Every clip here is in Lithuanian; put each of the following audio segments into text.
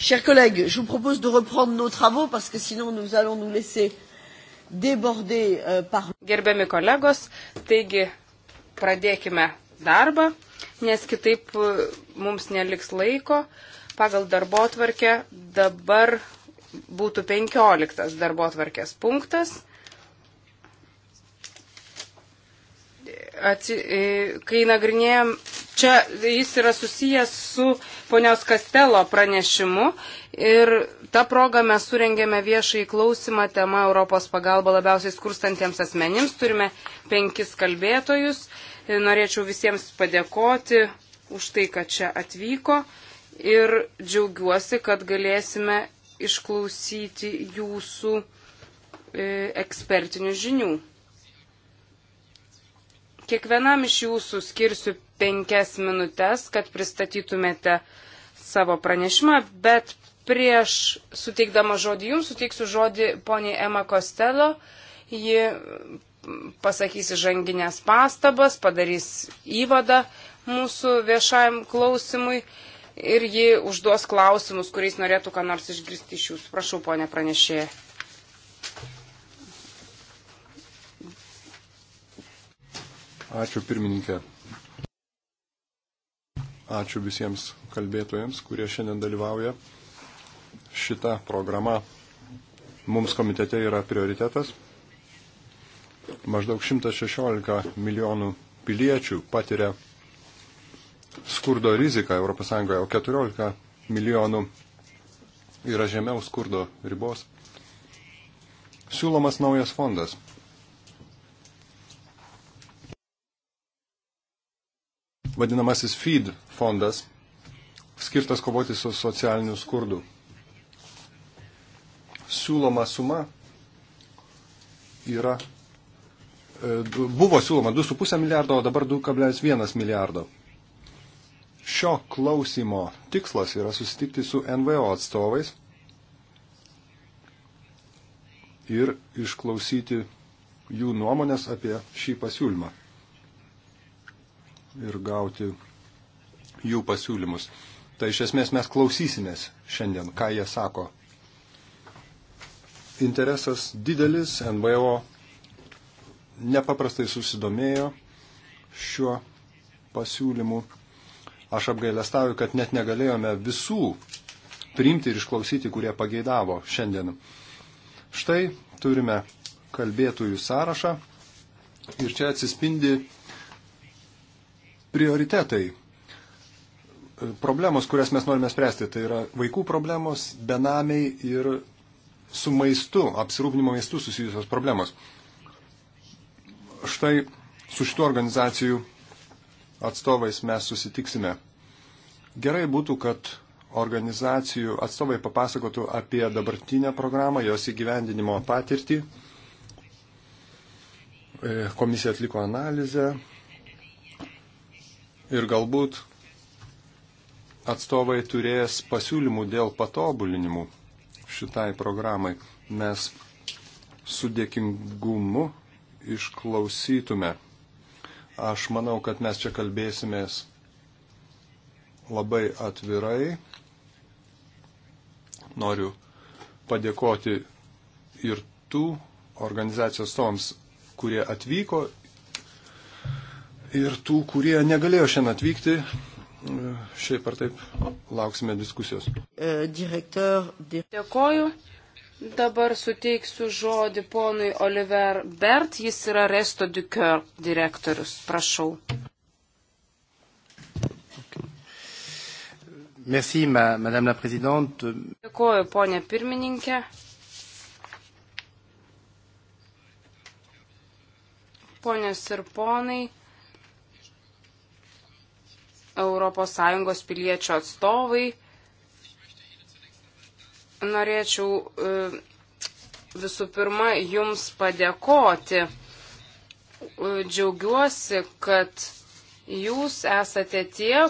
chers collègues je vous propose de reprendre nos travaux parce que sinon nous allons nous laisser déborder euh, par. gerbiami kolegos taigi pradėkime darbą nes kitaip e, mums neliks laiko pagal darbotvarkę dabar būtų penkioliktas darbotvarkės punktas. Atsi, e, kai nagrinėjom Čia jis yra susijęs su ponios Kastelo pranešimu ir tą progą mes surengėme viešai klausimą tema Europos pagalba labiausiai skurstantiems asmenims. Turime penkis kalbėtojus. Norėčiau visiems padėkoti už tai, kad čia atvyko ir džiaugiuosi, kad galėsime išklausyti jūsų e, ekspertinių žinių. Kiekvienam iš jūsų skirsiu penkias minutės, kad pristatytumėte savo pranešimą, bet prieš suteikdama žodį jums suteiksiu žodį poniai Ema Kostelo. Ji pasakys įžanginės pastabas, padarys įvadą mūsų viešajam klausimui ir ji užduos klausimus, kuriais norėtų ką nors išgirsti iš jūsų. Prašau, ponė pranešėja. Ačiū pirmininkė. Ačiū visiems kalbėtojams, kurie šiandien dalyvauja. Šita programa mums komitete yra prioritetas. Maždaug 116 milijonų piliečių patiria skurdo riziką ES, o 14 milijonų yra žemiau skurdo ribos. Siūlomas naujas fondas vadinamasis FEED fondas, skirtas kovoti su socialiniu skurdu. Siūloma suma yra, e, buvo siūloma 2,5 milijardo, o dabar 2,1 milijardo. Šio klausimo tikslas yra susitikti su NVO atstovais ir išklausyti jų nuomonės apie šį pasiūlymą ir gauti jų pasiūlymus. Tai iš esmės mes klausysimės šiandien, ką jie sako. Interesas didelis, NVO nepaprastai susidomėjo šiuo pasiūlymu. Aš apgailestauju, kad net negalėjome visų priimti ir išklausyti, kurie pageidavo šiandien. Štai turime kalbėtųjų sąrašą ir čia atsispindi prioritetai, problemos, kurias mes norime spręsti, tai yra vaikų problemos, benamiai ir su maistu, apsirūpinimo maistu susijusios problemos. Štai su šitų organizacijų atstovais mes susitiksime. Gerai būtų, kad organizacijų atstovai papasakotų apie dabartinę programą, jos įgyvendinimo patirtį. E, komisija atliko analizę, ir galbūt atstovai turės pasiūlymų dėl patobulinimų šitai programai. Mes su dėkingumu išklausytume. Aš manau, kad mes čia kalbėsimės labai atvirai. Noriu padėkoti ir tų organizacijos toms, kurie atvyko ir tų, kurie negalėjo šiandien atvykti. Šiaip ar taip lauksime diskusijos. E, direktor, di... Dėkoju. Dabar suteiksiu žodį ponui Oliver Bert, jis yra Resto Duker direktorius. Prašau. Merci, ma, madame la présidente. Dėkoju, ponė pirmininkė. Ponios ir ponai. ES piliečio atstovai. Norėčiau e, visų pirma Jums padėkoti. E, džiaugiuosi, kad Jūs esate tie,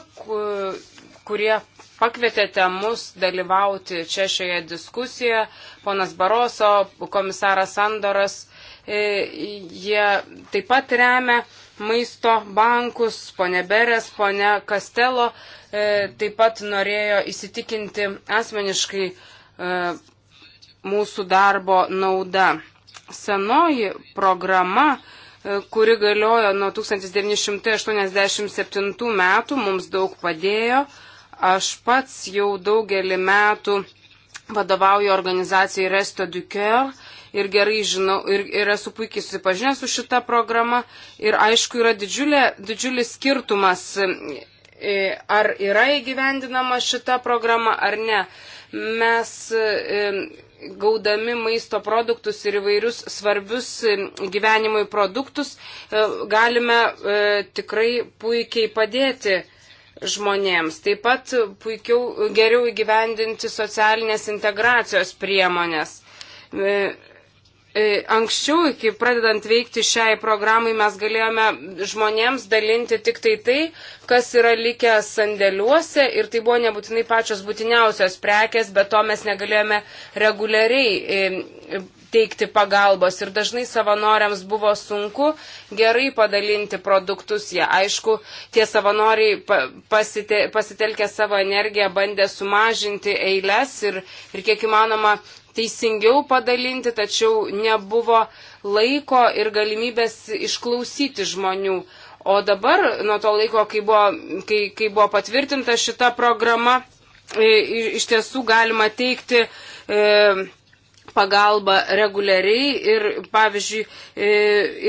kurie pakvietėte mus dalyvauti čia šioje diskusijoje. Ponas Baroso, komisaras Sandoras, e, jie taip pat remia maisto bankus, ponė Beres, ponė Kastelo e, taip pat norėjo įsitikinti asmeniškai e, mūsų darbo nauda. Senoji programa, e, kuri galiojo nuo 1987 metų, mums daug padėjo. Aš pats jau daugelį metų vadovauju organizacijai Resto du Coeur ir gerai žinau, ir, ir esu puikiai susipažinęs su šita programa. Ir aišku, yra didžiulė, didžiulis skirtumas, e, ar yra įgyvendinama šita programa ar ne. Mes e, gaudami maisto produktus ir įvairius svarbius e, gyvenimui produktus galime tikrai puikiai padėti žmonėms. Taip pat puikiau, geriau įgyvendinti socialinės integracijos priemonės. E, anksčiau, iki pradedant veikti šiai programai, mes galėjome žmonėms dalinti tik tai tai, kas yra likę sandėliuose ir tai buvo nebūtinai pačios būtiniausios prekes, bet to mes negalėjome reguliariai e, teikti pagalbos ir dažnai savanoriams buvo sunku gerai padalinti produktus. Jie, aišku, tie savanoriai pasite, pasitelkę savo energiją bandė sumažinti eiles ir, ir kiek įmanoma teisingiau padalinti, tačiau nebuvo laiko ir galimybės išklausyti žmonių. O dabar, nuo to laiko, kai buvo, kai, kai buvo patvirtinta šita programa, iš tiesų galima teikti. E, pagalba reguliariai ir, pavyzdžiui, e,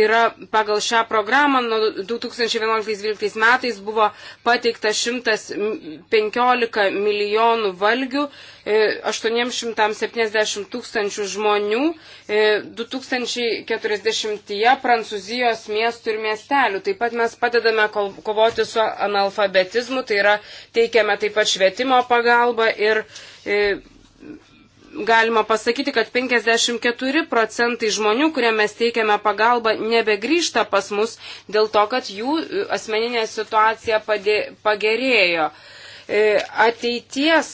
yra pagal šią programą nuo 2011-2012 metais buvo pateikta 115 milijonų valgių 870 e, tūkstančių žmonių 2040 e, Prancūzijos miestų ir miestelių. Taip pat mes padedame kovoti su analfabetizmu, tai yra teikiame taip pat švietimo pagalbą ir galima pasakyti, kad 54 procentai žmonių, kuriem mes teikiame pagalbą, nebegrįžta pas mus dėl to, kad jų e, asmeninė situacija padė, pagerėjo. E, ateities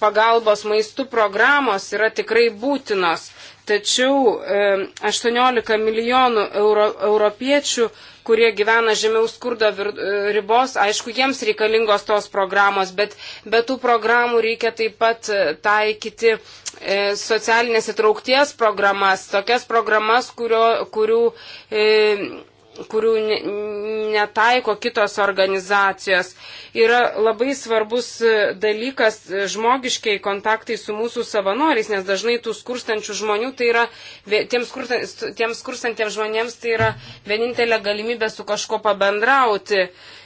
pagalbos maistų programos yra tikrai būtinos, tačiau 18 e, milijonų euro, europiečių kurie gyvena žemiau skurdo e, ribos, aišku, jiems reikalingos tos programos, bet be tų programų reikia taip pat e, taikyti e, socialinės įtraukties programas, tokias programas, kurio, kurių e, kurių netaiko kitos organizacijos. Yra labai svarbus e, dalykas e, žmogiškiai kontaktai su mūsų savanoriais, nes dažnai tų skurstančių žmonių, tai yra, tiems, skurstan, tiems skurstantiems žmonėms tai yra vienintelė galimybė su kažko pabendrauti.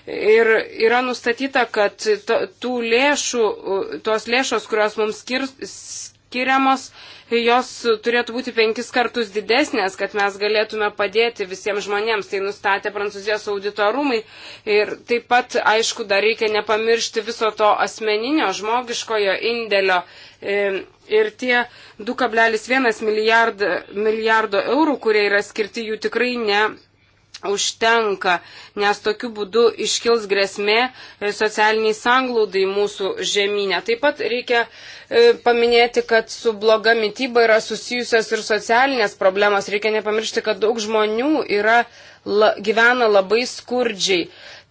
Ir yra nustatyta, kad to, tų lėšų, tos lėšos, kurios mums skir, skiriamos, skir, jos turėtų būti penkis kartus didesnės, kad mes galėtume padėti visiems žmonėms. Tai nustatė Prancūzijos auditorumai. Ir taip pat, aišku, dar reikia nepamiršti viso to asmeninio, žmogiškojo indėlio. E, ir tie 2,1 milijard, milijardo eurų, kurie yra skirti, jų tikrai ne užtenka, nes tokiu būdu iškils grėsmė socialiniai sanglaudai mūsų žemynė. Taip pat reikia E, paminėti, kad su bloga mytyba yra susijusios ir socialinės problemos. Reikia nepamiršti, kad daug žmonių yra, la, gyvena labai skurdžiai.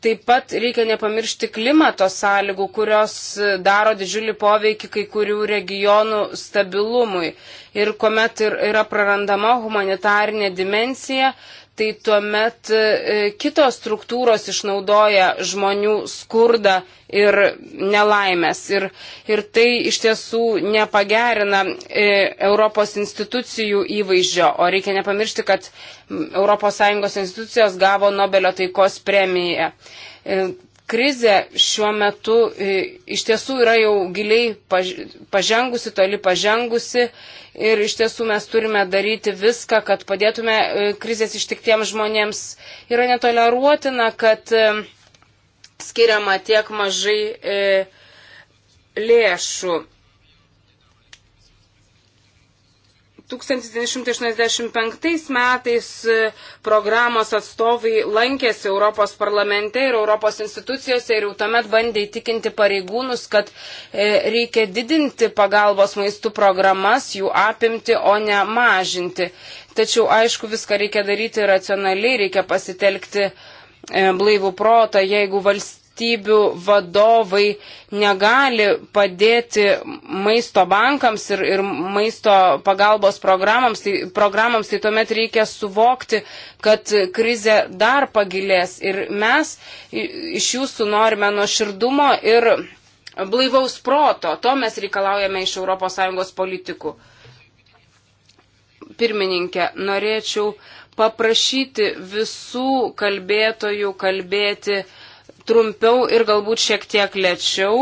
Taip pat reikia nepamiršti klimato sąlygų, kurios e, daro didžiulį poveikį kai kurių regionų stabilumui. Ir kuomet ir yra prarandama humanitarinė dimensija, tai tuomet e, kitos struktūros išnaudoja žmonių skurdą ir nelaimės. Ir, ir tai iš tiesų nepagerina e, Europos institucijų įvaizdžio. O reikia nepamiršti, kad ES institucijos gavo Nobelio taikos premiją. E, krizė šiuo metu e, iš tiesų yra jau giliai pažengusi, toli pažengusi ir iš tiesų mes turime daryti viską, kad padėtume e, krizės ištiktiems žmonėms. Yra netoleruotina, kad e, skiriama tiek mažai lėšų. 1985 metais e, programos atstovai lankėsi Europos parlamente ir Europos institucijose ir jau tuomet bandė įtikinti pareigūnus, kad e, reikia didinti pagalbos maistų programas, jų apimti, o ne mažinti. Tačiau, aišku, viską reikia daryti racionaliai, reikia pasitelkti e, blaivų protą, jeigu vals, valstybių vadovai negali padėti maisto bankams ir, ir maisto pagalbos programams tai, programams, tai tuomet reikia suvokti, kad krizė dar pagilės. Ir mes iš jūsų norime nuoširdumo ir blaivaus proto. To mes reikalaujame iš ES politikų. Pirmininkė, norėčiau paprašyti visų kalbėtojų kalbėti trumpiau ir galbūt šiek tiek lėčiau.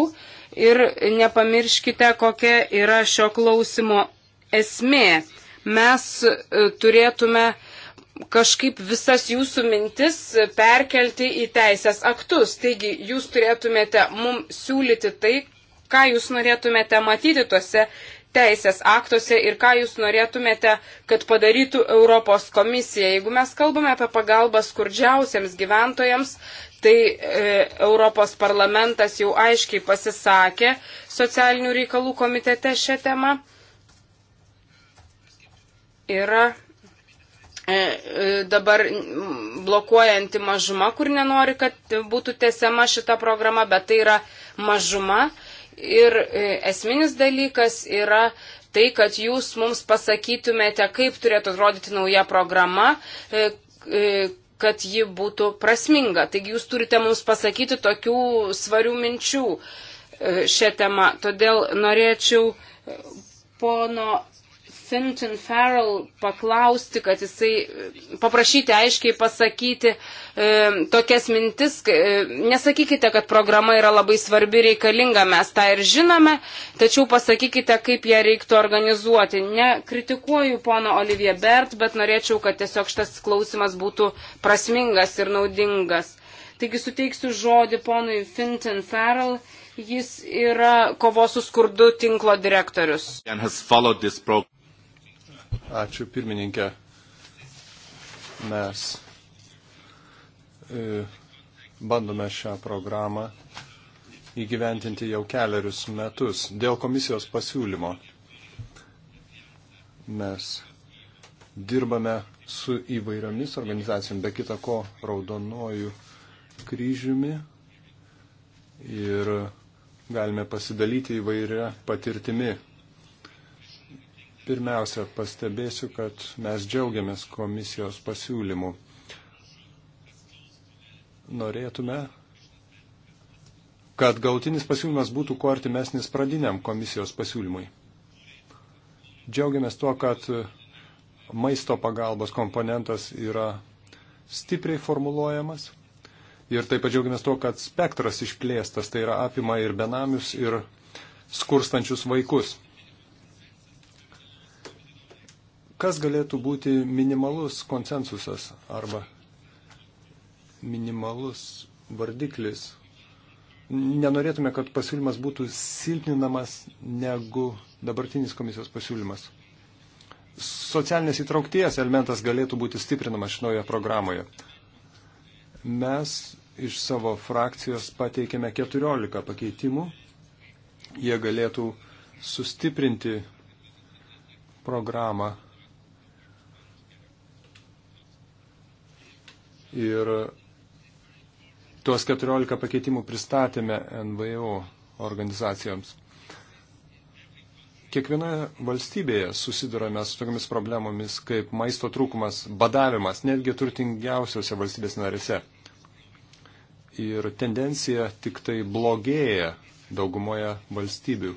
Ir nepamirškite, kokia yra šio klausimo esmė. Mes e, turėtume kažkaip visas jūsų mintis perkelti į teisės aktus. Taigi jūs turėtumėte mums siūlyti tai, ką jūs norėtumėte matyti tuose teisės aktuose ir ką jūs norėtumėte, kad padarytų Europos komisija. Jeigu mes kalbame apie pagalbą skurdžiausiams gyventojams, štai e, Europos parlamentas jau aiškiai pasisakė socialinių reikalų komitete šią temą. Yra e, e, dabar blokuojanti mažuma, kur nenori, kad būtų tesiama šita programa, bet tai yra mažuma. Ir e, esminis dalykas yra tai, kad jūs mums pasakytumėte, kaip turėtų atrodyti nauja programa, kad ji būtų prasminga. Taigi jūs turite mums pasakyti tokių svarių minčių e, šią temą. Todėl norėčiau e, pono Finton Farrell paklausti, kad jisai e, paprašyti aiškiai pasakyti e, tokias mintis. E, nesakykite, kad programa yra labai svarbi reikalinga, mes tą ir žinome, tačiau pasakykite, kaip ją reiktų organizuoti. Nekritikuoju pono Olivier Bert, bet norėčiau, kad tiesiog šitas klausimas būtų prasmingas ir naudingas. Taigi suteiksiu žodį ponui Finton Farrell. Jis yra kovos su skurdu tinklo direktorius. Ačiū pirmininkė. Mes e, bandome šią programą įgyventinti jau keliarius metus dėl komisijos pasiūlymo. Mes dirbame su įvairiomis organizacijomis, be kita ko raudonuoju kryžiumi ir galime pasidalyti įvairia patirtimi Pirmiausia, pastebėsiu, kad mes džiaugiamės komisijos pasiūlymu. Norėtume, kad gautinis pasiūlymas būtų kuo artimesnis pradiniam komisijos pasiūlymui. Džiaugiamės tuo, kad maisto pagalbos komponentas yra stipriai formuluojamas. Ir taip pat džiaugiamės tuo, kad spektras išplėstas, tai yra apima ir benamius, ir skurstančius vaikus. kas galėtų būti minimalus konsensusas arba minimalus vardiklis. Nenorėtume, kad pasiūlymas būtų silpninamas negu dabartinis komisijos pasiūlymas. Socialinės įtraukties elementas galėtų būti stiprinamas šinoje programoje. Mes iš savo frakcijos pateikėme 14 pakeitimų. Jie galėtų sustiprinti programą Ir tuos 14 pakeitimų pristatėme NVO organizacijoms. Kiekvienoje valstybėje susidurame su tokiamis problemomis kaip maisto trūkumas, badavimas, netgi turtingiausiose valstybės narėse. Ir tendencija tik tai blogėja daugumoje valstybių.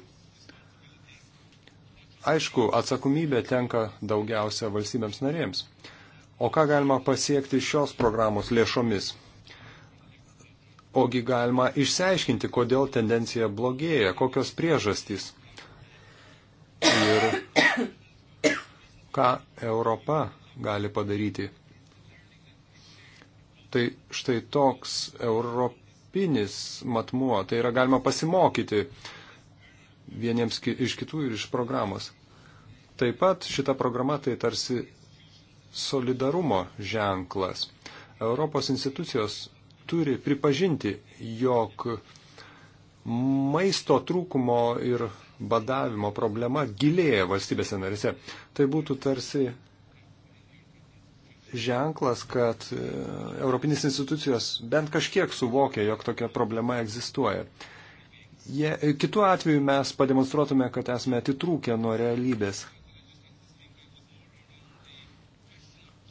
Aišku, atsakomybė tenka daugiausia valstybėms narėms. O ką galima pasiekti šios programos lėšomis? Ogi galima išsiaiškinti, kodėl tendencija blogėja, kokios priežastys ir ką Europa gali padaryti. Tai štai toks europinis matmuo, tai yra galima pasimokyti vieniems iš kitų ir iš programos. Taip pat šita programa tai tarsi solidarumo ženklas. Europos institucijos turi pripažinti, jog maisto trūkumo ir badavimo problema gilėja valstybėse narise. Tai būtų tarsi ženklas, kad e, Europinės institucijos bent kažkiek suvokia, jog tokia problema egzistuoja. Je, kitu atveju mes pademonstruotume, kad esame atitrūkę nuo realybės.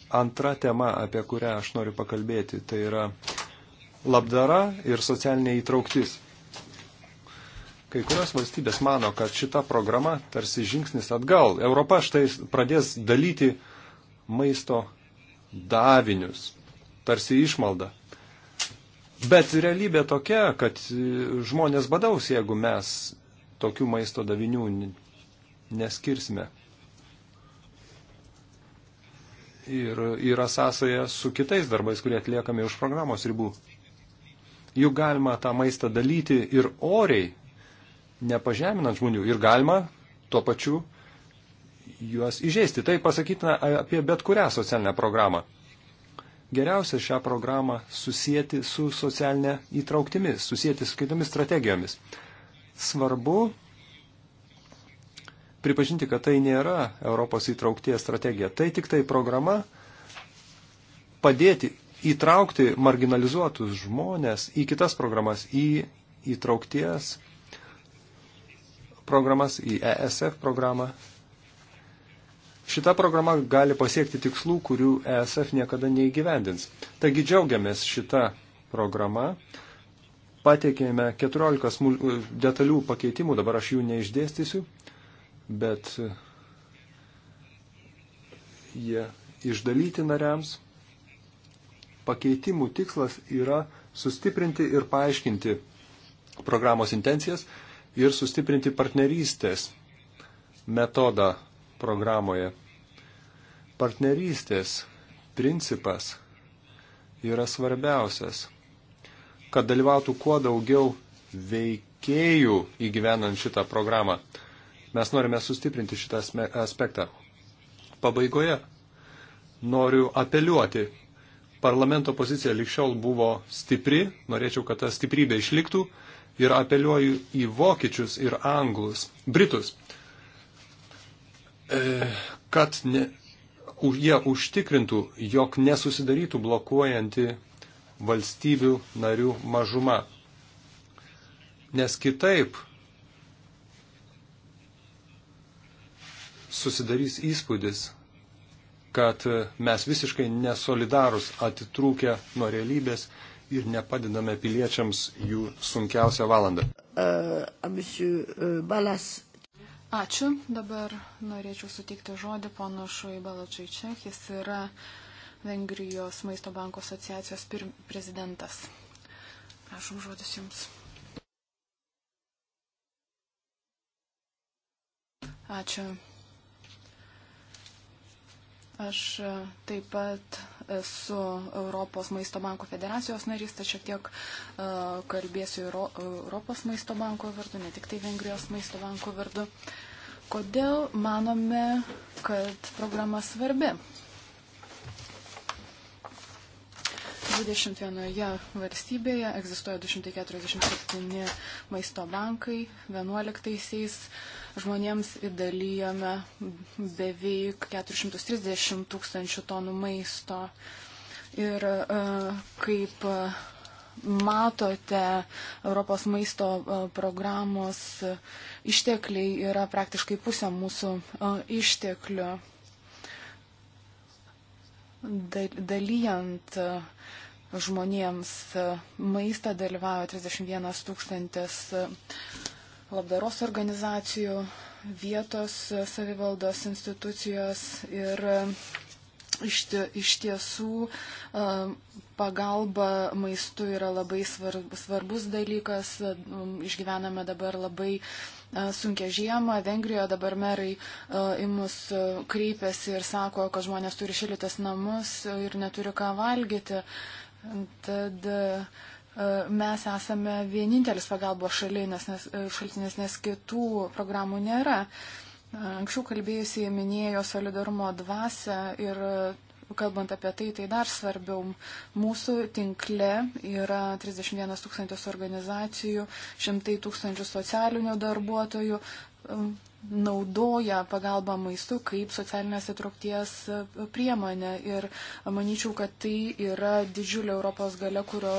antra tema, apie kurią aš noriu pakalbėti, tai yra labdara ir socialinė įtrauktis. Kai kurios valstybės mano, kad šita programa tarsi žingsnis atgal. Europa štai pradės dalyti maisto davinius, tarsi išmalda. Bet realybė tokia, kad žmonės badaus, jeigu mes tokių maisto davinių neskirsime. ir yra sąsaja su kitais darbais, kurie atliekami už programos ribų. Juk galima tą maistą dalyti ir oriai, nepažeminant žmonių, ir galima tuo pačiu juos įžeisti. Tai pasakytina apie bet kurią socialinę programą. Geriausia šią programą susijęti su socialinė įtrauktimi, susijęti su kitomis strategijomis. Svarbu pripažinti, kad tai nėra Europos įtraukties strategija. Tai tik tai programa padėti įtraukti marginalizuotus žmonės į kitas programas, į įtraukties programas, į ESF programą. Šita programa gali pasiekti tikslų, kurių ESF niekada neįgyvendins. Taigi džiaugiamės šitą programą. Pateikėme 14 detalių pakeitimų, dabar aš jų neišdėstysiu bet jie išdalyti nariams. Pakeitimų tikslas yra sustiprinti ir paaiškinti programos intencijas ir sustiprinti partnerystės metodą programoje. Partnerystės principas yra svarbiausias, kad dalyvautų kuo daugiau veikėjų įgyvenant šitą programą. Mes norime sustiprinti šitą aspektą. Pabaigoje noriu apeliuoti. Parlamento pozicija likščiol buvo stipri, norėčiau, kad ta stiprybė išliktų ir apeliuoju į vokiečius ir anglus, britus, e, kad ne, už, jie užtikrintų, jog nesusidarytų blokuojanti valstybių narių mažuma. Nes kitaip susidarys įspūdis, kad mes visiškai nesolidarus atitrūkę nuo realybės ir nepadedame piliečiams jų sunkiausią valandą. E, Ačiū. Dabar norėčiau suteikti žodį panašui Balačiai Čech. Jis yra Vengrijos maisto banko asociacijos prezidentas. Prašom žodis Jums. Ačiū, Aš e, taip pat esu Europos maisto banko federacijos narys, tai šiek tiek uh, kalbėsiu Euro, Europos maisto banko vardu, ne tik tai Vengrijos maisto banko vardu. Kodėl manome, kad programa svarbi? 21 valstybėje egzistuoja 247 maisto bankai, 11 -aisiais žmonėms įdalyjome beveik 430 tūkstančių tonų maisto. Ir e, kaip matote, Europos maisto e, programos ištekliai yra praktiškai pusė mūsų e, išteklių. Dalyjant žmonėms maistą dalyvauja 31 tūkstantis labdaros organizacijų, vietos savivaldos institucijos ir e, iš, iš tiesų e, pagalba maistu yra labai svarbus dalykas. E, išgyvename dabar labai sunkia žiemą. Vengrijoje dabar merai į mus kreipiasi ir sako, kad žmonės turi šilytas namus ir neturi ką valgyti. Tad E, mes esame vienintelis pagalbos šalinis, nes, e, šaltinis, nes kitų programų nėra. E, anksčiau kalbėjusiai minėjo solidarumo dvasę ir kalbant apie tai, tai dar svarbiau. Mūsų tinkle yra 31 tūkstantis organizacijų, šimtai tūkstančių socialinių darbuotojų, naudoja pagalbą maistu kaip socialinės įtraukties e, priemonę. Ir manyčiau, kad tai yra didžiulė Europos gale, kurio,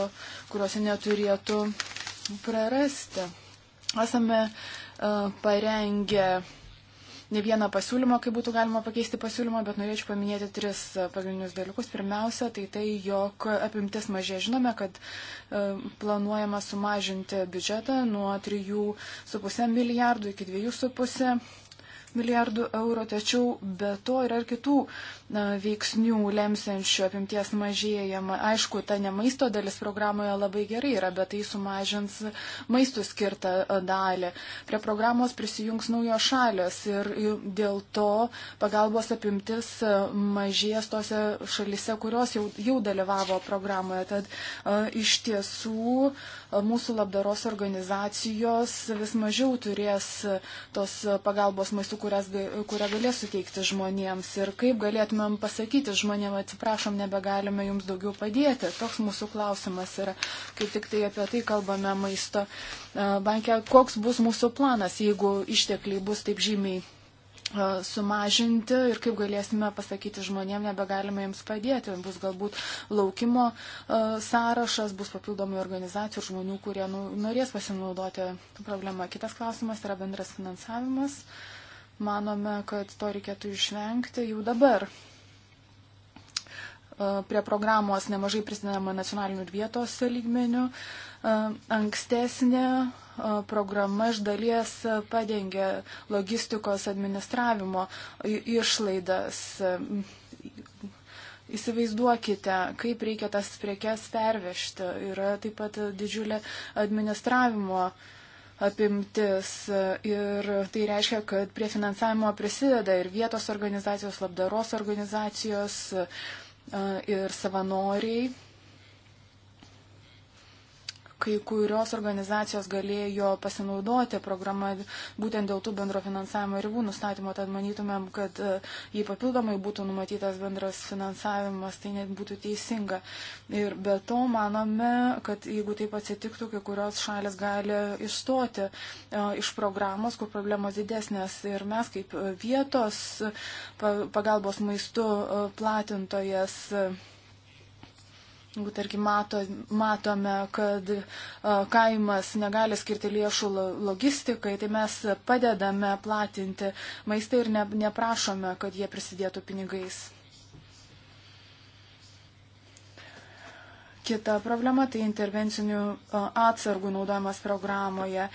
kurios neturėtų prarasti. Esame e, parengę ne vieną pasiūlymą, kaip būtų galima pakeisti pasiūlymą, bet norėčiau paminėti tris e, pagrindinius dalykus. Pirmiausia, tai tai, jog apimtis mažė. Žinome, kad e, planuojama sumažinti biudžetą nuo 3,5 milijardų iki 2,5 milijardų eurų, tačiau be to yra ir kitų veiksnių lemsiančių apimties mažėjimą. Aišku, ta ne maisto dalis programoje labai gerai yra, bet tai sumažins maistų skirtą e, dalį. Prie programos prisijungs naujos šalės ir dėl to pagalbos apimtis e, mažės tose šalise, kurios jau, jau dalyvavo programoje. Tad e, iš tiesų mūsų labdaros organizacijos vis mažiau turės tos pagalbos maistų, kurią galės suteikti žmonėms ir kaip galėtume turėtumėm pasakyti žmonėm, atsiprašom, nebegalime jums daugiau padėti. Toks mūsų klausimas yra, kai tik tai apie tai kalbame maisto e, banke, koks bus mūsų planas, jeigu ištekliai bus taip žymiai e, sumažinti ir kaip galėsime pasakyti žmonėm, nebegalime jiems padėti. Bus galbūt laukimo e, sąrašas, bus papildomai organizacijų žmonių, kurie nu, norės pasinaudoti problemą. Kitas klausimas yra bendras finansavimas. Uh, Manome, kad to reikėtų išvengti jau dabar. E, prie programos nemažai prisidedama nacionalinių ir vietos lygmenių. E, ankstesnė e, programa iš dalies padengia logistikos administravimo išlaidas Įsivaizduokite, kaip reikia tas priekes pervežti. Yra taip pat didžiulė administravimo uh, apimtis. Ir tai reiškia, kad prie finansavimo prisideda ir vietos organizacijos, labdaros organizacijos ir savanoriai kai kurios organizacijos galėjo pasinaudoti programą būtent dėl tų bendro finansavimo ribų nustatymo, tad manytumėm, kad e, jei papildomai būtų numatytas bendras finansavimas, tai net būtų teisinga. Ir be to manome, kad jeigu taip atsitiktų, kai kurios šalis gali išstoti e, iš programos, kur problemos didesnės. Ir mes kaip vietos pagalbos maistu e, platintojas Jeigu, tarkim, mato, matome, kad kaimas negali skirti lėšų logistikai, tai mes padedame platinti maistą ir ne, neprašome, kad jie prisidėtų pinigais. Kita problema tai intervencinių atsargų naudojimas programoje.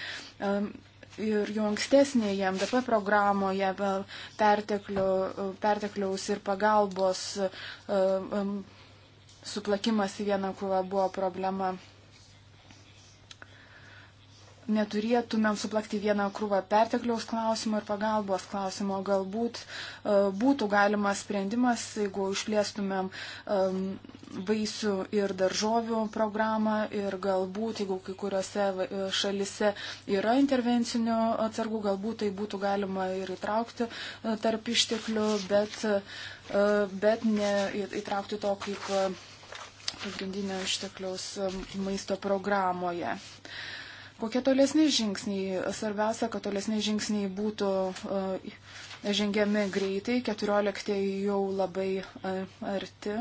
Ir jau ankstesnėje MDP programoje pertekliaus ir pagalbos suplakimas į vieną krūvą buvo problema. Neturėtumėm suplakti vieną krūvą pertekliaus klausimo ir pagalbos klausimo. Galbūt e, būtų galimas sprendimas, jeigu išplėstumėm vaisių ir daržovių programą ir galbūt, jeigu kai kuriuose e, šalise yra intervencinių atsargų, galbūt tai būtų galima ir įtraukti e, tarp išteklių, bet, bet ne įtraukti to kaip pagrindinio ištekliaus maisto programoje. Kokie tolesni žingsniai? Svarbiausia, kad tolesni žingsniai būtų e, žengiami greitai, 14 jau labai e, arti.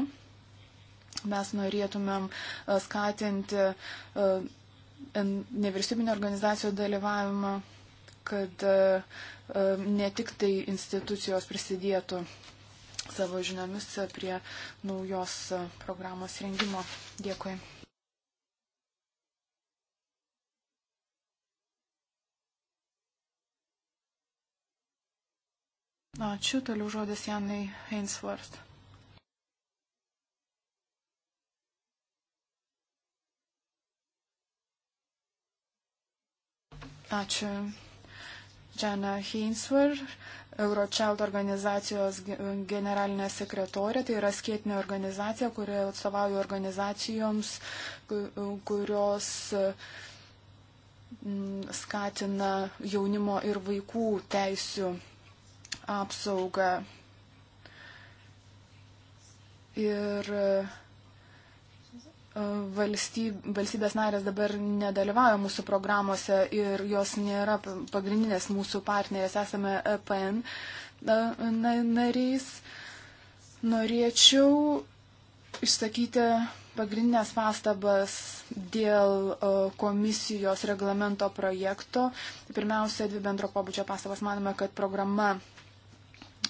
Mes norėtumėm e, skatinti nevyriausybinio organizacijų dalyvavimą, kad ne tik tai institucijos prisidėtų savo žiniomis prie naujos programos rengimo. Dėkui. Ačiū, toliau žodis Janai Ainsworth. Ačiū Jana Hainsver, Eurochild organizacijos generalinė sekretorė, tai yra skėtinė organizacija, kuri atstovauja organizacijoms, kurios mm, skatina jaunimo ir vaikų teisių apsaugą. Ir uh, valstybės narės dabar nedalyvauja mūsų programuose ir jos nėra pagrindinės mūsų partnerės, esame EPN e, nariais. Norėčiau išsakyti pagrindinės pastabas dėl e, komisijos reglamento projekto. Pirmiausia, dvi bendro pobūdžio pastabas manome, kad programa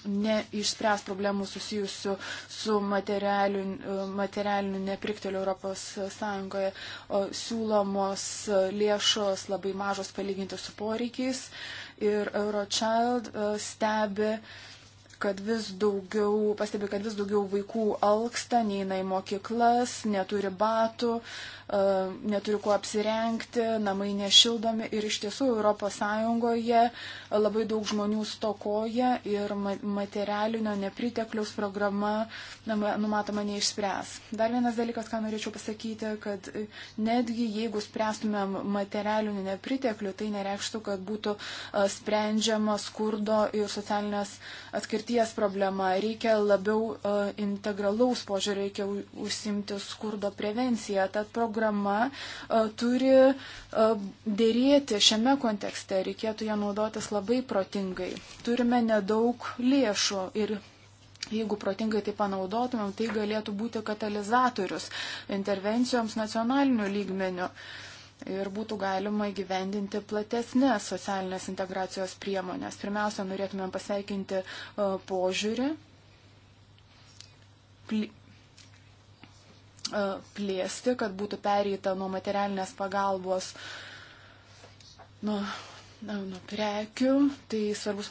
neišspręs problemų susijusių su materialiniu, materialiniu neprikteliu Europos Sąjungoje. Siūlomos lėšos labai mažos palyginti su poreikiais ir Eurochild e, stebi kad vis daugiau, pastebi, kad vis daugiau vaikų alksta, neina į mokyklas, neturi batų, e, neturi kuo apsirengti, namai nešildomi ir iš tiesų ES labai daug žmonių stokoja ir materialinio nepritekliaus programa numatoma neišspręs. Dar vienas dalykas, ką norėčiau pasakyti, kad netgi jeigu spręstumėm materialinių nepriteklių, tai nereikštų, kad būtų e, sprendžiama skurdo ir socialinės atskirties atskirties problema, reikia labiau e, integralaus požiūrį, reikia užsimti skurdo prevenciją. Ta programa e, turi e, dėrėti šiame kontekste, reikėtų ją naudotis labai protingai. Turime nedaug lėšų ir jeigu protingai tai panaudotumėm, tai galėtų būti katalizatorius intervencijoms nacionaliniu lygmeniu. Uh, ir būtų galima įgyvendinti platesnės socialinės integracijos priemonės. Pirmiausia, norėtumėm pasveikinti e, požiūrį, e, plėsti, kad būtų pereita nuo materialinės pagalbos, nuo, nuo prekių, tai svarbus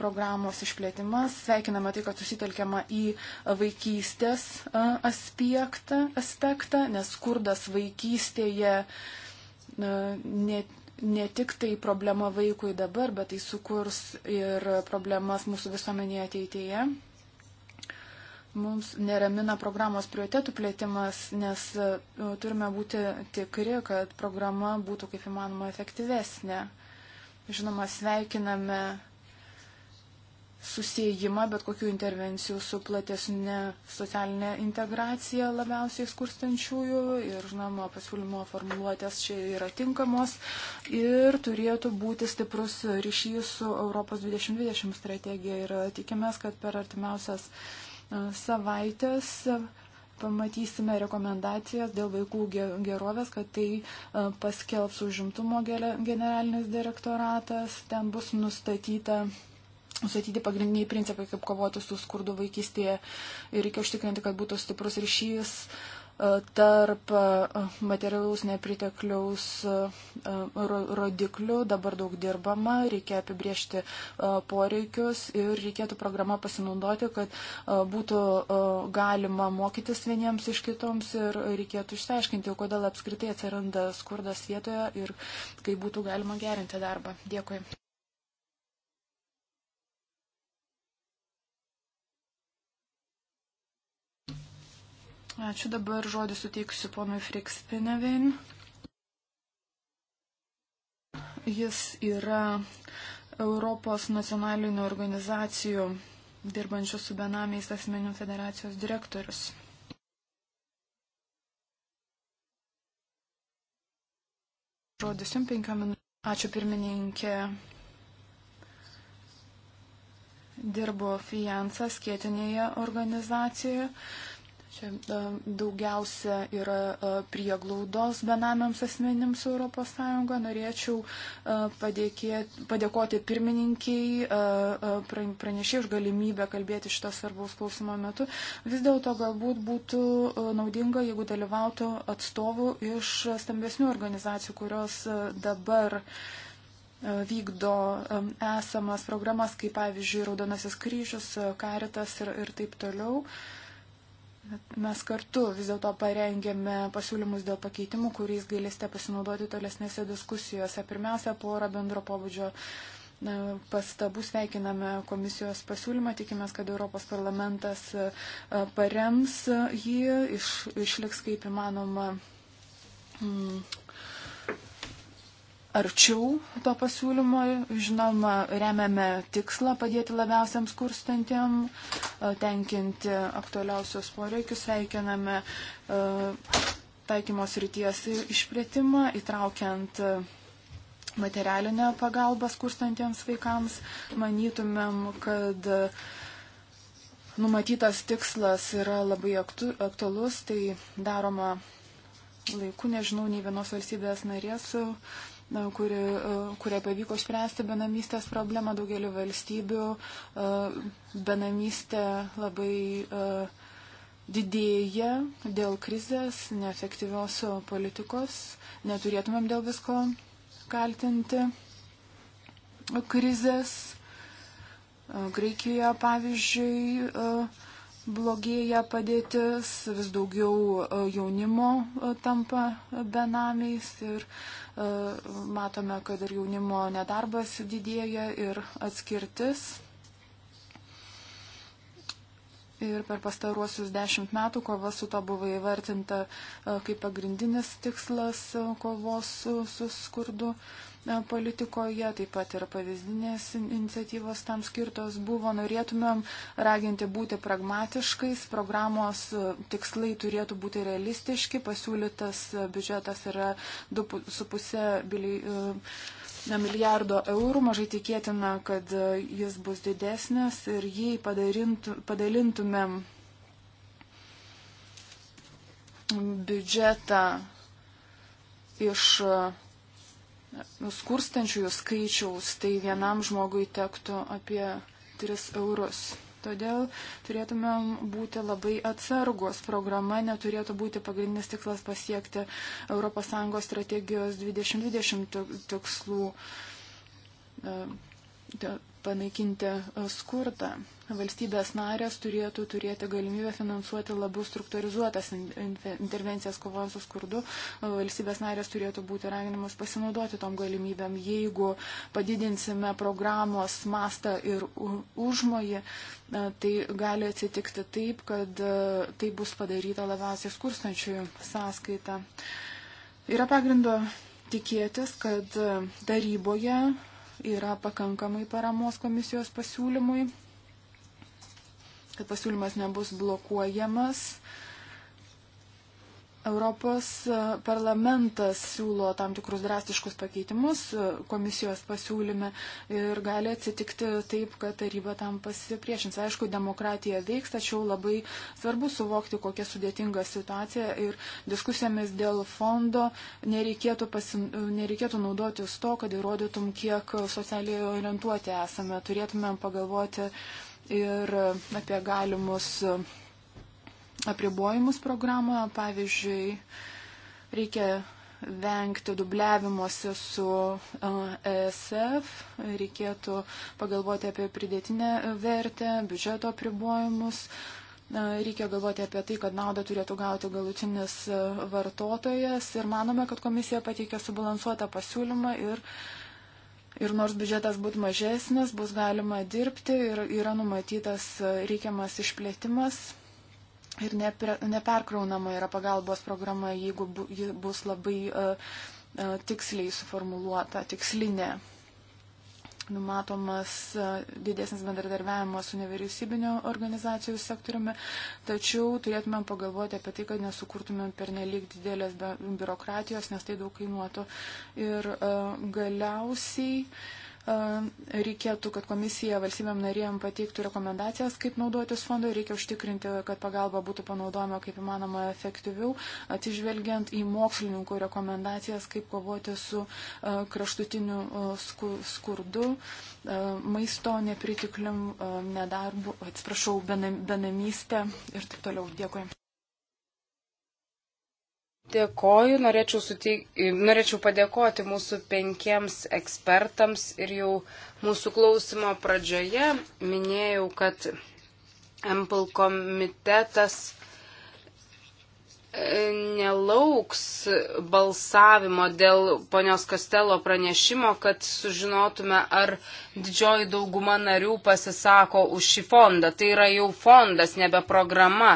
programos išplėtimas. Sveikiname tai, kad susitelkiama į vaikystės e, aspektą, aspektą nes skurdas vaikystėje uh, ne, ne tik tai problema vaikui dabar, bet tai sukurs ir problemas mūsų visuomenėje ateityje. Mums neramina programos prioritėtų plėtimas, nes nu, turime būti tikri, kad programa būtų kaip įmanoma efektyvesnė. Žinoma, sveikiname susijimą bet kokių intervencijų su platesnė socialinė integracija labiausiai skurstančiųjų ir, žinoma, pasiūlymo formuluotės čia yra tinkamos ir turėtų būti stiprus ryšys su Europos 2020 strategija ir e, tikimės, kad per artimiausias e, savaitės e, pamatysime rekomendacijas dėl vaikų gerovės, kad tai paskelbs užimtumo generalinis direktoratas, ten bus nustatyta Nusatyti pagrindiniai principai, kaip kovoti su skurdu vaikystėje ir reikia užtikrinti, kad būtų stiprus ryšys e, tarp e, materialaus nepritekliaus e, rodiklių, dabar daug dirbama, reikia apibriežti poreikius ir reikėtų programą pasinaudoti, kad būtų galima mokytis vieniems iš kitoms ir reikėtų išsiaiškinti, kodėl apskritai atsiranda skurdas vietoje ir kaip būtų galima gerinti darbą. Dėkui. Ačiū dabar žodį suteiksiu ponui Frikspinevin. Jis yra Europos nacionalinių organizacijų dirbančių su benamiais asmenių federacijos direktorius. Žodis jums penkiom minutėm. Ačiū pirmininkė. Dirbu Fijansas kietinėje organizacijoje. Čia e, daugiausia yra e, prieglaudos benamiams asmenims ES. Norėčiau e, padėkėti, padėkoti pirmininkiai, pranešėjai už galimybę kalbėti šitą svarbaus klausimo metu. Vis dėlto galbūt būtų naudinga, jeigu dalyvautų atstovų iš stambesnių organizacijų, kurios dabar vykdo esamas programas, kaip pavyzdžiui Raudonasis kryžius, Karitas ir, ir taip toliau. Uh, Bet mes kartu vis dėlto parengėme pasiūlymus dėl pakeitimų, kuriais galėsite pasinaudoti tolesnėse diskusijose. Pirmiausia, porą bendro pobūdžio pastabų sveikiname komisijos pasiūlymą, tikimės, kad Europos parlamentas e, parems jį, iš, išliks kaip įmanoma arčiau to pasiūlymo. Žinoma, remiame tikslą padėti labiausiams kurstantiem, e, tenkinti aktualiausios poreikius, sveikiname e, taikymos ryties išplėtimą, įtraukiant e, materialinę pagalbą skurstantiems vaikams. Manytumėm, kad numatytas tikslas yra labai aktu, aktualus, tai daroma laiku, nežinau, nei vienos valstybės narės, kuri, e, kurie pavyko spręsti benamystės problemą daugeliu valstybių. E, benamystė labai e, didėja dėl krizės, neefektyvios politikos. Neturėtumėm dėl visko kaltinti krizės. Graikijoje, pavyzdžiui, blogėja padėtis, vis daugiau e, jaunimo e, tampa benamiais ir e, matome, kad ir jaunimo nedarbas didėja ir atskirtis. Ir per pastaruosius dešimt metų kova su to buvo įvertinta kaip pagrindinis tikslas kovos su, su skurdu. Uh, politikoje, taip pat ir pavyzdinės iniciatyvos tam skirtos buvo. Norėtumėm raginti būti pragmatiškais, programos e, tikslai turėtų būti realistiški, pasiūlytas e, biudžetas yra 2,5 bilijonų e, milijardo eurų, mažai tikėtina, kad jis bus didesnis ir jį padalintumėm biudžetą iš skurstančiųjų skaičiaus, tai vienam žmogui tektų apie 3 eurus. Todėl turėtumėm būti labai atsargus. Programa neturėtų būti pagrindinis tikslas pasiekti ES strategijos 2020 tikslų. E, panaikinti e, skurdą. Valstybės narės turėtų turėti galimybę finansuoti labiau struktūrizuotas intervencijas kovos su skurdu. E, valstybės narės turėtų būti raginamos pasinaudoti tom galimybėm, jeigu padidinsime programos mastą ir užmojį. E, tai gali atsitikti taip, kad tai bus padaryta labiausiai skurstančiųjų sąskaita. Yra pagrindo tikėtis, kad taryboje yra pakankamai paramos komisijos pasiūlymui, kad pasiūlymas nebus blokuojamas. Uh, Europos e, parlamentas siūlo tam tikrus drastiškus pakeitimus e, komisijos pasiūlyme ir gali atsitikti taip, kad taryba tam pasipriešins. Aišku, demokratija veiks, tačiau labai svarbu suvokti, kokia sudėtinga situacija ir diskusijomis dėl fondo nereikėtų, pasin... nereikėtų naudotis to, kad įrodytum, kiek socialiai orientuoti esame. Turėtumėm pagalvoti ir apie galimus apribojimus programoje. Pavyzdžiui, reikia vengti dubliavimuose su ESF, reikėtų pagalvoti apie pridėtinę vertę, biudžeto apribojimus, reikia galvoti apie tai, kad naudą turėtų gauti galutinis vartotojas ir manome, kad komisija pateikė subalansuotą pasiūlymą ir, ir nors biudžetas būtų mažesnis, bus galima dirbti ir yra numatytas reikiamas išplėtimas ir neperkraunama yra pagalbos programa, jeigu bu, ji bus labai uh, uh, tiksliai suformuluota, tikslinė. Numatomas uh, didesnis bendradarbiavimas su nevyriausybinio organizacijų sektoriumi, tačiau turėtumėm pagalvoti apie tai, kad nesukurtumėm pernelyg didelės biurokratijos, nes tai daug kainuotų. Ir uh, galiausiai uh, reikėtų, kad komisija valstybėm narėjom pateiktų rekomendacijas, kaip naudotis fondui, reikia užtikrinti, kad pagalba būtų panaudojama kaip įmanoma efektyviau, atsižvelgiant į mokslininkų rekomendacijas, kaip kovoti su kraštutiniu skurdu, maisto nepritikliam, nedarbu, atsiprašau, benamystę ir taip toliau. Dėkui. Dėkoju, norėčiau, suteik... norėčiau padėkoti mūsų penkiems ekspertams ir jau mūsų klausimo pradžioje minėjau, kad MPL komitetas nelauks balsavimo dėl ponios Kostelo pranešimo, kad sužinotume, ar didžioji dauguma narių pasisako už šį fondą. Tai yra jau fondas, nebe programa.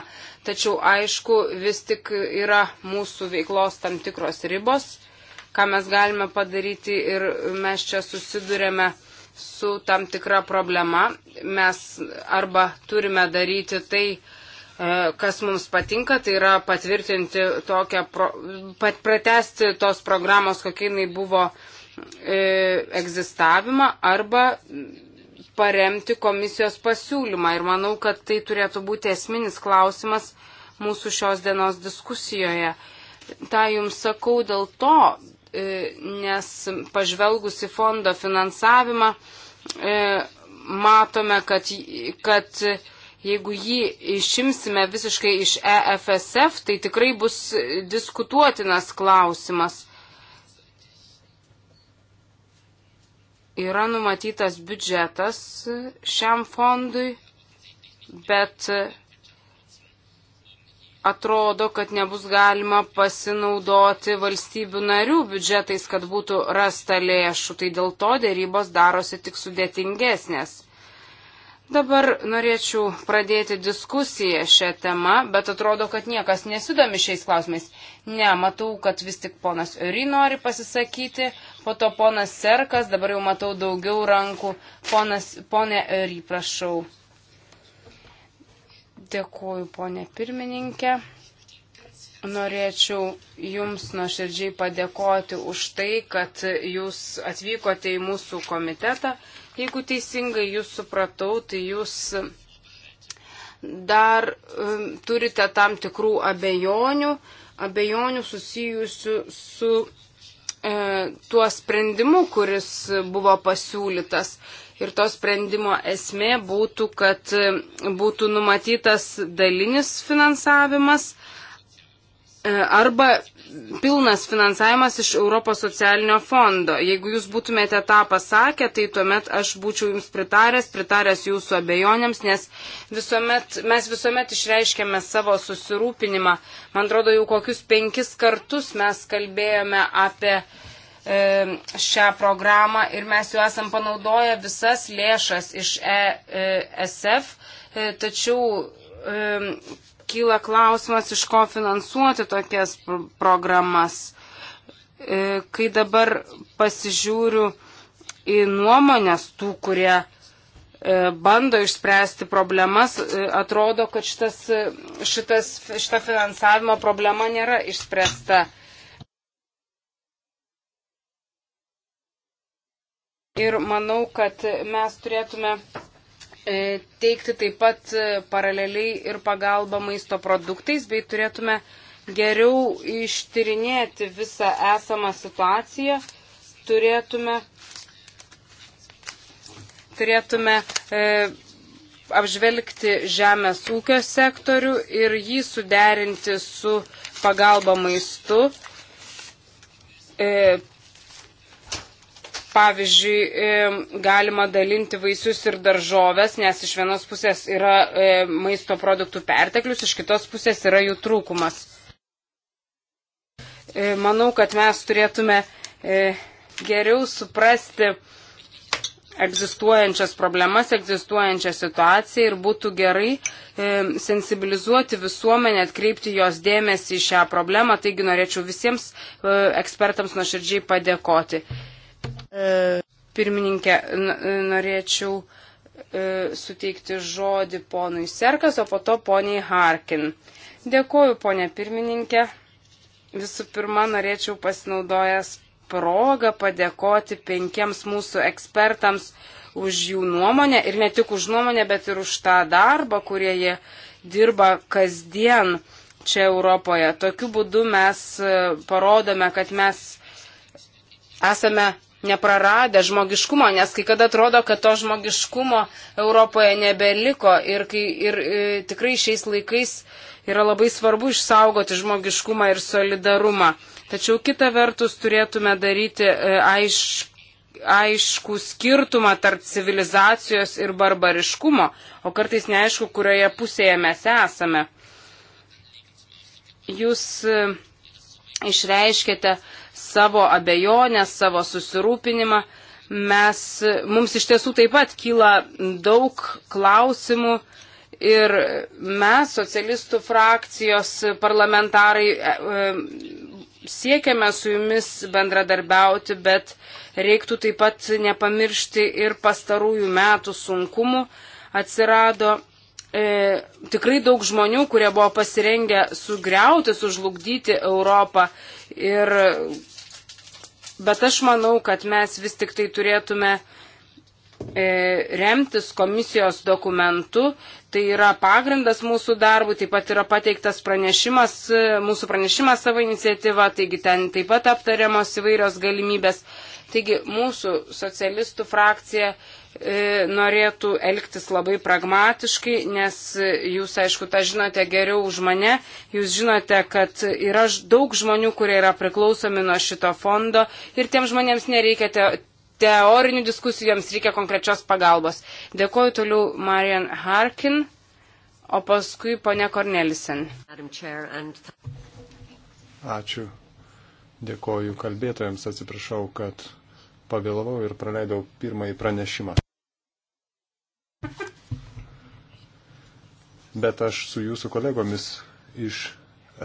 Tačiau, aišku, vis tik yra mūsų veiklos tam tikros ribos, ką mes galime padaryti ir mes čia susidurėme su tam tikra problema. Mes arba turime daryti tai, E, kas mums patinka, tai yra patvirtinti tokią, pro, pat pratesti tos programos, kokia jinai buvo e, egzistavimą, arba paremti komisijos pasiūlymą. Ir manau, kad tai turėtų būti esminis klausimas mūsų šios dienos diskusijoje. Ta jums sakau dėl to, e, nes pažvelgus į fondo finansavimą, e, matome, kad, kad Jeigu jį išimsime visiškai iš EFSF, tai tikrai bus diskutuotinas klausimas. Yra numatytas biudžetas šiam fondui, bet atrodo, kad nebus galima pasinaudoti valstybių narių biudžetais, kad būtų rasta lėšų, tai dėl to dėrybos darosi tik sudėtingesnės. Dabar norėčiau pradėti diskusiją šią temą, bet atrodo, kad niekas nesidomi šiais klausimais. Ne, matau, kad vis tik ponas Ry nori pasisakyti, po to ponas Serkas, dabar jau matau daugiau rankų. Ponas, ponė Ry, prašau. Dėkuoju, ponė pirmininkė. Norėčiau Jums nuoširdžiai padėkoti už tai, kad Jūs atvykote į mūsų komitetą Jeigu teisingai jūs supratau, tai jūs dar um, turite tam tikrų abejonių, abejonių susijusių su e, tuo sprendimu, kuris buvo pasiūlytas. Ir to sprendimo esmė būtų, kad e, būtų numatytas dalinis finansavimas, e, E, arba pilnas finansavimas iš Europos socialinio fondo. Jeigu jūs būtumėte tą pasakę, tai tuomet aš būčiau jums pritaręs, pritaręs jūsų abejonėms, nes visuomet, mes visuomet išreiškėme savo susirūpinimą. Man atrodo, jau kokius penkis kartus mes kalbėjome apie e, šią programą ir mes jau esam panaudoję visas lėšas iš ESF, e, tačiau kyla klausimas, iš ko finansuoti tokias programas. E, kai dabar pasižiūriu į nuomonės tų, kurie e, bando išspręsti problemas, e, atrodo, kad šitas, šitas, šita finansavimo problema nėra išspręsta. Ir manau, kad mes turėtume E, teikti taip pat e, paraleliai ir pagalbą maisto produktais, bei turėtume geriau ištyrinėti visą esamą situaciją, turėtume, turėtume e, apžvelgti žemės ūkio sektorių ir jį suderinti su pagalba maistu. E, Pavyzdžiui, e, galima dalinti vaisius ir daržovės, nes iš vienos pusės yra e, maisto produktų perteklius, iš kitos pusės yra jų trūkumas. E, manau, kad mes turėtume geriau suprasti egzistuojančias problemas, egzistuojančią situaciją ir būtų gerai sensibilizuoti visuomenę, atkreipti jos dėmesį į šią problemą. Taigi norėčiau visiems ekspertams nuoširdžiai padėkoti. Pirmininkė, norėčiau e, suteikti žodį ponui Serkas, o po to poniai Harkin. Dėkuoju, ponė pirmininkė. Visų pirma, norėčiau pasinaudojęs progą padėkoti penkiems mūsų ekspertams už jų nuomonę ir ne tik už nuomonę, bet ir už tą darbą, kurie jie dirba kasdien čia Europoje. Tokiu būdu mes e, parodome, kad mes esame nepraradę žmogiškumo, nes kai kada atrodo, kad to žmogiškumo Europoje nebeliko ir, kai, ir, ir e, tikrai šiais laikais yra labai svarbu išsaugoti žmogiškumą ir solidarumą. Tačiau kita vertus turėtume daryti e, aiš, aišku skirtumą tarp civilizacijos ir barbariškumo, o kartais neaišku, kurioje pusėje mes esame. Jūs e, išreiškėte savo abejonės, savo susirūpinimą. Mes, mums iš tiesų taip pat kyla daug klausimų ir mes, socialistų frakcijos parlamentarai, e, e, siekiame su jumis bendradarbiauti, bet reiktų taip pat nepamiršti ir pastarųjų metų sunkumų atsirado e, tikrai daug žmonių, kurie buvo pasirengę sugriauti, sužlugdyti Europą. Ir Bet aš manau, kad mes vis tik tai turėtume e, remtis komisijos dokumentu. Tai yra pagrindas mūsų darbų, taip pat yra pateiktas pranešimas, e, mūsų pranešimas savo iniciatyva, taigi ten taip pat aptariamos įvairios galimybės. Taigi mūsų socialistų frakcija E, norėtų elgtis labai pragmatiškai, nes e, jūs, aišku, tą žinote geriau už mane. Jūs žinote, kad yra daug žmonių, kurie yra priklausomi nuo šito fondo ir tiem žmonėms nereikia te, teorinių diskusijų, jiems reikia konkrečios pagalbos. Dėkuoju toliau Marian Harkin, o paskui ponia Kornelisen. Ačiū. Dėkuoju kalbėtojams, atsiprašau, kad pavėlavau ir praleidau pirmąjį pranešimą. Bet aš su jūsų kolegomis iš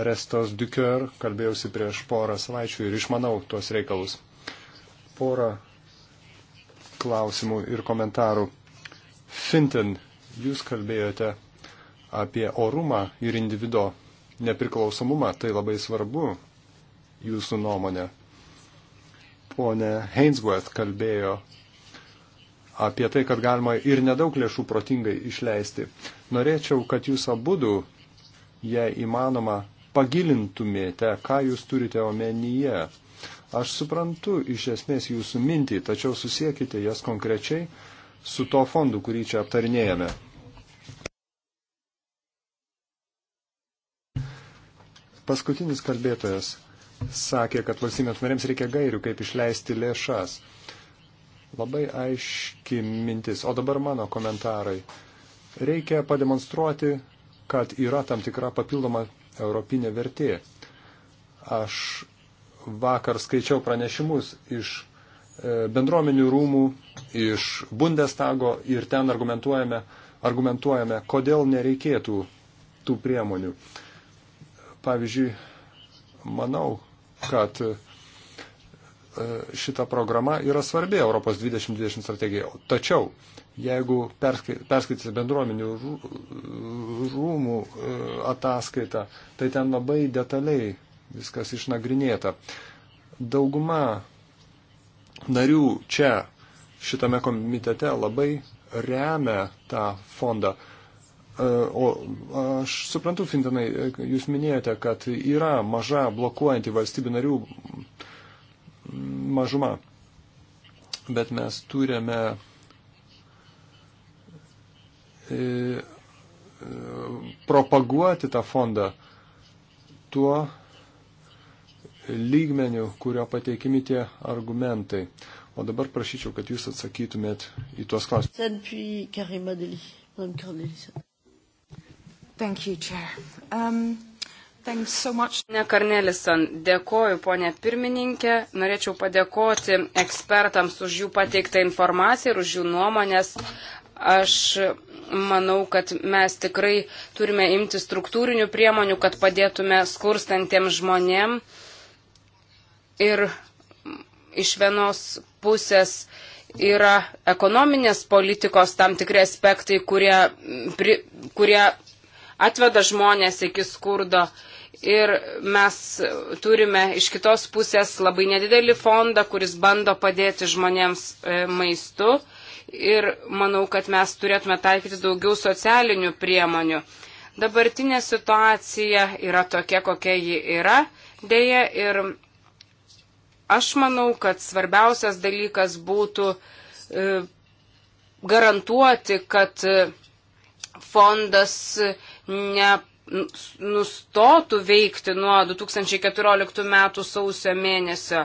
Restos Duker kalbėjausi prieš porą savaičių ir išmanau tuos reikalus. Porą klausimų ir komentarų. Finten, jūs kalbėjote apie orumą ir individo nepriklausomumą. Tai labai svarbu jūsų nuomonė. Pone Hainsworth kalbėjo apie tai, kad galima ir nedaug lėšų protingai išleisti. Norėčiau, kad jūs abudu, jei įmanoma, pagilintumėte, ką jūs turite omenyje. Aš suprantu iš esmės jūsų mintį, tačiau susiekite jas konkrečiai su to fondu, kurį čia aptarinėjame. Paskutinis kalbėtojas sakė, kad valstybėms narėms reikia gairių, kaip išleisti lėšas. Labai aiški mintis. O dabar mano komentarai. Reikia pademonstruoti, kad yra tam tikra papildoma europinė vertė. Aš vakar skaičiau pranešimus iš e, bendruomenių rūmų, iš Bundestago ir ten argumentuojame, argumentuojame kodėl nereikėtų tų priemonių. Pavyzdžiui, manau, kad E, šita programa yra svarbi Europos 2020 strategija. Tačiau, jeigu perskaitysite bendruomenių rūmų e, ataskaitą, tai ten labai detaliai viskas išnagrinėta. Dauguma narių čia šitame komitete labai remia tą fondą. E, o aš suprantu, Fintanai, jūs minėjote, kad yra maža blokuojanti valstybių narių mažuma. Bet mes turime e, e, propaguoti tą fondą tuo lygmeniu, kurio pateikimi tie argumentai. O dabar prašyčiau, kad jūs atsakytumėt į tuos klausimus. Thank you, Chair. Um, So ne Karnelison, dėkoju ponė pirmininkė, norėčiau padėkoti ekspertams už jų pateiktą informaciją ir už jų nuomonės. Aš manau, kad mes tikrai turime imti struktūrinių priemonių, kad padėtume skurstantiems žmonėm. Ir iš vienos pusės yra ekonominės politikos tam tikri aspektai, kurie, pri, kurie atveda žmonės iki skurdo ir mes turime iš kitos pusės labai nedidelį fondą, kuris bando padėti žmonėms e, maistu ir manau, kad mes turėtume taikyti daugiau socialinių priemonių. Dabartinė situacija yra tokia, kokia ji yra dėja ir aš manau, kad svarbiausias dalykas būtų e, garantuoti, kad e, fondas ne nustotų veikti nuo 2014 metų sausio mėnesio.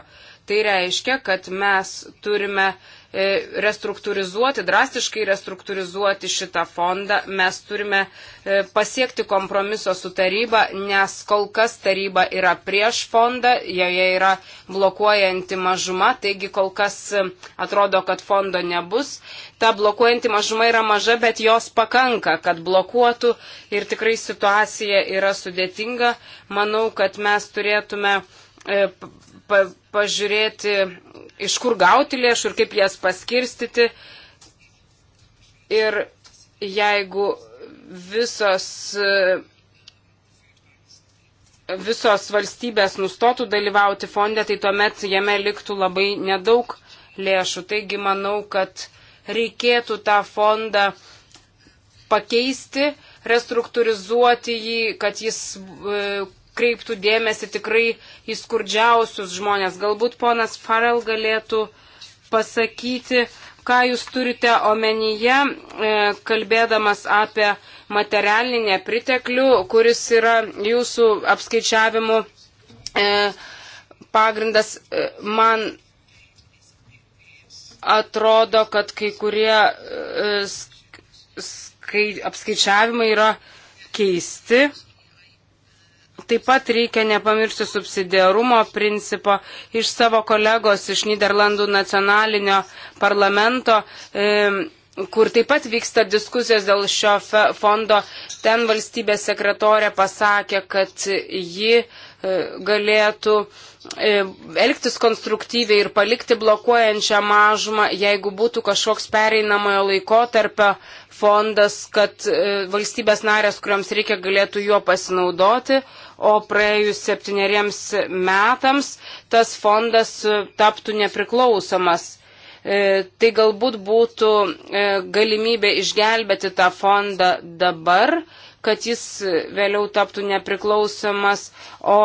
Tai reiškia, kad mes turime uh, E, restruktūrizuoti, drastiškai restruktūrizuoti šitą fondą, mes turime e, pasiekti kompromiso su taryba, nes kol kas taryba yra prieš fondą, joje yra blokuojanti mažuma, taigi kol kas e, atrodo, kad fondo nebus. Ta blokuojanti mažuma yra maža, bet jos pakanka, kad blokuotų ir tikrai situacija yra sudėtinga. Manau, kad mes turėtume pa, pažiūrėti, iš kur gauti lėšų ir kaip jas paskirstyti. Ir jeigu visos, visos valstybės nustotų dalyvauti fonde, tai tuomet jame liktų labai nedaug lėšų. Taigi manau, kad reikėtų tą fondą pakeisti, restruktūrizuoti jį, kad jis e, kreiptų dėmesį tikrai į skurdžiausius žmonės. Galbūt ponas Farel galėtų pasakyti, ką jūs turite omenyje, e, kalbėdamas apie materialinį nepriteklių, kuris yra jūsų apskaičiavimų e, pagrindas. E, man atrodo, kad kai kurie apskaičiavimai yra keisti. Taip pat reikia nepamiršti subsidiarumo principo iš savo kolegos iš Niderlandų nacionalinio parlamento. E, kur taip pat vyksta diskusijos dėl šio fondo. Ten valstybės sekretorė pasakė, kad ji e, galėtų E, elgtis konstruktyviai ir palikti blokuojančią mažumą, jeigu būtų kažkoks pereinamojo laikotarpio fondas, kad e, valstybės narės, kuriams reikia, galėtų juo pasinaudoti, o praėjus septyneriems metams tas fondas e, taptų nepriklausomas. Tai galbūt būtų galimybė išgelbėti tą fondą dabar kad jis vėliau taptų nepriklausomas, o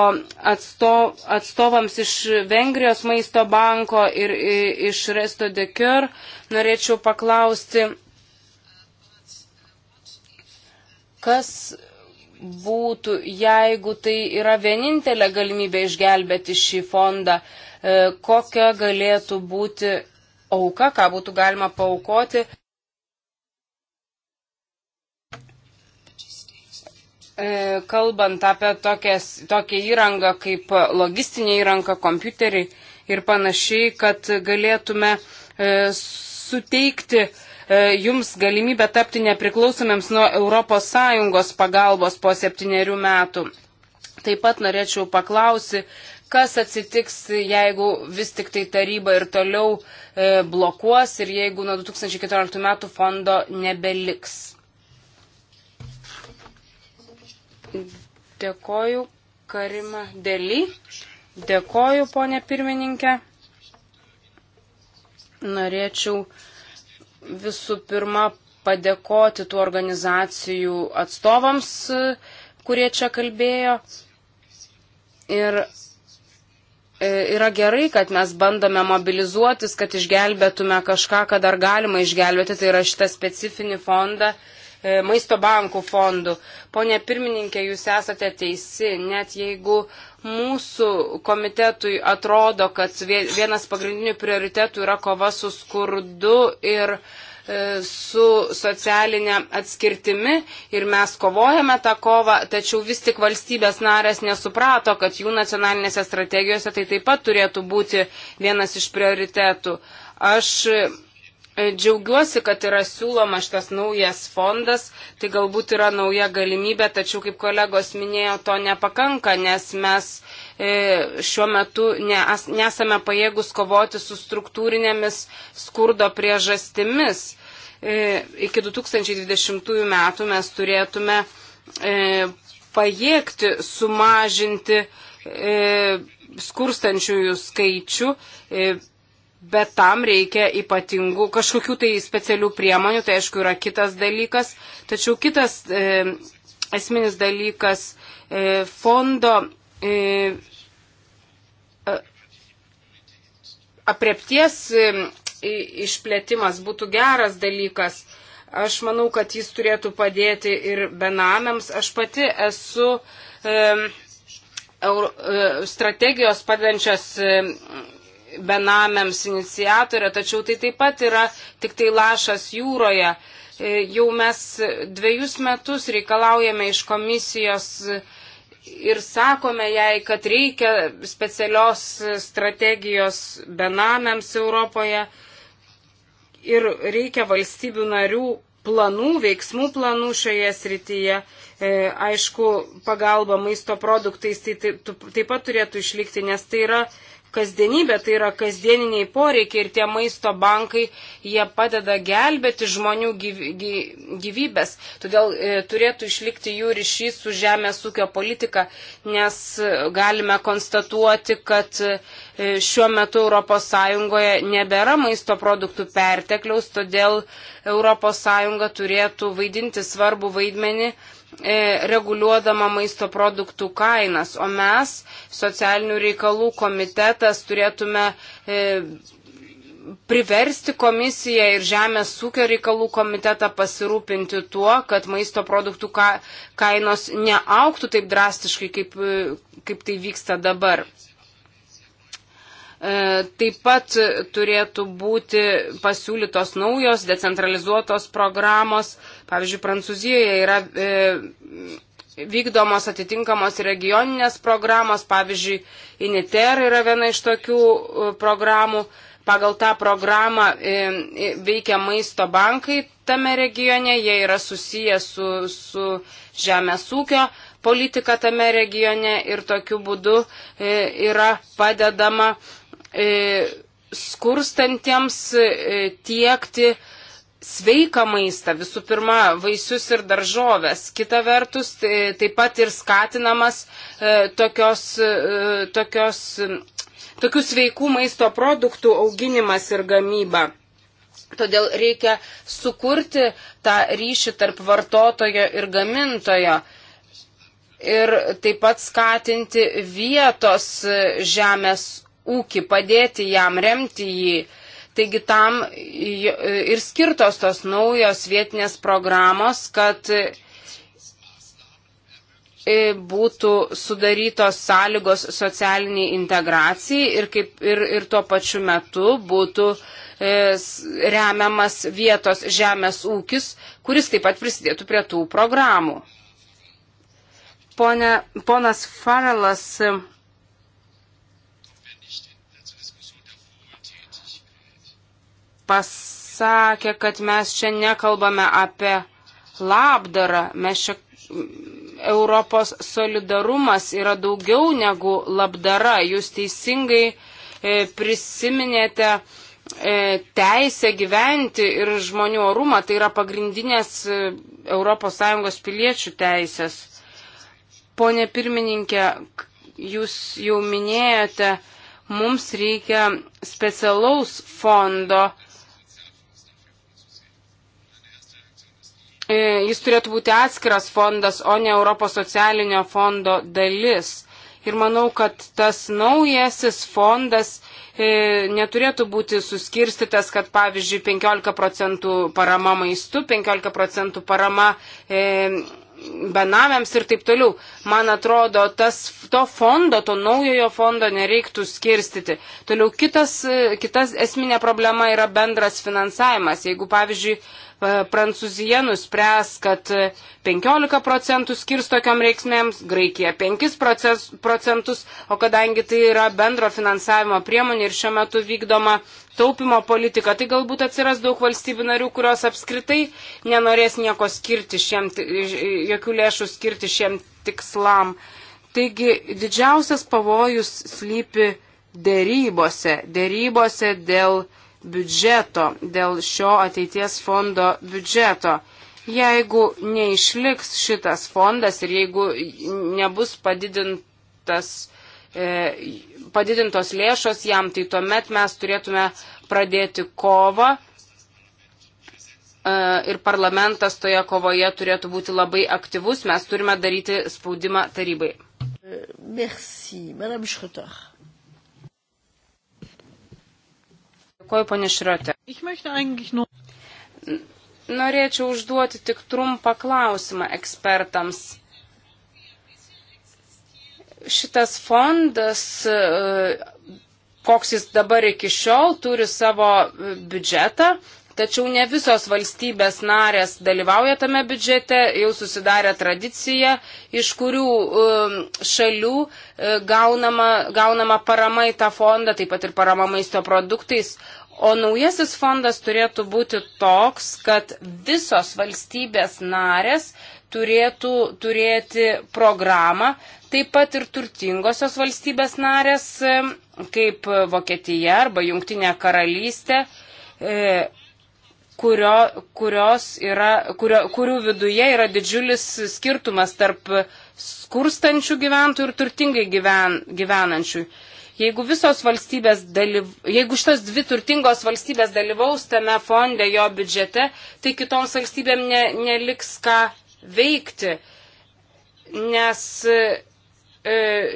atsto, atstovams iš Vengrijos maisto banko ir iš Resto de Cure norėčiau paklausti, kas būtų, jeigu tai yra vienintelė galimybė išgelbėti šį fondą, e, kokia galėtų būti auka, ką būtų galima paukoti. E, kalbant apie tokias, tokią įrangą kaip logistinė įranga, kompiuterį ir panašiai, kad galėtume e, suteikti e, jums galimybę tapti nepriklausomiams nuo ES pagalbos po septyniarių metų. Taip pat norėčiau paklausti, kas atsitiks, jeigu vis tik tai taryba ir toliau e, blokuos ir jeigu nuo 2014 metų fondo nebeliks. Dėkoju, Karima Deli. Dėkoju, ponė pirmininkė. Norėčiau visų pirma padėkoti tų organizacijų atstovams, kurie čia kalbėjo. Ir e, yra gerai, kad mes bandome mobilizuotis, kad išgelbėtume kažką, ką dar galima išgelbėti. Tai yra šitą specifinį fondą E, maisto bankų fondų. Pone pirmininkė, jūs esate teisi, net jeigu mūsų komitetui atrodo, kad vienas pagrindinių prioritetų yra kova su skurdu ir e, su socialinė atskirtimi ir mes kovojame tą kovą, tačiau vis tik valstybės narės nesuprato, kad jų nacionalinėse strategijose tai taip pat turėtų būti vienas iš prioritetų. Aš E, džiaugiuosi, kad yra siūloma šitas naujas fondas, tai galbūt yra nauja galimybė, tačiau, kaip kolegos minėjo, to nepakanka, nes mes e, šiuo metu nesame pajėgus kovoti su struktūrinėmis skurdo priežastimis. E, iki 2020 metų mes turėtume pajėgti sumažinti skurstančiųjų skaičių bet tam reikia ypatingų kažkokių tai specialių priemonių, tai aišku yra kitas dalykas. Tačiau kitas e, esminis dalykas e, fondo e, apriepties e, išplėtimas būtų geras dalykas. Aš manau, kad jis turėtų padėti ir benamiams. Aš pati esu e, e strategijos padančios. E, benamiams iniciatorė, tačiau tai taip pat yra tik tai lašas jūroje. E, jau mes dviejus metus reikalaujame iš komisijos ir sakome jai, kad reikia specialios strategijos benamiams Europoje ir reikia valstybių narių planų, veiksmų planų šioje srityje. E, aišku, pagalba maisto produktais tai, tai, tai taip pat turėtų išlikti, nes tai yra kasdienybė, tai yra kasdieniniai poreikiai ir tie maisto bankai, jie padeda gelbėti žmonių gyvy, gyvybės. Todėl e, turėtų išlikti jų ryšys su žemės ūkio politika, nes e, galime konstatuoti, kad e, šiuo metu ES nebėra maisto produktų pertekliaus, todėl ES turėtų vaidinti svarbų vaidmenį E, reguliuodama maisto produktų kainas, o mes, socialinių reikalų komitetas, turėtume e, priversti komisiją ir Žemės ūkio reikalų komitetą pasirūpinti tuo, kad maisto produktų kainos neauktų taip drastiškai, kaip, kaip tai vyksta dabar. E, taip pat turėtų būti pasiūlytos naujos decentralizuotos programos. Pavyzdžiui, Prancūzijoje yra e, vykdomos atitinkamos regioninės programos. Pavyzdžiui, INITER yra viena iš tokių e, programų. Pagal tą programą veikia maisto bankai tame regione, jie yra susiję su, su žemės ūkio politika tame regione ir tokiu būdu yra padedama uh, E, skurstantiems e, tiekti sveiką maistą, visų pirma, vaisius ir daržovės. Kita vertus, e, taip pat ir skatinamas tokios, tokios, tokių sveikų maisto produktų auginimas ir gamyba. Todėl reikia sukurti tą ryšį tarp vartotojo ir gamintojo ir taip pat skatinti vietos žemės ūkį, padėti jam, remti jį. Taigi tam ir skirtos tos naujos vietinės programos, kad e, būtų sudarytos sąlygos socialiniai integracijai ir, kaip, ir, ir tuo pačiu metu būtų e, remiamas vietos žemės ūkis, kuris taip pat prisidėtų prie tų programų. Pone, ponas Farelas pasakė, kad mes čia nekalbame apie labdarą, mes čia Europos solidarumas yra daugiau negu labdara. Jūs teisingai e, prisiminėte e, teisę gyventi ir žmonių orumą, tai yra pagrindinės ES piliečių teisės. Pone pirmininkė, jūs jau minėjote, mums reikia specialaus fondo, E, jis turėtų būti atskiras fondas, o ne Europos socialinio fondo dalis. Ir manau, kad tas naujasis fondas e, neturėtų būti suskirstytas, kad pavyzdžiui 15 procentų parama maistu, 15 procentų parama e, benamiams ir taip toliau. Man atrodo, tas, to fondo, to naujojo fondo nereiktų skirstyti. Toliau kitas, e, kitas esminė problema yra bendras finansavimas. Jeigu, pavyzdžiui, Prancūzija nuspręs, kad 15 procentų skirs tokiam reiksmėms, Graikija 5 procentus, o kadangi tai yra bendro finansavimo priemonė ir šiuo metu vykdoma taupimo politika, tai galbūt atsiras daug valstybių narių, kurios apskritai nenorės nieko skirti šiem, jokių lėšų skirti šiem tikslam. Taigi didžiausias pavojus slypi dėrybose, dėrybose dėl biudžeto, dėl šio ateities fondo biudžeto. Jeigu neišliks šitas fondas ir jeigu nebus padidintas, e, padidintos lėšos jam, tai tuomet mes turėtume pradėti kovą e, ir parlamentas toje kovoje turėtų būti labai aktyvus, mes turime daryti spaudimą tarybai. Merci, Madame Schröter. Dėkuoju, ponė Šriotė. Norėčiau užduoti tik trumpą klausimą ekspertams. Šitas fondas, e, koks jis dabar iki šiol, turi savo e, biudžetą, Tačiau ne visos valstybės narės dalyvauja tame biudžete, jau susidarė tradicija, iš kurių um, šalių uh, gaunama, gaunama parama į tą fondą, taip pat ir parama maisto produktais. O naujasis fondas turėtų būti toks, kad visos valstybės narės turėtų turėti programą, taip pat ir turtingosios valstybės narės, um, kaip Vokietija arba Jungtinė karalystė e, kurio, kurios yra, kurio, kurių viduje yra didžiulis skirtumas tarp skurstančių gyventojų ir turtingai gyven, gyvenančių. Jeigu, dalyv... Jeigu šitos dvi turtingos valstybės dalyvaus tame fonde jo biudžete, tai kitoms valstybėm ne, neliks ką veikti, nes e,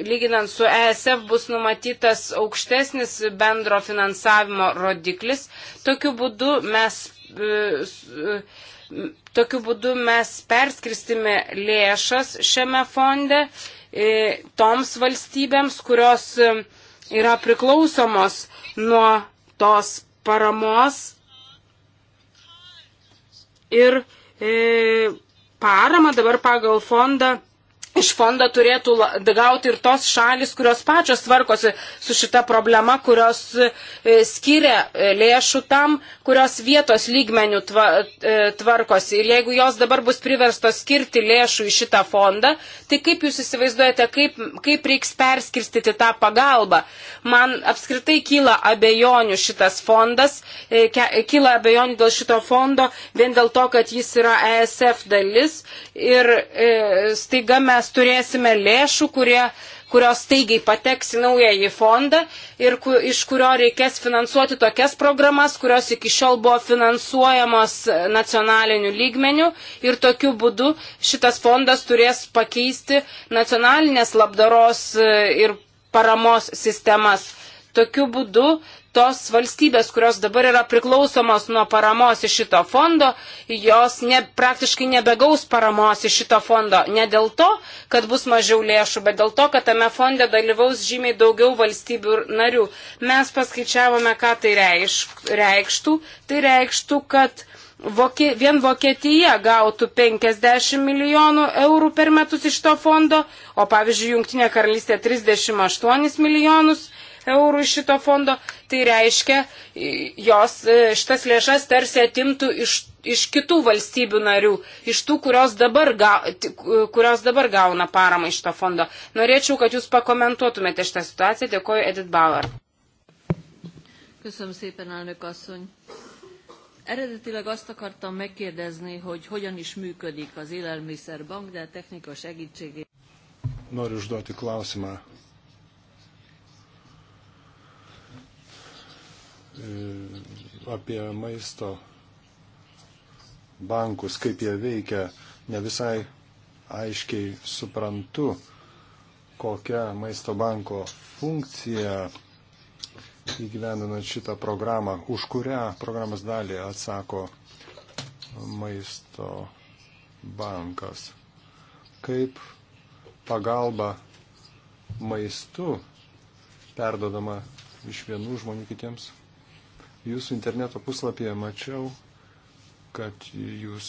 lyginant su ESF bus numatytas aukštesnis bendro finansavimo rodiklis. Tokiu būdu mes E, e, tokiu būdu mes perskristime lėšas šiame fonde e, toms valstybėms, kurios yra priklausomos nuo tos paramos. Ir e, parama dabar pagal fondą iš fondo turėtų gauti ir tos šalis, kurios pačios tvarkosi su šita problema, kurios e, skiria e, lėšų tam, kurios vietos lygmenių e, tvarkosi. Ir jeigu jos dabar bus priverstos skirti lėšų į šitą fondą, tai kaip jūs įsivaizduojate, kaip, kaip reiks perskirstyti tą pagalbą? Man apskritai kyla abejonių šitas fondas, kyla abejonių dėl šito fondo vien dėl to, kad jis yra ESF dalis ir staiga mes mes turėsime lėšų, kurie, kurios taigiai pateks į naująjį fondą ir ku, iš kurio reikės finansuoti tokias programas, kurios iki šiol buvo finansuojamos nacionaliniu lygmeniu ir tokiu būdu šitas fondas turės pakeisti nacionalinės labdaros ir paramos sistemas. Tokiu būdu tos valstybės, kurios dabar yra priklausomos nuo paramos iš šito fondo, jos ne, praktiškai nebegaus paramos iš šito fondo. Ne dėl to, kad bus mažiau lėšų, bet dėl to, kad tame fonde dalyvaus žymiai daugiau valstybių narių. Mes paskaičiavome, ką tai reikštų. Tai reikštų, kad Vokie, vien Vokietija gautų 50 milijonų eurų per metus iš to fondo, o pavyzdžiui, Junktinė karalystė 38 milijonus eurų iš šito fondo tai reiškia, jos e, šitas lėšas tarsi atimtų iš, iš kitų valstybių narių, iš tų, kurios dabar, ga, kurios dabar gauna paramą iš to fondo. Norėčiau, kad jūs pakomentuotumėte šitą situaciją. Dėkoju Edith Bauer. Köszönöm szépen, elnök asszony. Eredetileg azt akartam megkérdezni, hogy hogyan is működik az élelmiszerbank, de a technika segítségével. Noriu užduoti klausimą E, apie maisto bankus, kaip jie veikia, ne visai aiškiai suprantu, kokia maisto banko funkcija įgyvendinant šitą programą, už kurią programos dalį atsako maisto bankas. Kaip pagalba maistu perdodama iš vienų žmonių kitiems Jūsų interneto puslapyje mačiau, kad jūs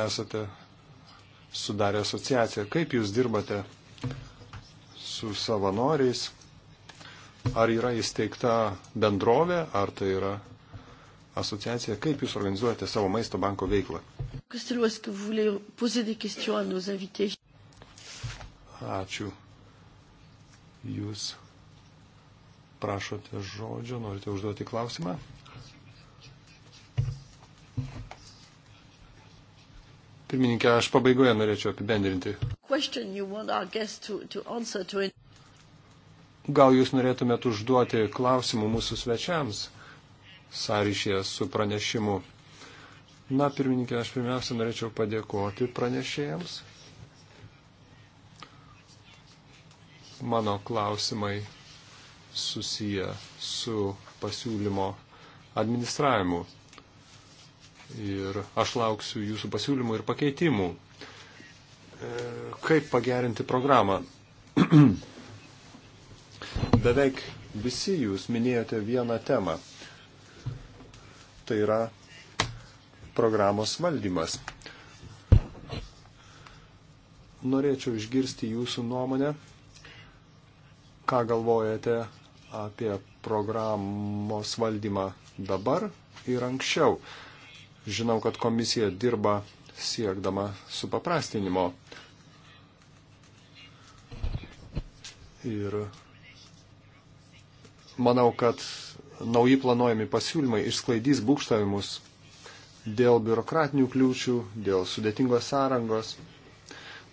esate sudarę asociaciją. Kaip jūs dirbate su savanoriais? Ar yra įsteigta bendrovė, ar tai yra asociacija? Kaip jūs organizuojate savo maisto banko veiklą? Ačiū. Jūs prašote žodžio, norite užduoti klausimą? Pirmininkė, aš pabaigoje norėčiau apibendrinti. Gal jūs norėtumėt užduoti klausimų mūsų svečiams sąryšyje su pranešimu? Na, pirmininkė, aš pirmiausia norėčiau padėkoti pranešėjams. Mano klausimai susiję su pasiūlymo administravimu. Ir aš lauksiu jūsų pasiūlymų ir pakeitimų. E, kaip pagerinti programą? Beveik visi jūs minėjote vieną temą. Tai yra programos valdymas. Norėčiau išgirsti jūsų nuomonę, ką galvojate apie programos valdymą dabar ir anksčiau. Žinau, kad komisija dirba siekdama supaprastinimo. Ir manau, kad nauji planuojami pasiūlymai išsklaidys būkštavimus dėl biurokratinių kliūčių, dėl sudėtingos sąrangos.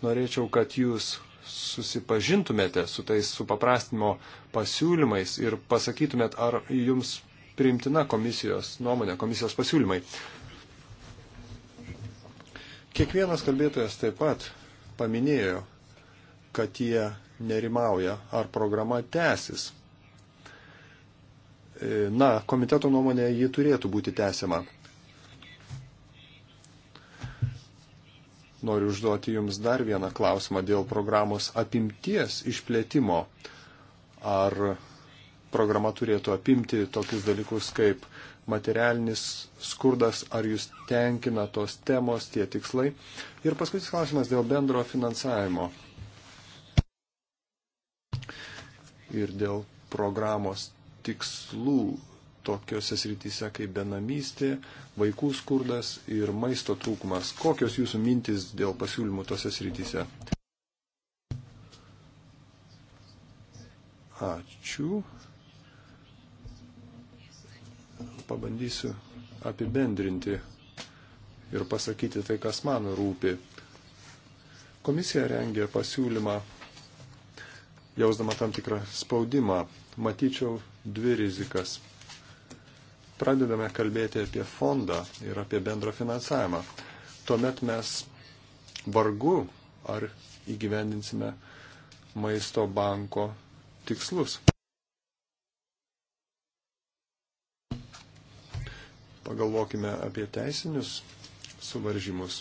Norėčiau, kad jūs susipažintumėte su tais supaprastinimo pasiūlymais ir pasakytumėt, ar jums priimtina komisijos nuomonė, komisijos pasiūlymai. Kiekvienas kalbėtojas taip pat paminėjo, kad jie nerimauja, ar programa tęsis. E, na, komiteto nuomonė ji turėtų būti tęsiama. Noriu užduoti Jums dar vieną klausimą dėl programos apimties išplėtimo. Ar programa turėtų apimti tokius dalykus kaip materialinis skurdas, ar jūs tenkina tos temos, tie tikslai. Ir paskutinis klausimas dėl bendro finansavimo. Ir dėl programos tikslų tokiuose srityse kaip benamystė, vaikų skurdas ir maisto trūkumas. Kokios jūsų mintis dėl pasiūlymų tose srityse? Ačiū. Pabandysiu apibendrinti ir pasakyti tai, kas man rūpi. Komisija rengė pasiūlymą, jausdama tam tikrą spaudimą. Matyčiau dvi rizikas pradedame kalbėti apie fondą ir apie bendrą finansavimą, tuomet mes vargu ar įgyvendinsime maisto banko tikslus. Pagalvokime apie teisinius suvaržymus.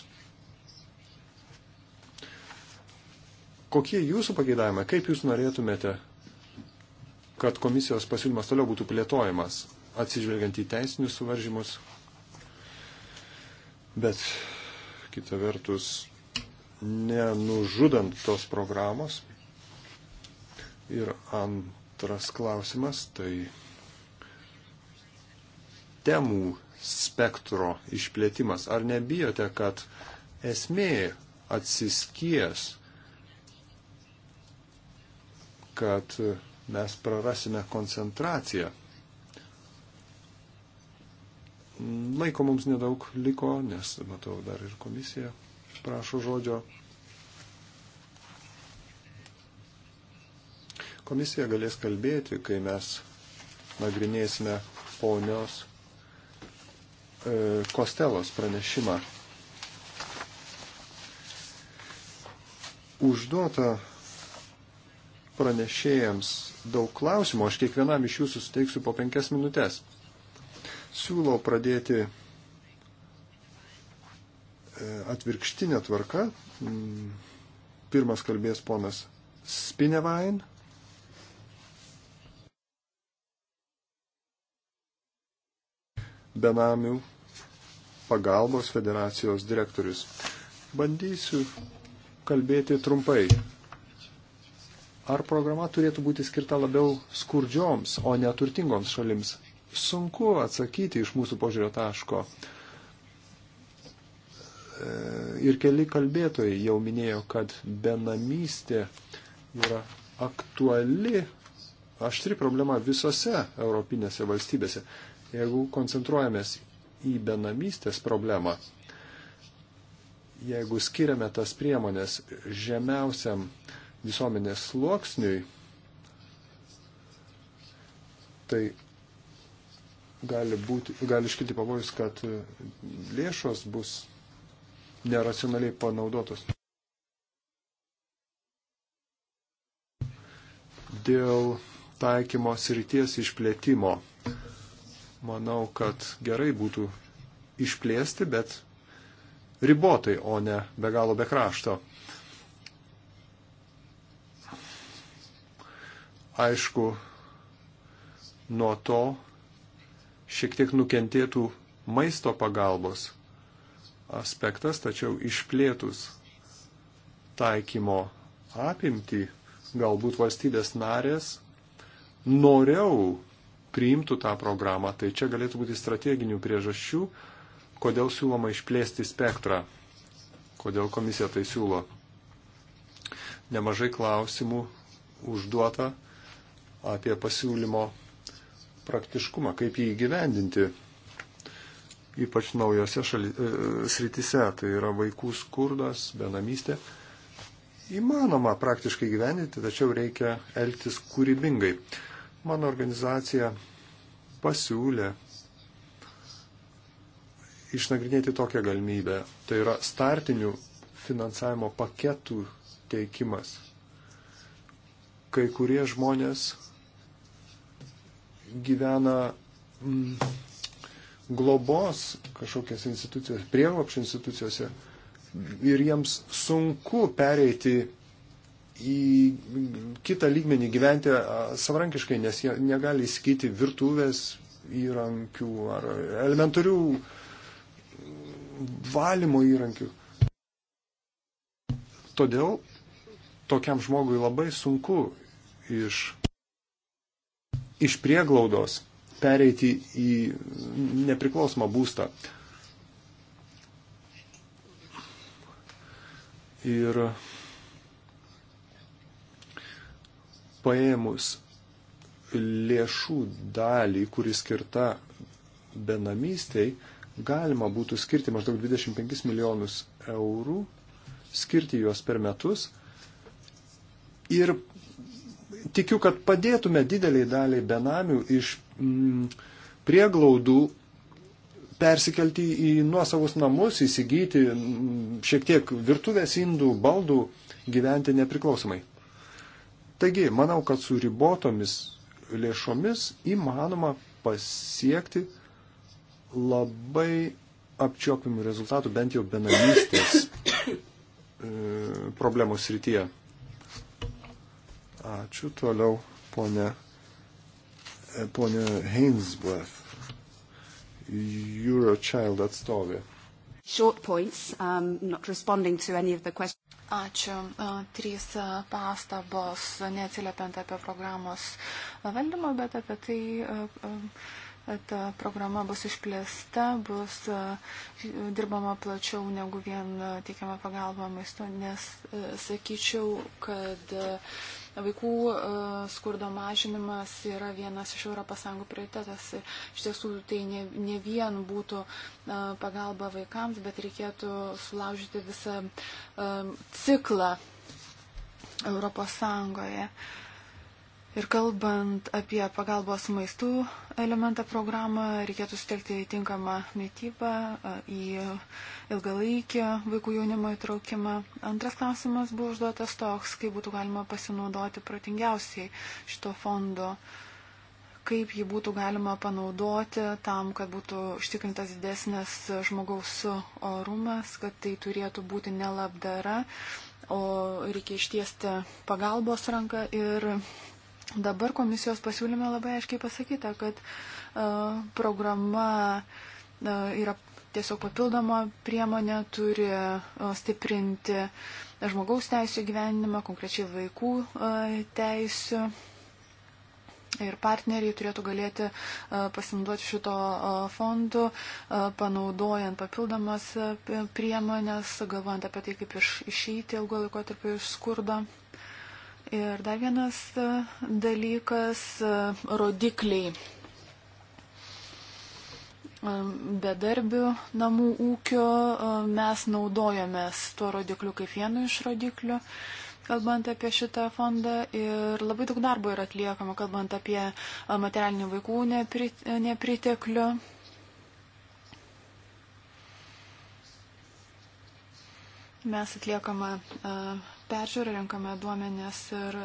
Kokie jūsų pageidavimai, kaip jūs norėtumėte, kad komisijos pasiūlymas toliau būtų plėtojamas? atsižvelgiant į teisinius suvaržymus, bet kita vertus, nenužudant tos programos. Ir antras klausimas, tai temų spektro išplėtimas. Ar nebijote, kad esmė atsiskies, kad mes prarasime koncentraciją Laiko mums nedaug liko, nes matau dar ir komisija prašo žodžio. Komisija galės kalbėti, kai mes nagrinėsime ponios e, Kostelos pranešimą. Užduota pranešėjams daug klausimų, aš kiekvienam iš jūsų suteiksiu po penkias minutės siūlau pradėti e, atvirkštinę tvarką. Mm, pirmas kalbės ponas Spinevain. Benamių pagalbos federacijos direktorius. Bandysiu kalbėti trumpai. Ar programa turėtų būti skirta labiau skurdžioms, o ne turtingoms šalims? sunku atsakyti iš mūsų požiūrio taško. E, ir keli kalbėtojai jau minėjo, kad benamystė yra aktuali, aštri problema visose europinėse valstybėse. Jeigu koncentruojamės į benamystės problemą, jeigu skiriame tas priemonės žemiausiam visuomenės sluoksniui, tai gali, būti, gali iškilti pavojus, kad lėšos bus neracionaliai panaudotos. Dėl taikymo srities išplėtimo. Manau, kad gerai būtų išplėsti, bet ribotai, o ne be galo be krašto. Aišku, nuo to šiek tiek nukentėtų maisto pagalbos aspektas, tačiau išplėtus taikymo apimti, galbūt valstybės narės noriau priimtų tą programą. Tai čia galėtų būti strateginių priežasčių, kodėl siūloma išplėsti spektrą, kodėl komisija tai siūlo. Nemažai klausimų užduota apie pasiūlymo praktiškumą, kaip jį įgyvendinti, ypač naujose šali, e, sritise, tai yra vaikų skurdas, benamystė. Įmanoma praktiškai gyvendinti, tačiau reikia elgtis kūrybingai. Mano organizacija pasiūlė išnagrinėti tokią galimybę. Tai yra startinių finansavimo paketų teikimas. Kai kurie žmonės gyvena m, mm, globos kažkokiose institucijose, prieglopšio institucijose ir jiems sunku pereiti į kitą lygmenį gyventi savarankiškai, nes jie negali įsigyti virtuvės įrankių ar elementarių valymo įrankių. Todėl tokiam žmogui labai sunku iš iš prieglaudos pereiti į nepriklausomą būstą. Ir paėmus lėšų dalį, kuri skirta benamystei, galima būtų skirti maždaug 25 milijonus eurų, skirti juos per metus ir tikiu, kad padėtume dideliai daliai benamių iš mm, prieglaudų persikelti į nuosavus namus, įsigyti mm, šiek tiek virtuvės indų, baldų, gyventi nepriklausomai. Taigi, manau, kad su ribotomis lėšomis įmanoma pasiekti labai apčiopimų rezultatų, bent jau benamystės e, problemos rytyje. Ačiū. Toliau ponė, e, ponė Hainsworth, Eurochild atstovė. Short points, um, not responding to any of the questions. Ačiū. E, trys e, pastabos, neatsiliepiant apie programos valdymą, bet apie tai. Uh, uh, ta programa bus išplėsta, bus e, dirbama plačiau negu vien e, teikiama pagalba maisto, nes e, sakyčiau, kad vaikų skurdo mažinimas yra vienas iš ES prioritetas. Iš tiesų tai ne, ne vien būtų pagalba vaikams, bet reikėtų sulaužyti visą ciklą ES. Ir kalbant apie pagalbos maistų elementą programą, reikėtų sutelkti į tinkamą mytybą, į ilgalaikį vaikų jaunimo įtraukimą. Antras klausimas buvo užduotas toks, kaip būtų galima pasinaudoti protingiausiai šito fondo kaip jį būtų galima panaudoti tam, kad būtų užtikrintas didesnis žmogaus orumas, kad tai turėtų būti nelabdara, o reikia ištiesti pagalbos ranką ir Dabar komisijos pasiūlyme labai aiškiai pasakyta, kad uh, programa uh, yra tiesiog papildoma priemonė, turi uh, stiprinti žmogaus teisų gyvenimą, konkrečiai vaikų uh, teisų. Ir partneriai turėtų galėti uh, pasinaudoti šito uh, fondu, uh, panaudojant papildomas priemonės, galvojant apie tai, kaip iš, išeiti ilgo laiko tarp iš skurdo. Uh, Ir dar vienas e, dalykas e, - rodikliai e, bedarbių namų ūkio. Mes naudojamės tuo rodikliu kaip vienu iš rodiklių, kalbant apie šitą fondą. Ir labai daug darbo yra atliekama, kalbant apie materialinį vaikų nepriteklių. Mes atliekame peržiūrą, renkame duomenės ir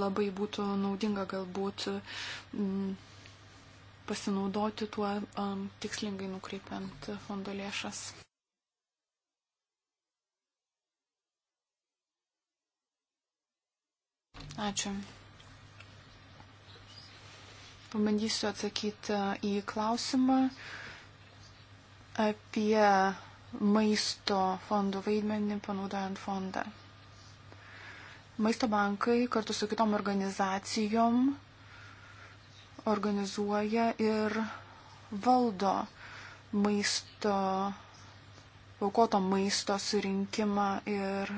labai būtų naudinga galbūt mm, pasinaudoti tuo um, tikslingai nukreipiant fondo lėšas. Ačiū. Pabandysiu atsakyti į klausimą apie maisto fondų vaidmenį panaudojant fondą. Maisto bankai kartu su kitom organizacijom organizuoja ir valdo maisto, aukoto maisto surinkimą ir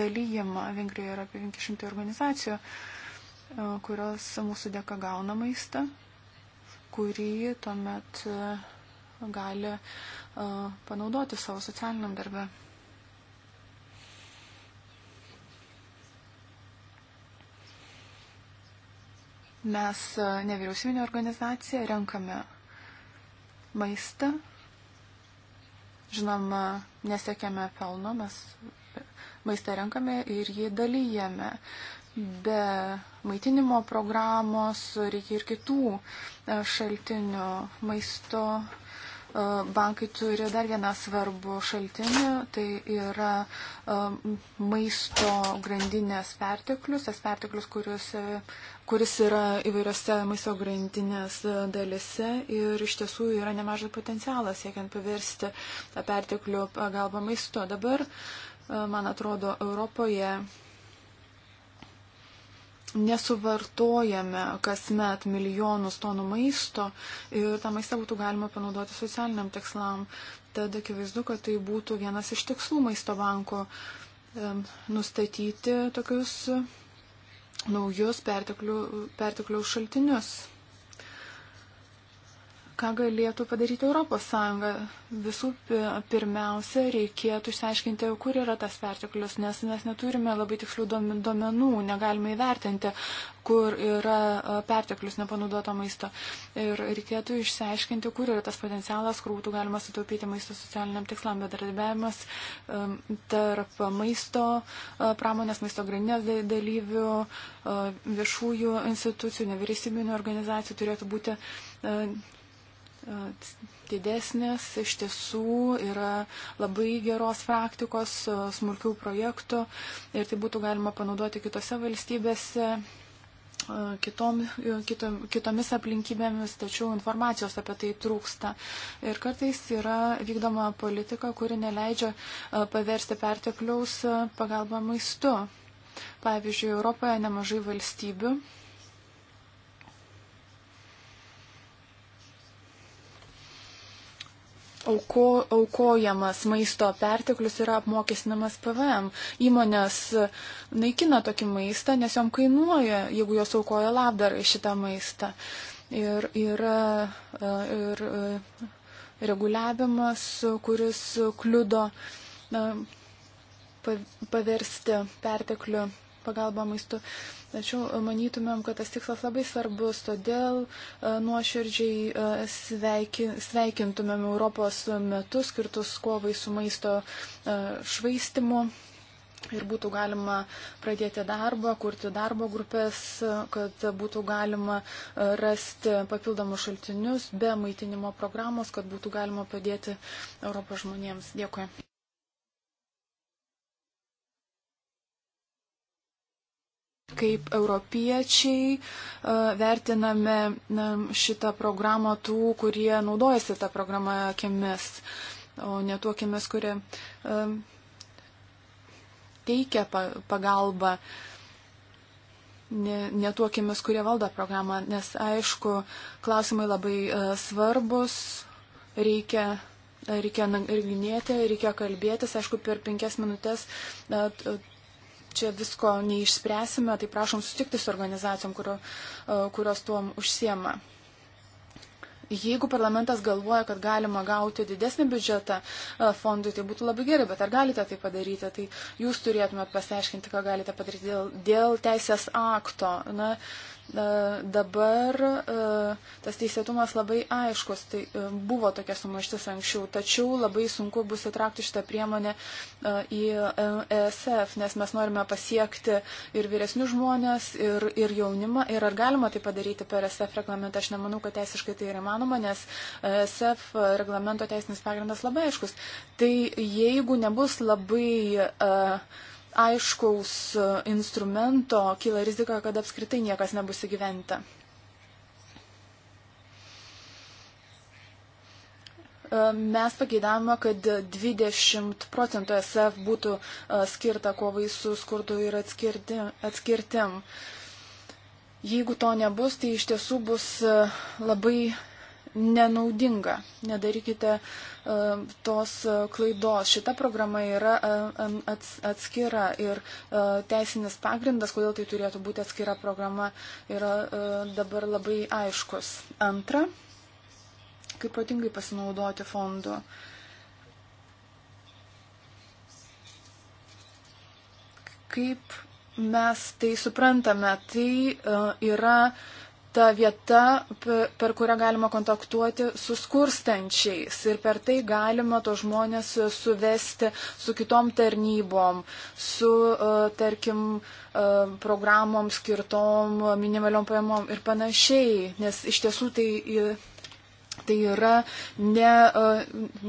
dalyjimą. Vengrijoje yra apie 500 organizacijų, e, kurios mūsų dėka gauna maistą, kurį tuomet e, gali e, panaudoti savo socialiniam darbę. Mes e, nevyriausybinė organizacija renkame maistą. Žinoma, nesiekiame pelno, mes maistą renkame ir jį dalyjame. Be maitinimo programos reikia ir kitų e, šaltinių maisto E, bankai turi dar vieną svarbų šaltinį, tai yra e, maisto grandinės perteklius, tas perteklius, kuris, e, kuris yra įvairiose maisto grandinės dalise ir iš tiesų yra nemažas potencialas siekiant paversti tą perteklių pagalbą maisto. Dabar, man atrodo, Europoje nesuvartojame kasmet milijonus tonų maisto ir tą maistą būtų galima panaudoti socialiniam tikslam. Tad akivaizdu, kad tai būtų vienas iš tikslų maisto banko nustatyti tokius naujus perteklių, perteklių šaltinius ką galėtų padaryti ES. Visų pirmiausia, reikėtų išsiaiškinti, kur yra tas perteklius, nes mes neturime labai tikslių duomenų, negalime įvertinti, kur yra perteklius nepanaudoto maisto. Ir reikėtų išsiaiškinti, kur yra tas potencialas, kur būtų galima sutaupyti maisto socialiniam tikslam, bet darbiavimas tarp maisto pramonės, maisto grandinės dalyvių, viešųjų institucijų, nevyriausybinių organizacijų turėtų būti didesnės, iš tiesų yra labai geros praktikos, e, smulkių projektų ir tai būtų galima panaudoti kitose valstybėse e, kitom, e, kitom, kitomis aplinkybėmis, tačiau informacijos apie tai trūksta. Ir kartais yra vykdoma politika, kuri neleidžia paversti pertekliaus pagalbą maistu. Pavyzdžiui, Europoje nemažai valstybių auko, aukojamas maisto perteklius yra apmokestinamas PVM. Įmonės naikina tokį maistą, nes jom kainuoja, jeigu jos aukoja labdarai šitą maistą. Ir yra e, ir, ir e, reguliavimas, kuris kliudo e, paversti perteklių pagalbą maistu. Tačiau e, manytumėm, kad tas tikslas labai svarbus, todėl e, nuoširdžiai e, sveiki, sveikintumėm Europos metus skirtus kovai su maisto švaistimu. Ir būtų galima pradėti darbą, kurti darbo grupės, kad būtų galima rasti papildomus šaltinius be maitinimo programos, kad būtų galima padėti Europos žmonėms. Dėkui. kaip europiečiai e, vertiname šitą programą tų, kurie naudojasi tą programą akimis, o ne tuo akimis, kurie e, teikia pagalbą ne, ne tuokimis, kurie valdo programą, nes aišku, klausimai labai uh, svarbus, reikia, reikia nagrinėti, reikia kalbėtis, aišku, per penkias minutės uh, čia visko neišspręsime, tai prašom sutikti su organizacijom, kurio, e, kurios tuom užsiema. Jeigu parlamentas galvoja, kad galima gauti didesnį biudžetą e, fondui, tai būtų labai gerai, bet ar galite tai padaryti, tai jūs turėtumėt pasiaiškinti, ką galite padaryti dėl, dėl teisės akto. Na, uh, E, dabar e, tas teisėtumas labai aiškus, tai e, buvo tokia sumaištis anksčiau, tačiau labai sunku bus įtraukti šitą priemonę į ESF, nes mes norime pasiekti ir vyresnius žmonės, ir, ir jaunimą, ir ar galima tai padaryti per ESF reglamentą, aš nemanau, kad teisiškai tai yra manoma, nes ESF reglamento teisinis pagrindas labai aiškus. Tai jeigu nebus labai uh, aiškaus instrumento kyla rizika, kad apskritai niekas nebus įgyventa. E, mes pageidavome, kad 20 procentų SF būtų e, skirta kovai su skurdu ir atskirtim. Jeigu to nebus, tai iš tiesų bus e, labai nenaudinga. Nedarykite e, tos klaidos. Šita programa yra e, atskira ir e, teisinis pagrindas, kodėl tai turėtų būti atskira programa, yra dabar labai aiškus. Antra, kaip protingai pasinaudoti fondu. Kaip mes tai suprantame, tai yra uh, ta vieta, per kurią galima kontaktuoti su skurstančiais ir per tai galima to žmonės suvesti su kitom tarnybom, su, e, tarkim, e, programom skirtom minimaliom pajamom ir panašiai, nes iš tiesų tai tai yra ne, e,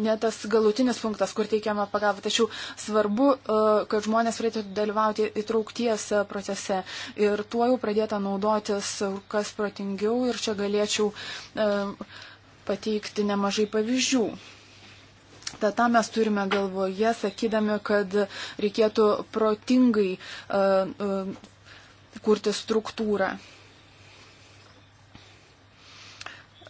ne tas galutinis punktas, kur teikiama pagalba, tačiau svarbu, e, kad žmonės turėtų dalyvauti įtraukties e, procese ir tuo jau pradėta naudotis kas protingiau ir čia galėčiau pateikti nemažai pavyzdžių. Tad tą mes turime galvoje, sakydami, kad reikėtų protingai uh, uh, kurti struktūrą.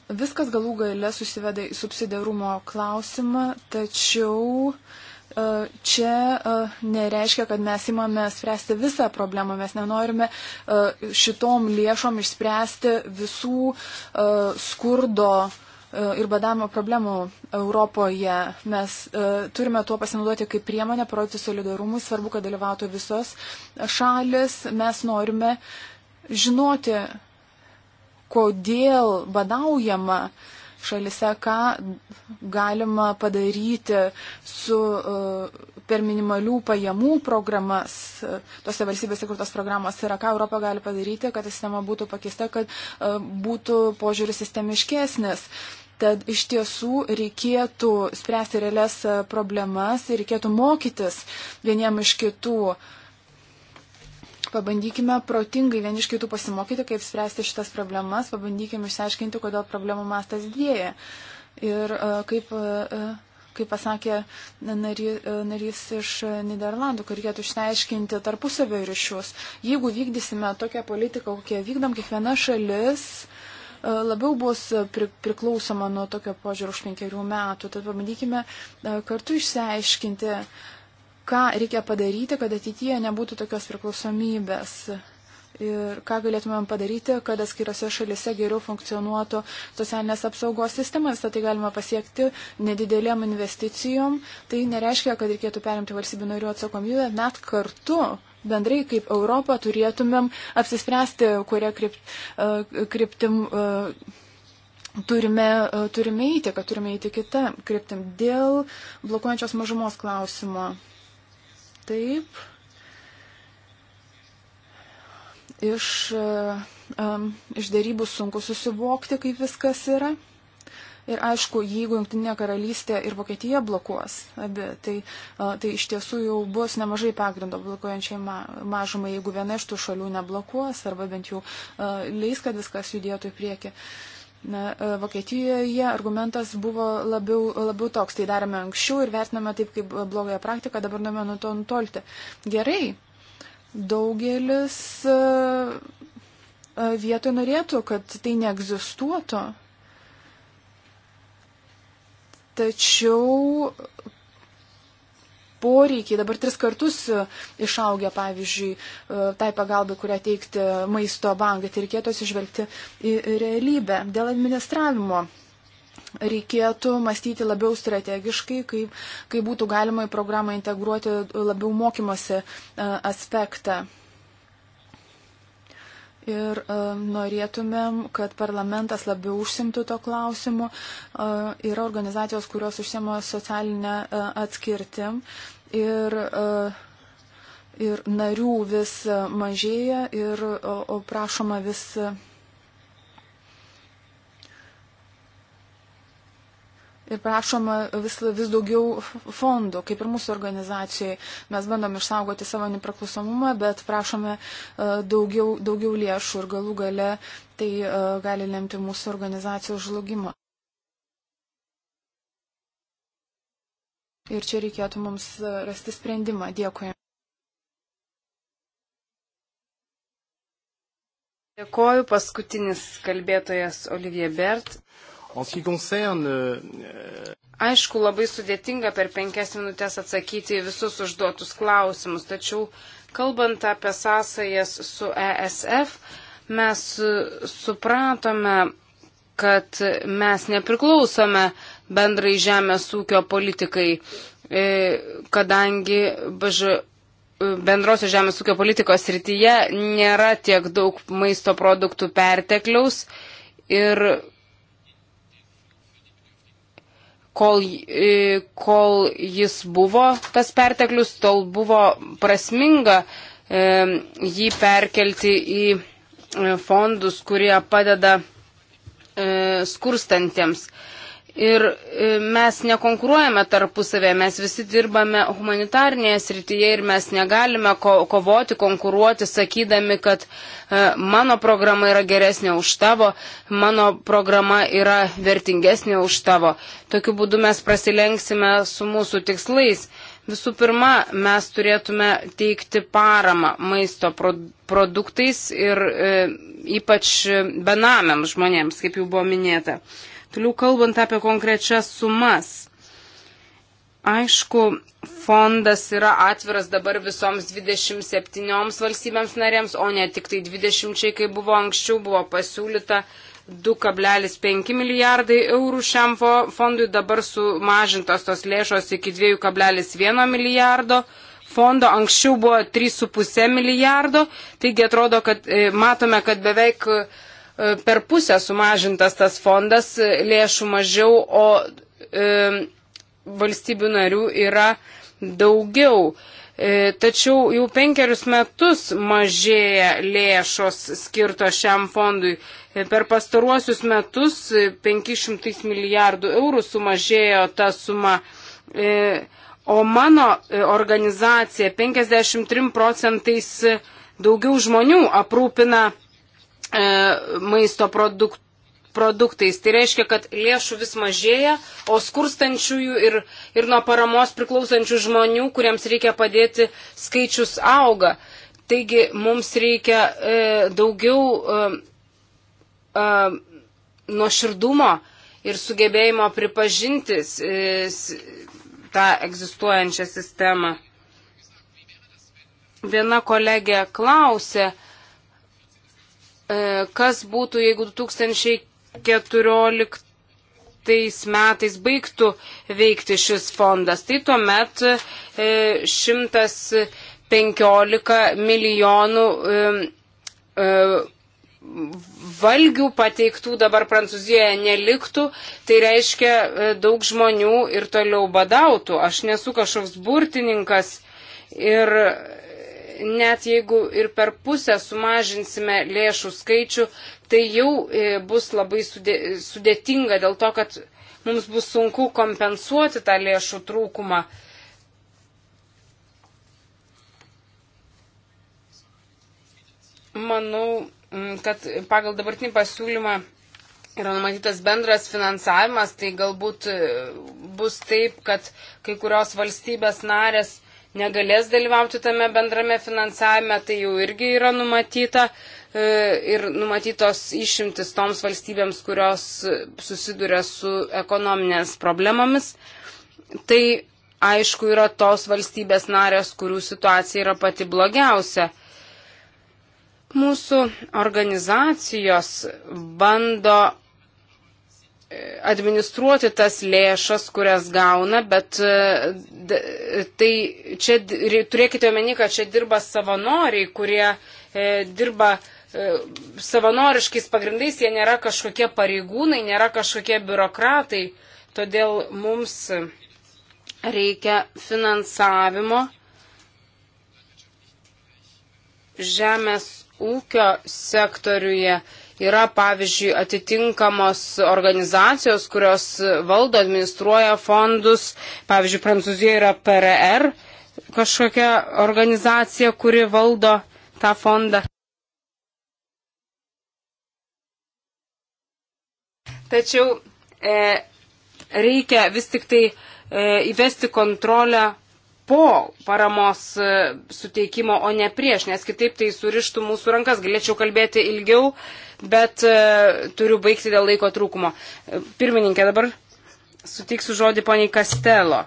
Viskas galų gale susiveda į subsidiarumo klausimą, tačiau e, čia e, nereiškia, kad mes imame spręsti visą problemą, mes nenorime e, šitom lėšom išspręsti visų skurdo ir badavimo problemų Europoje. Mes turime tuo pasinaudoti kaip priemonę, parodyti solidarumui, svarbu, kad dalyvautų visos šalis. Mes norime žinoti, kodėl badaujama šalise, ką galima padaryti su, uh, per minimalių pajamų programas, uh, tose valstybėse, kur tos programos yra, ką Europą gali padaryti, kad sistema būtų pakeista, kad uh, būtų požiūris sistemiškesnis. Tad iš tiesų reikėtų spręsti realias problemas ir reikėtų mokytis vieniem iš kitų. Uh, Pabandykime protingai vieni iš kitų pasimokyti, kaip spręsti šitas problemas, pabandykime išsiaiškinti, kodėl problemų mastas didėja. Ir e, kaip, e, e, kaip pasakė narys iš Niderlandų, kad reikėtų išsiaiškinti tarpusavio ryšius. Jeigu vykdysime tokią politiką, kokią vykdom, kiekviena šalis labiau bus pri, priklausoma nuo tokio požiūrio už penkerių metų. Tad pabandykime kartu išsiaiškinti, ką reikia padaryti, kad ateityje nebūtų tokios priklausomybės. Ir ką galėtumėm padaryti, kad atskirose šalise geriau funkcionuotų socialinės apsaugos sistema. Visą tai galima pasiekti nedidelėm investicijom. Tai nereiškia, kad reikėtų perimti valstybių narių atsakomybę. Net kartu bendrai kaip Europą turėtumėm apsispręsti, kuria krypt, e, kryptim. Uh, turime, e, turime įti, kad turime įti kitą kryptim dėl blokuojančios mažumos klausimo taip iš, um, iš darybų sunku susivokti, kaip viskas yra. Ir aišku, jeigu Junktinė karalystė ir Vokietija blokuos, abi, tai, e, tai iš tiesų jau bus nemažai pagrindo blokuojančiai mažumai, jeigu viena iš tų šalių neblokuos arba bent jau leis, kad viskas judėtų į priekį. Uh, Na, e, Vokietijoje argumentas buvo labiau, labiau toks, tai darėme anksčiau ir vertiname taip kaip blogąją praktiką, dabar norime nuo to nutolti. Gerai, daugelis e, e, vietoj norėtų, kad tai neegzistuotų. Tačiau poreikiai dabar tris kartus e, išaugia, pavyzdžiui, e, tai pagalbai, kurią teikti maisto bankai, tai reikėtų atsižvelgti į realybę. Dėl administravimo reikėtų mąstyti labiau strategiškai, kaip, kaip būtų galima į programą integruoti labiau mokymosi e, aspektą. Ir e, norėtumėm, kad parlamentas labiau užsimtų to klausimu. E, yra organizacijos, kurios užsiema socialinę e, atskirtim ir, e, ir narių vis mažėja ir o, o prašoma vis. Ir prašoma vis, vis daugiau fondų, kaip ir mūsų organizacijai. Mes bandom išsaugoti savo nepriklausomumą, bet prašome e, daugiau, daugiau lėšų ir galų gale tai e, gali lemti mūsų organizacijos žlugimą. Ir čia reikėtų mums rasti sprendimą. Dėkui. Dėkoju, paskutinis kalbėtojas Olivier Bert. Euh, Aišku, labai sudėtinga per penkias minutės atsakyti į visus užduotus klausimus, tačiau kalbant apie sąsajas su ESF, mes supratome, kad mes nepriklausome uh, bendrai žemės ūkio politikai, e, kadangi bažu, e, bendrosios žemės ūkio politikos srityje nėra tiek daug maisto produktų pertekliaus ir kol, e, kol jis buvo tas perteklius, tol buvo prasminga jį perkelti į fondus, kurie padeda skurstantiems. E, Ir e, mes nekonkuruojame tarpusavėje, mes visi dirbame humanitarnėje srityje ir mes negalime ko kovoti, konkuruoti, sakydami, kad e, mano programa yra geresnė už tavo, mano programa yra vertingesnė už tavo. Tokiu būdu mes prasilenksime su mūsų tikslais. Visų pirma, mes turėtume teikti paramą maisto produktais ir e, ypač benamiams žmonėms, kaip jau buvo minėta. E, Toliau kalbant apie konkrečias sumas. Aišku, fondas yra atviras dabar visoms 27 valstybėms narėms, o ne tik tai 20, kai buvo anksčiau, buvo pasiūlyta 2,5 milijardai eurų šiam fondui, dabar sumažintos tos lėšos iki 2,1 milijardo. Fondo anksčiau buvo 3,5 milijardo, taigi atrodo, kad e, matome, kad beveik per pusę sumažintas tas fondas, lėšų mažiau, o e, valstybių narių yra daugiau. E, tačiau jau penkerius metus mažėja lėšos skirto šiam fondui. E, per pastaruosius metus 500 e, milijardų eurų sumažėjo ta suma. E, o mano e, organizacija 53 procentais e, daugiau žmonių aprūpina E, maisto produktų produktais. Tai reiškia, kad lėšų vis mažėja, o skurstančiųjų ir, ir nuo paramos priklausančių žmonių, kuriems reikia padėti, skaičius auga. Taigi mums reikia e, daugiau e, e, nuoširdumo ir sugebėjimo pripažinti e, tą egzistuojančią sistemą. Viena kolegė klausė, e, E, kas būtų, jeigu 2014 metais baigtų veikti šis fondas. Tai tuomet 115 e, milijonų e, valgių pateiktų dabar Prancūzijoje neliktų, tai reiškia daug žmonių ir toliau badautų. Aš nesu kažkoks burtininkas ir net jeigu ir per pusę sumažinsime lėšų skaičių, tai jau e, bus labai sudėtinga dėl to, kad mums bus sunku kompensuoti tą lėšų trūkumą. Manau, mm, kad pagal dabartinį pasiūlymą yra numatytas bendras finansavimas, tai galbūt e, bus taip, kad kai kurios valstybės narės negalės dalyvauti tame bendrame finansavime, tai jau irgi yra numatyta e, ir numatytos išimtis toms valstybėms, kurios susiduria su ekonominės problemomis. Tai aišku yra tos valstybės narės, kurių situacija yra pati blogiausia. Mūsų organizacijos bando administruoti tas lėšas, kurias gauna, bet e, tai čia turėkite omeny, kad čia dirba savanoriai, kurie e, dirba e, savanoriškais pagrindais, jie nėra kažkokie pareigūnai, nėra kažkokie biurokratai, todėl mums reikia finansavimo žemės ūkio sektoriuje Yra, pavyzdžiui, atitinkamos organizacijos, kurios valdo, administruoja fondus. Pavyzdžiui, Prancūzijoje yra PRR kažkokia organizacija, kuri valdo tą fondą. Tačiau e, reikia vis tik tai e, įvesti kontrolę po paramos e, suteikimo, o ne prieš, nes kitaip tai surištų mūsų rankas. Galėčiau kalbėti ilgiau, bet e, turiu baigti dėl laiko trūkumo. E, pirmininkė, dabar sutiksiu žodį poniai Kastelo.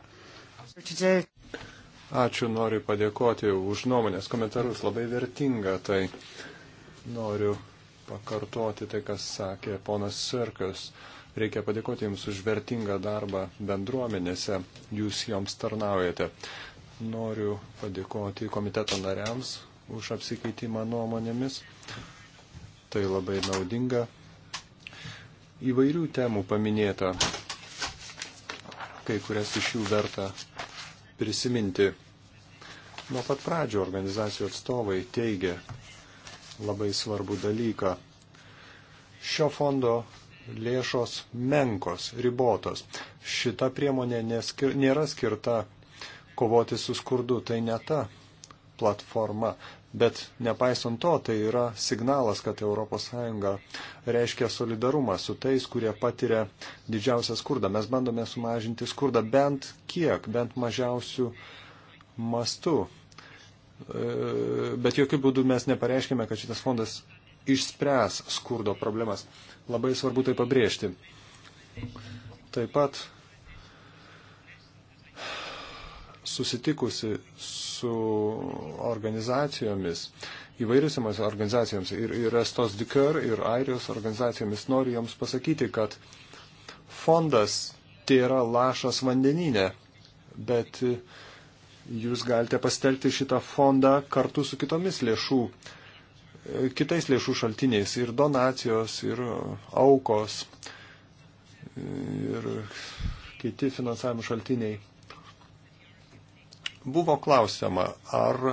Ačiū, noriu padėkoti už nuomonės komentarus, labai vertinga, tai noriu pakartoti tai, kas sakė ponas Sirkas. Reikia padėkoti Jums už vertingą darbą bendruomenėse, Jūs joms tarnaujate. Noriu padėkoti komiteto nariams už apsikeitimą nuomonėmis tai labai naudinga. Įvairių temų paminėta, kai kurias iš jų verta prisiminti. Nuo pat pradžio organizacijų atstovai teigia labai svarbų dalyką. Šio fondo lėšos menkos, ribotos. Šita priemonė neskir, nėra skirta kovoti su skurdu, tai ne ta platforma. Bet nepaisant to, tai yra signalas, kad ES reiškia solidarumą su tais, kurie patiria didžiausią skurdą. Mes bandome sumažinti skurdą bent kiek, bent mažiausių mastų. E, bet jokių būdų mes nepareiškime, kad šitas fondas išspręs skurdo problemas. Labai svarbu tai pabrėžti. Taip pat susitikusi su su organizacijomis, įvairiusiamis organizacijoms ir, ir Estos Dikar, ir Airijos organizacijomis. Noriu joms pasakyti, kad fondas tai yra lašas vandeninė, bet jūs galite pastelti šitą fondą kartu su kitomis lėšų, kitais lėšų šaltiniais ir donacijos, ir aukos, ir kiti finansavimo šaltiniai. Buvo klausima, ar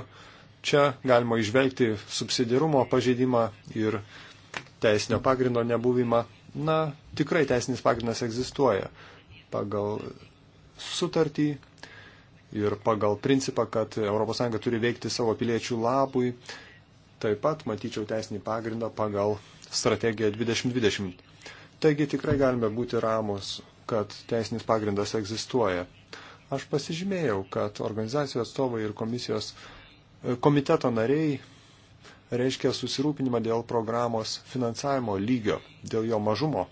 čia galima išvelgti subsidirumo pažeidimą ir teisinio pagrindo nebuvimą. Na, tikrai teisinis pagrindas egzistuoja pagal sutartį ir pagal principą, kad ES turi veikti savo piliečių labui. Taip pat matyčiau teisinį pagrindą pagal strategiją 2020. Taigi tikrai galime būti ramus, kad teisinis pagrindas egzistuoja. Aš pasižymėjau, kad organizacijų atstovai ir komisijos e, komiteto nariai reiškia susirūpinimą dėl programos finansavimo lygio, dėl jo mažumo.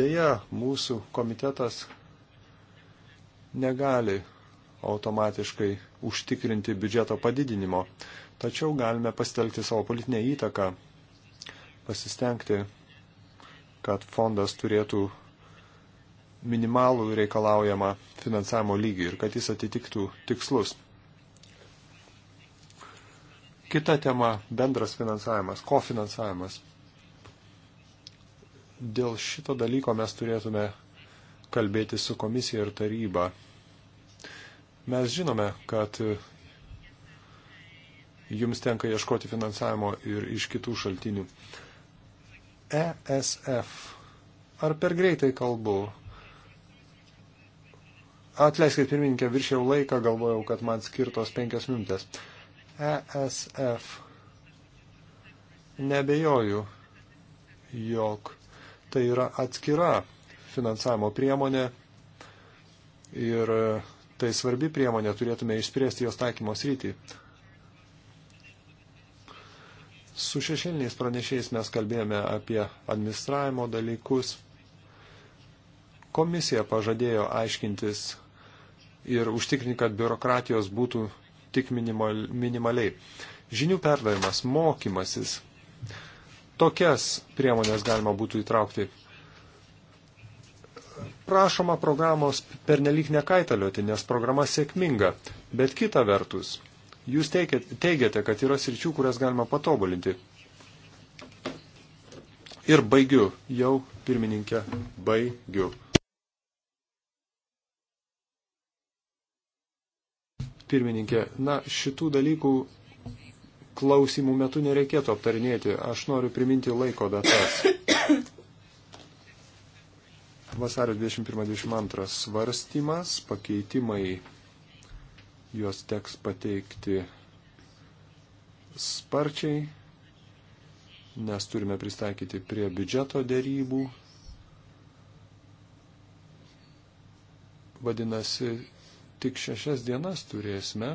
Deja, mūsų komitetas negali automatiškai užtikrinti biudžeto padidinimo, tačiau galime pasitelkti savo politinę įtaką, pasistengti, kad fondas turėtų minimalų reikalaujamą finansavimo lygį ir kad jis atitiktų tikslus. Kita tema - bendras finansavimas, kofinansavimas. Dėl šito dalyko mes turėtume kalbėti su komisija ir taryba. Mes žinome, kad jums tenka ieškoti finansavimo ir iš kitų šaltinių. ESF. Ar per greitai kalbu? Atleiskit pirmininkę, viršiau laiką, galvojau, kad man skirtos penkios minutės. ESF. Nebejoju, jog tai yra atskira finansavimo priemonė ir tai svarbi priemonė, turėtume išspręsti jos taikymo sritį. Su šešėliniais pranešėjais mes kalbėjome apie administravimo dalykus. Komisija pažadėjo aiškintis ir užtikrinti, kad biurokratijos būtų tik minimal, minimaliai. Žinių perdavimas, mokymasis. Tokias priemonės galima būtų įtraukti. Prašoma programos pernelyg nekaitalioti, nes programa sėkminga, bet kita vertus, jūs teigiate, kad yra sričių, kurias galima patobulinti. Ir baigiu, jau pirmininkė, baigiu. pirmininkė, na, šitų dalykų klausimų metu nereikėtų aptarinėti. Aš noriu priminti laiko datas. Vasario 21-22 svarstymas, pakeitimai, juos teks pateikti sparčiai, nes turime pristaikyti prie biudžeto dėrybų. Vadinasi, tik šešias dienas turėsime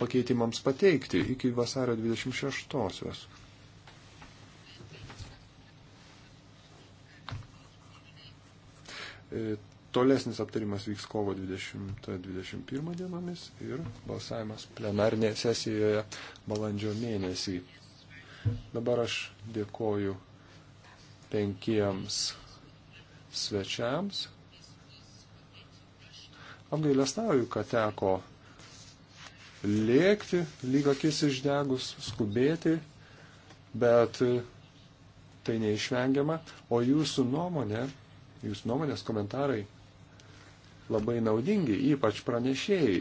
pakeitimams pateikti iki vasario 26-osios. E, tolesnis aptarimas vyks kovo 20-21 dienomis ir balsavimas plenarnėje sesijoje balandžio mėnesį. Dabar aš dėkoju penkiems svečiams, Apgailestauju, kad teko lėkti, lyg akis išdegus, skubėti, bet tai neišvengiama. O jūsų nuomonė, jūsų nuomonės komentarai labai naudingi, ypač pranešėjai.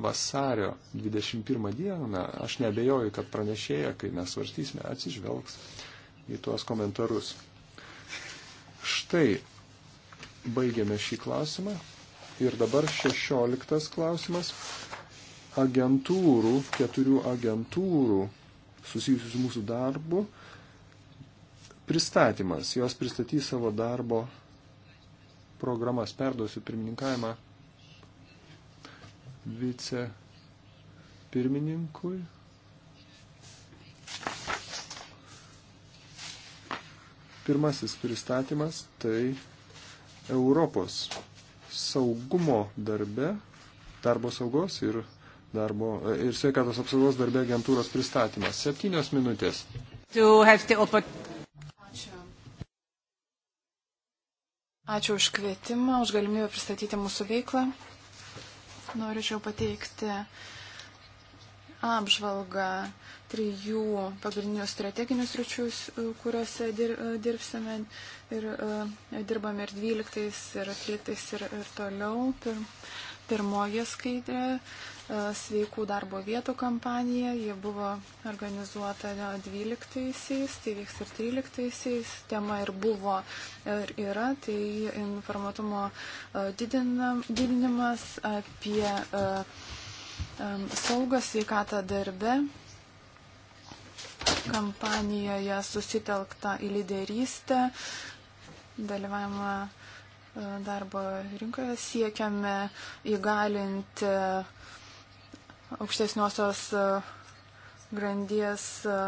vasario 21 dieną, aš nebejoju, kad pranešėja, kai mes svarstysime, atsižvelgs į tuos komentarus. Štai, baigėme šį klausimą. Ir dabar 16 klausimas. Agentūrų, keturių agentūrų susijusių su mūsų darbu pristatymas. Jos pristatys savo darbo programas. Perduosiu pirmininkavimą vice pirmininkui. Pirmasis pristatymas tai Europos saugumo darbe, darbo saugos ir, darbo, ir sveikatos apsaugos darbe agentūros pristatymas. Septynios minutės. Ačiū. Ačiū už kvietimą, už galimybę pristatyti mūsų veiklą norėčiau pateikti apžvalgą trijų pagrindinių strateginių sričių, kuriuose dir, dirbsime ir e, dirbame ir 12, ir 13, ir, ir toliau. Pir, Pirmoji skaidrė e, - sveikų darbo vietų kampanija. Ji buvo organizuota 12-aisiais, tai vyks ir 13-aisiais. Tema ir buvo, ir yra, tai informatumo e, didinam, didinimas apie e, saugą sveikatą darbe. Kampanijoje susitelkta į lyderystę, dalyvavimą darbo rinkoje siekiame įgalinti aukštesniosios e, grandies e,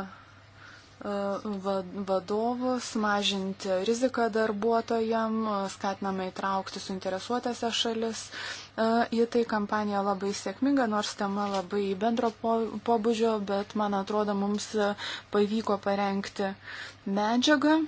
e, vadovus, mažinti riziką darbuotojam, skatiname įtraukti suinteresuotėse šalis. Į tai kampanija labai sėkminga, nors tema labai bendro pobūdžio, bet man atrodo, mums pavyko parengti medžiagą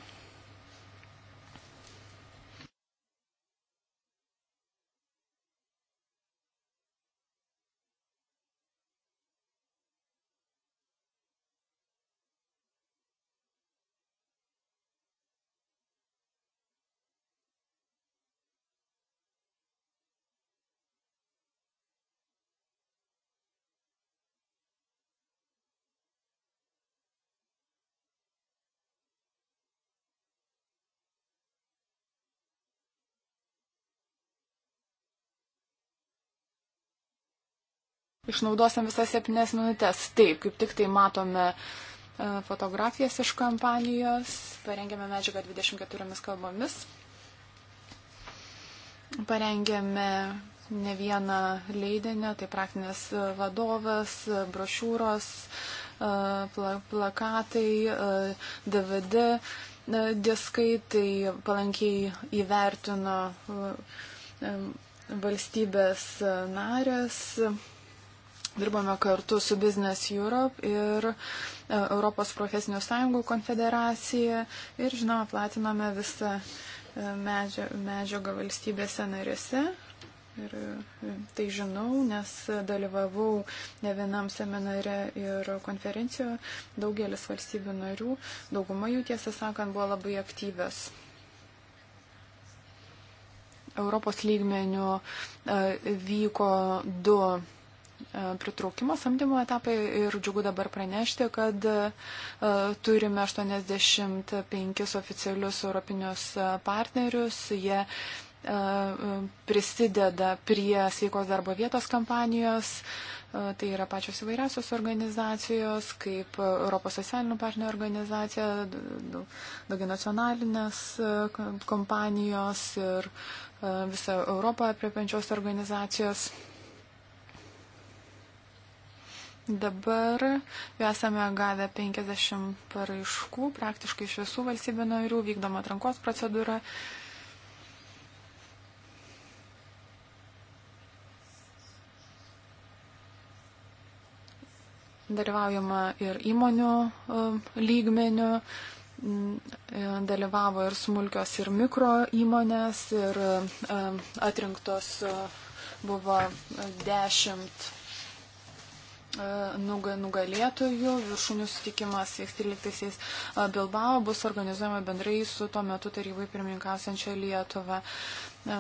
išnaudosim visas septynes minutės. Taip, kaip tik tai matome e, fotografijas iš kampanijos, parengėme medžiagą 24 kalbomis, parengėme ne vieną leidinę, tai praktinės vadovas, brošiūros, e, plakatai, DVD e, diskai, tai palankiai įvertino valstybės narės dirbame kartu su Business Europe ir e, Europos profesinių sąjungų konfederacija ir, žinoma, platiname visą e, medžiagą valstybėse narėse. Ir e, tai žinau, nes dalyvavau ne vienam seminare ir konferencijoje. Daugelis valstybių narių, dauguma jų tiesą sakant, buvo labai aktyvės. Europos lygmenių vyko du E, pritraukimo samdymo etapai ir džiugu dabar pranešti, kad e, turime 85 oficialius europinius e, partnerius. Jie prisideda prie sveikos darbo vietos kampanijos. Tai yra pačios įvairiausios organizacijos, kaip Europos socialinių partnerių organizacija, daugia nacionalinės kompanijos ir visą Europą apriepiančios organizacijos. Dabar jau esame gavę 50 paraiškų, praktiškai iš visų valstybių narių vykdoma atrankos procedūra. Dalyvaujama ir įmonių um, lygmenių, mm, dalyvavo ir smulkios ir mikro įmonės ir um, atrinktos uh, buvo dešimt E, nugalėtojų. Viršūnių sutikimas vyks 13-aisiais e, Bilbao, bus organizuojama bendrai su tuo metu tarybai pirmininkausiančia Lietuva. E,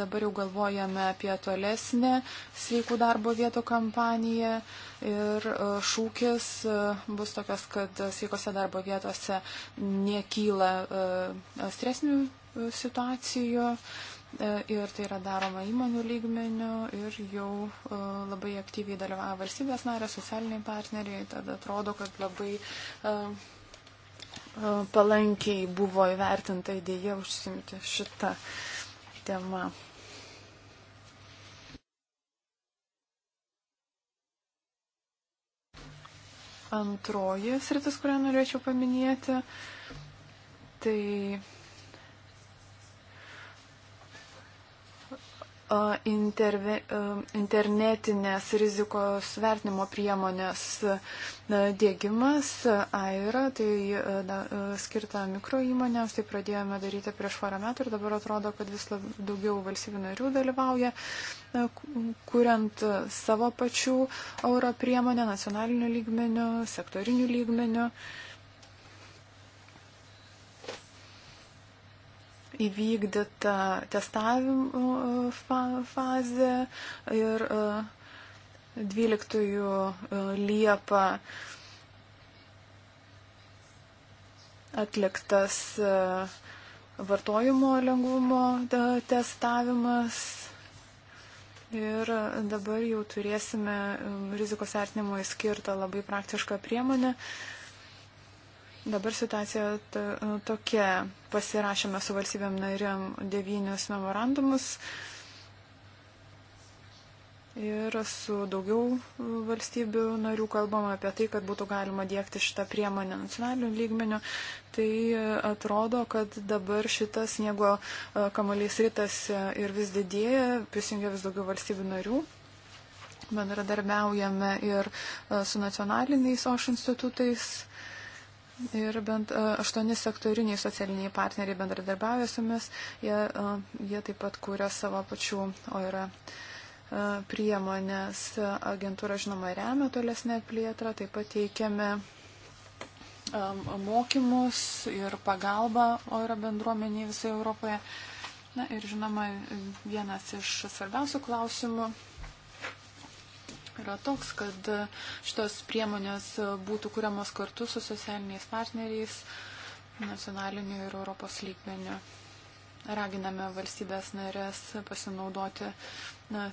dabar jau galvojame apie tolesnę sveikų darbo vietų kampaniją ir šūkis bus tokios, kad sveikose darbo vietose nekyla stresinių situacijų E, ir tai yra daroma įmonių lygmenių ir jau e, labai aktyviai dalyvauja valstybės narės, socialiniai partneriai, tada atrodo, kad labai e, palankiai buvo įvertinta idėja užsimti šitą temą. Antroji sritis, kurią norėčiau paminėti, tai interve, internetinės rizikos vertinimo priemonės dėgymas AIRA, tai da, skirta mikro įmonėms, tai pradėjome daryti prieš porą metų ir dabar atrodo, kad vis daugiau valstybių narių dalyvauja, kuriant savo pačių euro priemonę nacionaliniu lygmeniu, sektoriniu lygmeniu. Uh, įvykdyta testavimo e, fazė ir 12 e, e, Liepą atliktas vartojimo lengvumo testavimas. Ir dabar jau turėsime rizikos vertinimui skirtą labai praktišką priemonę, Dabar situacija tokia. Pasirašėme su valstybėm narėm devynius memorandumus ir su daugiau valstybių narių kalbama apie tai, kad būtų galima dėkti šitą priemonę nacionaliniu lygmeniu. Tai atrodo, kad dabar šitas sniego e, kamuolys rytas ir vis didėja, prisijungia vis daugiau valstybių narių. Bendradarbiaujame ir e, su nacionaliniais OŠ institutais Ir bent e, aštuoni sektoriniai socialiniai partneriai bendradarbiauja su mumis, jie, e, jie taip pat kūrė savo pačių OIRA e, priemonės. Agentūra, žinoma, remia tolesnę plėtrą, taip pat teikiame mokymus ir pagalbą OIRA bendruomeniai visoje Europoje. Na ir, žinoma, vienas iš svarbiausių klausimų yra toks, kad šitos priemonės būtų kuriamos kartu su socialiniais partneriais nacionaliniu ir Europos lygmeniu. Raginame valstybės narės pasinaudoti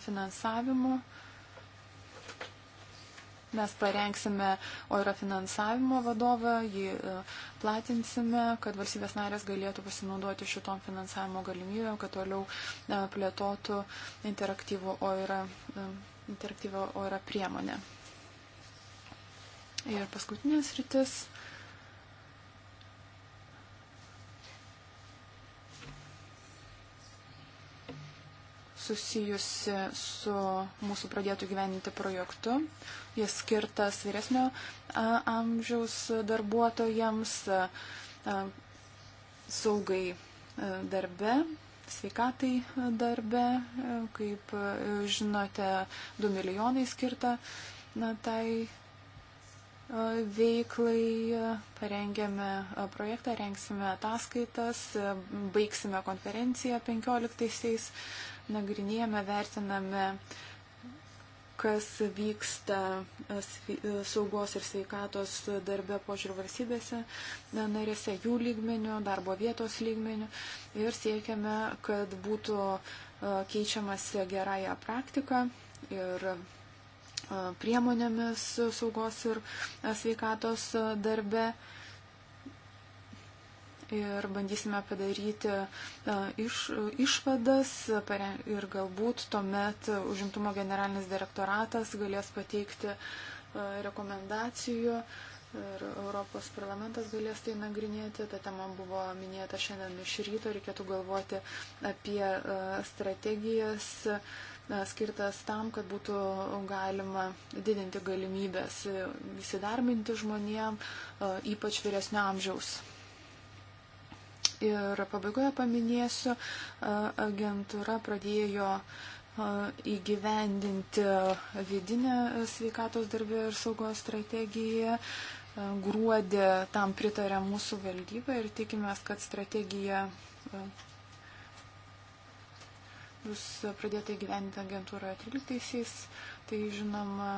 finansavimu. Mes parengsime OIRO finansavimo vadovą, jį e, platinsime, kad valstybės narės galėtų pasinaudoti šitom finansavimo galimybėm, kad toliau e, plėtotų interaktyvų OIRO e, interaktyvio ORA priemonė. Ir paskutinės rytis. susijusi su mūsų pradėtų gyveninti projektu. Jis skirtas vyresnio amžiaus darbuotojams saugai darbe sveikatai darbe. Kaip e, žinote, 2 milijonai skirta na, tai e, veiklai, e, parengėme projektą, rengsime ataskaitas, baigsime konferenciją 15-aisiais, nagrinėjame, vertiname kas vyksta e, e, saugos ir sveikatos darbe požiūrį valstybėse e, narėse, jų lygmenių, darbo vietos lygmenių ir siekiame, kad būtų keičiamasi gerąją praktiką ir priemonėmis saugos ir sveikatos darbe ir bandysime padaryti e, iš, išvadas ir galbūt tuomet užimtumo generalinis direktoratas galės pateikti e, rekomendacijų ir Europos parlamentas galės tai nagrinėti. Ta tema buvo minėta šiandien iš ryto, reikėtų galvoti apie e, strategijas skirtas tam, kad būtų galima didinti galimybės įsidarminti žmonėm, ypač vyresnio amžiaus Ir pabaigoje paminėsiu, agentūra pradėjo įgyvendinti vidinę sveikatos darbę ir saugos strategiją. Gruodį tam pritarė mūsų valdyba ir tikimės, kad strategija bus pradėta įgyvendinti agentūroje 13-aisiais. Tai žinoma,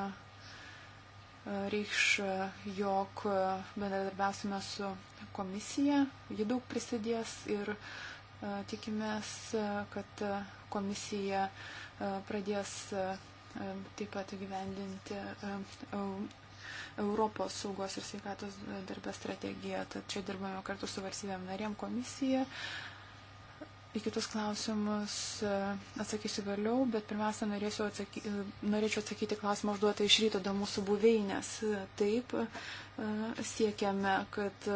reikš, jog bendradarbiausime su komisija, ji daug prisidės ir e, tikimės, kad komisija e, pradės e, taip pat gyvendinti Europos saugos ir sveikatos darbę strategiją. Tad čia dirbame kartu su valstybėm narėm komisija, Į kitus klausimus e, atsakysiu vėliau, bet pirmiausia, norėčiau, atsaky, e, norėčiau atsakyti klausimą užduotą iš ryto dėl mūsų buveinės. Taip, e, siekiame, kad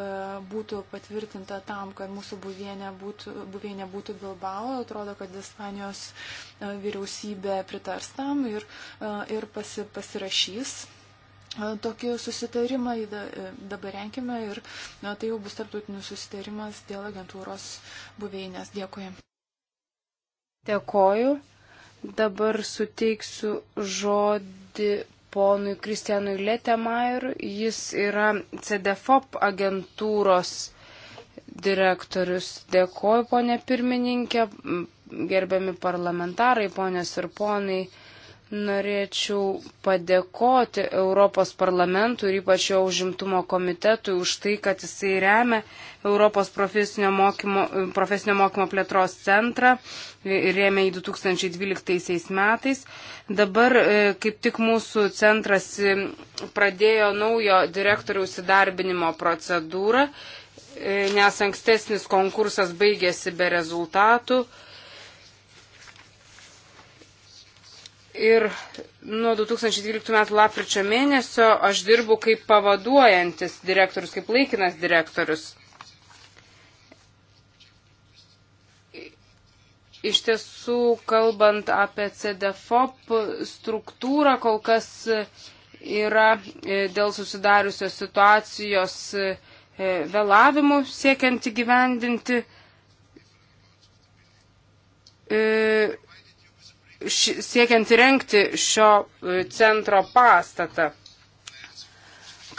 būtų patvirtinta tam, kad mūsų buveinė būtų, buveinė būtų Bilbao. Atrodo, kad Ispanijos vyriausybė pritars tam ir, ir pasi, pasirašys tokį susitarimą e, dabar renkime ir na, tai jau bus tarptautinis susitarimas dėl agentūros buveinės. Dėkui. Dėkoju. Dabar suteiksiu žodį ponui Kristianui Letemair. Jis yra CDFOP agentūros direktorius. Dėkoju, ponė pirmininkė, gerbiami parlamentarai, ponės ir ponai. Norėčiau padėkoti Europos parlamentui ir ypač jo užimtumo komitetui už tai, kad jisai remia Europos profesinio mokymo, profesinio mokymo plėtros centrą ir rėmė jį 2012 metais. Dabar e, kaip tik mūsų centras e, pradėjo naujo direktoriaus įdarbinimo procedūrą, e, nes ankstesnis konkursas baigėsi be rezultatų. Ir nuo 2012 metų lapkričio mėnesio aš dirbu kaip pavaduojantis direktorius, kaip laikinas direktorius. Iš tiesų, kalbant apie CDFOP struktūrą, kol kas yra e, dėl susidariusios situacijos e, vėlavimų siekiant įgyvendinti e, siekiant įrengti šio e, centro pastatą.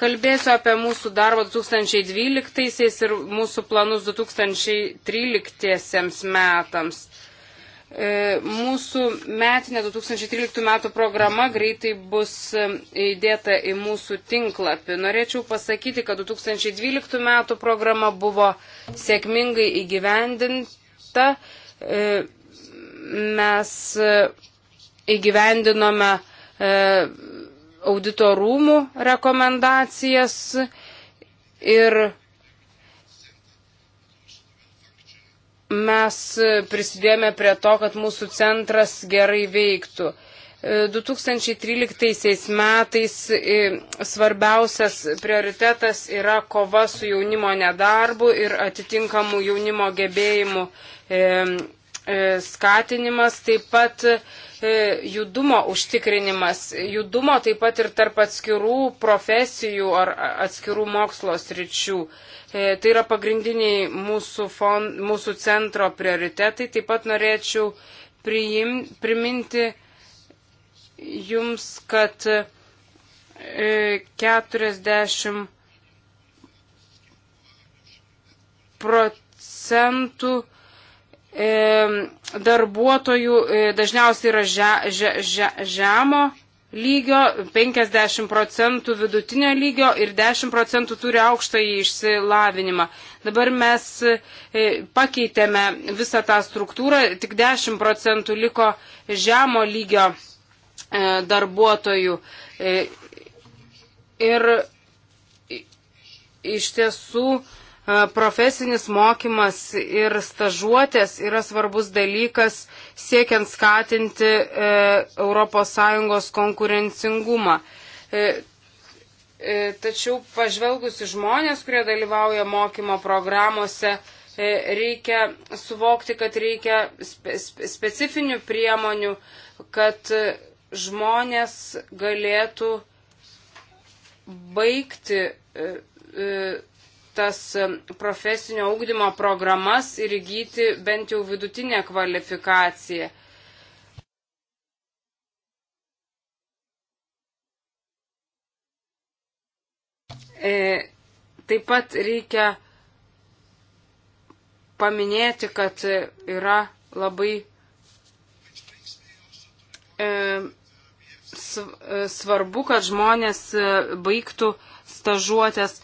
Kalbėsiu apie mūsų darbą 2012 ir mūsų planus 2013 metams. E, mūsų metinė 2013 metų programa greitai bus e, įdėta į mūsų tinklapį. Norėčiau pasakyti, kad 2012 metų programa buvo sėkmingai įgyvendinta mes e, įgyvendinome e, auditorumų rekomendacijas ir mes prisidėjome prie to, kad mūsų centras gerai veiktų. 2013 e, metais svarbiausias prioritetas yra kova su jaunimo nedarbu ir atitinkamų jaunimo gebėjimų E, skatinimas, taip pat e, judumo užtikrinimas, judumo taip pat ir tarp atskirų profesijų ar atskirų mokslo sričių. E, tai yra pagrindiniai mūsų, fon, mūsų centro prioritetai. Taip pat norėčiau priim, priminti jums, kad 40 procentų E, darbuotojų e, dažniausiai yra že, že, že, žemo lygio, 50 procentų vidutinio lygio ir 10 procentų turi aukštąjį išsilavinimą. Dabar mes e, pakeitėme visą tą struktūrą, tik 10 procentų liko žemo lygio darbuotojų. Ir iš tiesų profesinis mokymas ir stažuotės yra svarbus dalykas siekiant skatinti ES konkurencingumą. E, e, tačiau pažvelgus į žmonės, kurie dalyvauja mokymo programuose, e, reikia suvokti, kad reikia specifinių priemonių, kad žmonės galėtų baigti tas profesinio ūkdymo programas ir įgyti bent jau vidutinę kvalifikaciją. E, taip pat reikia paminėti, kad yra labai e, e svarbu, kad žmonės e, baigtų stažuotės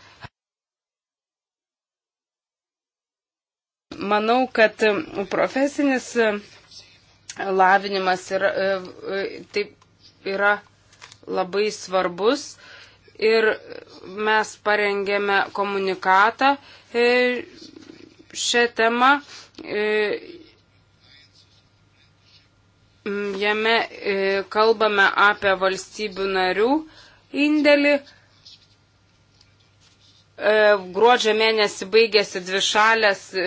Manau, kad e, profesinis e, lavinimas yra, e, taip yra labai svarbus ir mes parengėme komunikatą šią temą. Jame kalbame apie valstybių narių indėlį E, gruodžio mėnesį baigėsi dvi šalės e,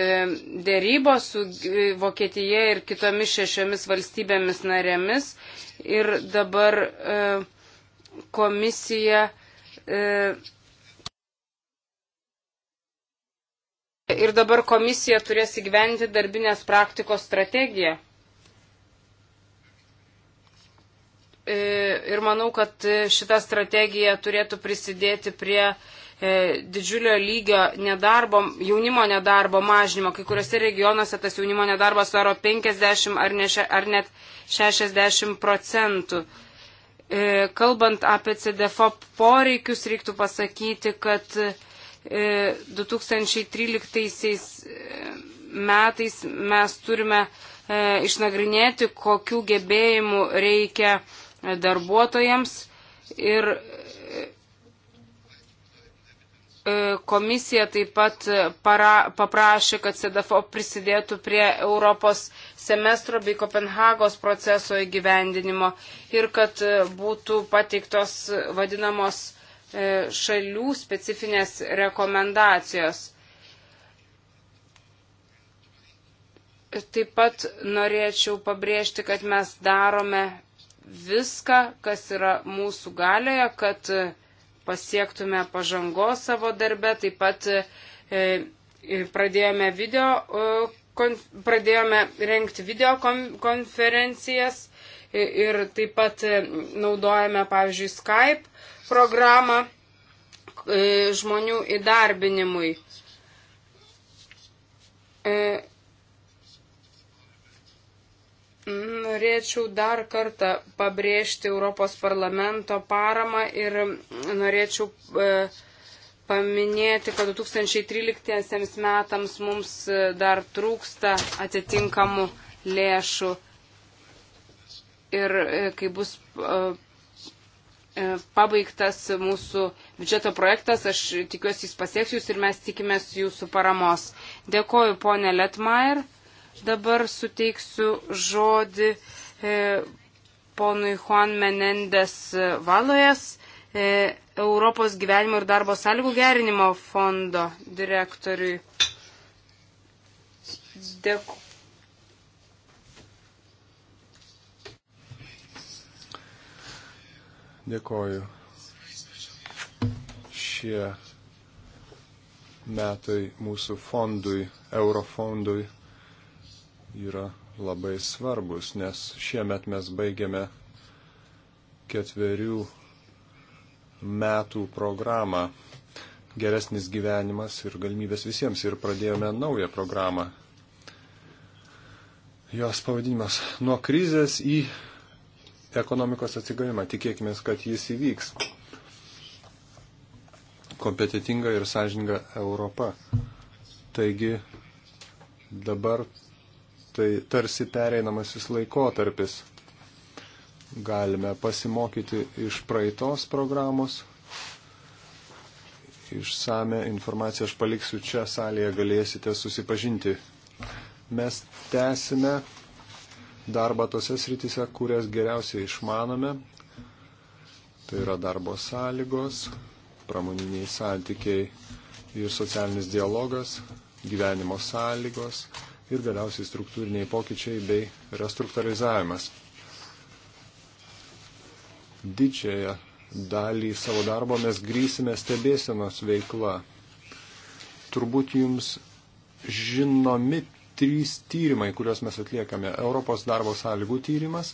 dėrybos su e, Vokietija ir kitomis šešiomis valstybėmis narėmis. Ir dabar komisija ir dabar komisija turės įgyventi darbinės praktikos strategiją. Ir manau, kad šita strategija turėtų prisidėti prie E, didžiulio lygio nedarbo, jaunimo nedarbo mažinimo. Kai kuriuose regionuose tas jaunimo nedarbas sudaro 50 ar, ne, ar net 60 procentų. E, kalbant apie CDFO poreikius, reiktų pasakyti, kad 2013 e, metais mes turime išnagrinėti, kokių gebėjimų reikia darbuotojams ir E, komisija taip pat e, para, paprašė, kad CDFO prisidėtų prie Europos semestro bei Kopenhagos proceso įgyvendinimo ir kad e, būtų pateiktos vadinamos šalių specifinės rekomendacijos. Taip pat norėčiau pabrėžti, kad mes darome viską, kas yra mūsų galioje, kad pasiektume pažangos savo darbe. Taip pat e, e, pradėjome, video, e, pradėjome renkti video konferencijas ir taip pat naudojame, pavyzdžiui, Skype programą žmonių įdarbinimui. Norėčiau dar kartą pabrėžti Europos parlamento paramą ir norėčiau e, paminėti, kad 2013 metams mums e, dar trūksta atitinkamų lėšų. Ir e, kai bus e, e, pabaigtas mūsų biudžeto projektas, aš tikiuosi, jis pasieks jūs ir mes tikimės jūsų paramos. Dėkoju, ponė Letmaier. Dabar suteiksiu žodį e, ponui Juan Menendės Valojas, e, Europos gyvenimo ir darbo sąlygų gerinimo fondo direktoriui. Dėkui. Dėkoju. Šie metai mūsų fondui, eurofondui yra labai svarbus, nes šiemet mes baigiame ketverių metų programą geresnis gyvenimas ir galimybės visiems ir pradėjome naują programą. Jos pavadinimas nuo krizės į ekonomikos atsigavimą. Tikėkime, kad jis įvyks. Kompetitinga ir sąžininga Europa. Taigi dabar tai tarsi pereinamasis laikotarpis. Galime pasimokyti iš praeitos programos. Išsame informaciją aš paliksiu čia salėje, galėsite susipažinti. Mes tęsime darbą tose srityse, kurias geriausiai išmanome. Tai yra darbo sąlygos, pramoniniai santykiai ir socialinis dialogas, gyvenimo sąlygos, ir galiausiai struktūriniai pokyčiai bei restruktūrizavimas. Didžiąją dalį savo darbo mes grįsime stebėsenos veikla. Turbūt jums žinomi trys tyrimai, kuriuos mes atliekame. Europos darbo sąlygų tyrimas,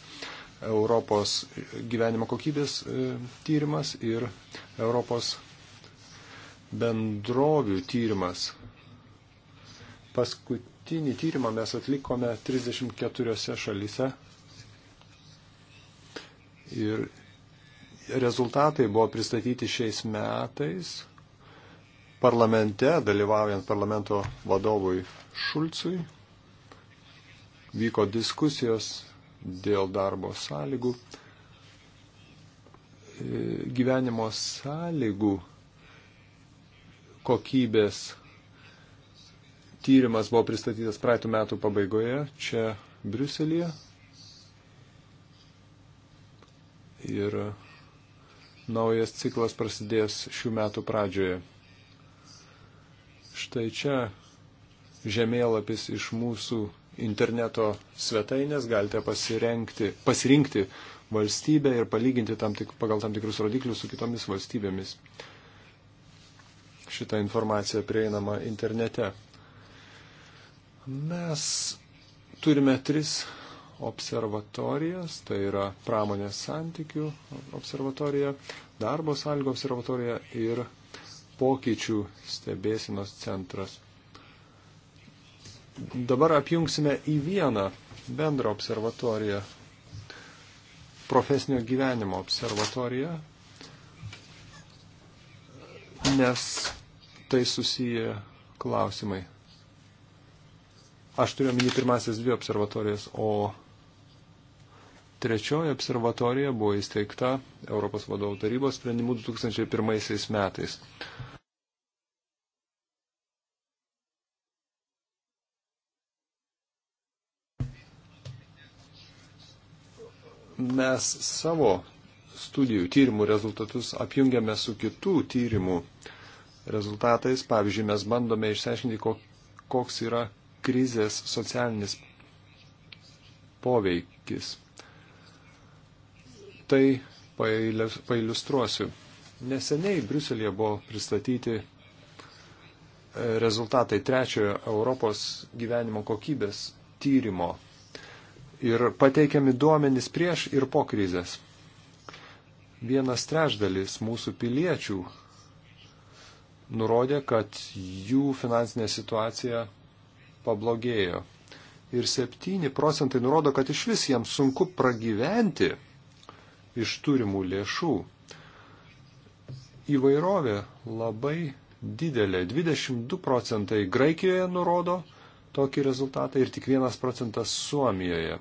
Europos gyvenimo kokybės e, tyrimas ir Europos bendrovių tyrimas. Paskut Paskutinį tyrimą mes atlikome 34 šalise ir rezultatai buvo pristatyti šiais metais parlamente, dalyvaujant parlamento vadovui Šulcui. Vyko diskusijos dėl darbo sąlygų. E, gyvenimo sąlygų kokybės tyrimas buvo pristatytas praeitų metų pabaigoje čia Briuselėje. Ir naujas ciklas prasidės šių metų pradžioje. Štai čia žemėlapis iš mūsų interneto svetainės, galite pasirinkti valstybę ir palyginti tam tik, pagal tam tikrus rodiklius su kitomis valstybėmis. Šitą informaciją prieinama internete. Mes turime tris observatorijas, tai yra pramonės santykių observatorija, darbo sąlygų observatorija ir pokyčių stebėsinos centras. Dabar apjungsime į vieną bendrą observatoriją, profesinio gyvenimo observatoriją, nes tai susiję klausimai. Aš turiu minį pirmasis dvi observatorijas, o trečioji observatorija buvo įsteigta Europos vadovų tarybos sprendimu 2001 metais. Mes savo studijų tyrimų rezultatus apjungiame su kitų tyrimų rezultatais. Pavyzdžiui, mes bandome išsiaiškinti, koks yra krizės socialinis poveikis. Tai pailustruosiu. Neseniai Briuselėje buvo pristatyti e, rezultatai trečiojo Europos gyvenimo kokybės tyrimo ir pateikiami duomenys prieš ir po krizės. Vienas trečdalis mūsų piliečių nurodė, kad jų finansinė situacija pablogėjo. Ir 7 procentai nurodo, kad iš vis jiems sunku pragyventi iš turimų lėšų. Įvairovė labai didelė. 22 procentai Graikijoje nurodo tokį rezultatą ir tik 1 procentas Suomijoje.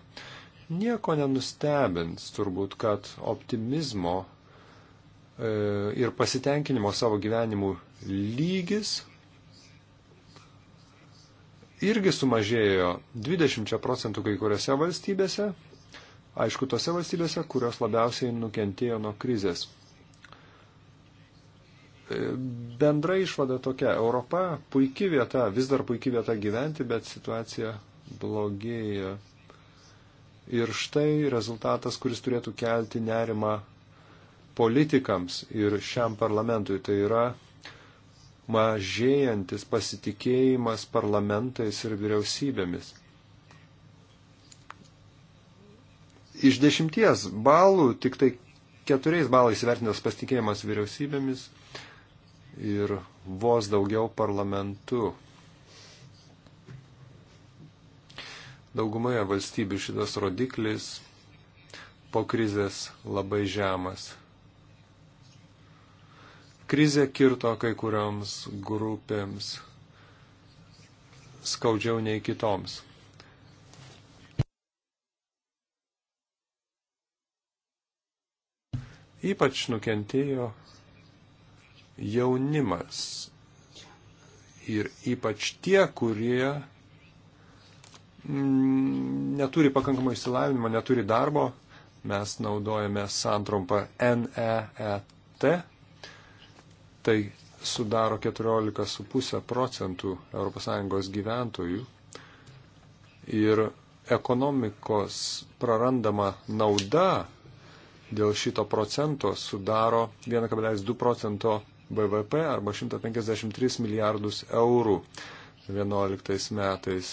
Nieko nenustebins turbūt, kad optimizmo e, ir pasitenkinimo savo gyvenimu lygis irgi sumažėjo 20 procentų kai kuriuose valstybėse, aišku, tose valstybėse, kurios labiausiai nukentėjo nuo krizės. E, bendra išvada tokia, Europa puikia vieta, vis dar puikia vieta gyventi, bet situacija blogėja. Ir štai rezultatas, kuris turėtų kelti nerimą politikams ir šiam parlamentui, tai yra mažėjantis pasitikėjimas parlamentais ir vyriausybėmis. Iš dešimties balų tik tai keturiais balais vertintas pasitikėjimas vyriausybėmis ir vos daugiau parlamentu. Daugumoje valstybių šitas rodiklis po krizės labai žemas. Krizė kirto kai kurioms grupėms skaudžiau nei kitoms. Ypač nukentėjo jaunimas ir ypač tie, kurie mm, neturi pakankamai išsilavinimo, neturi darbo, mes naudojame santrumpą NEET tai sudaro 14,5 procentų ES gyventojų ir ekonomikos prarandama nauda dėl šito procento sudaro 1,2 procento BVP arba 153 milijardus eurų 2011 metais.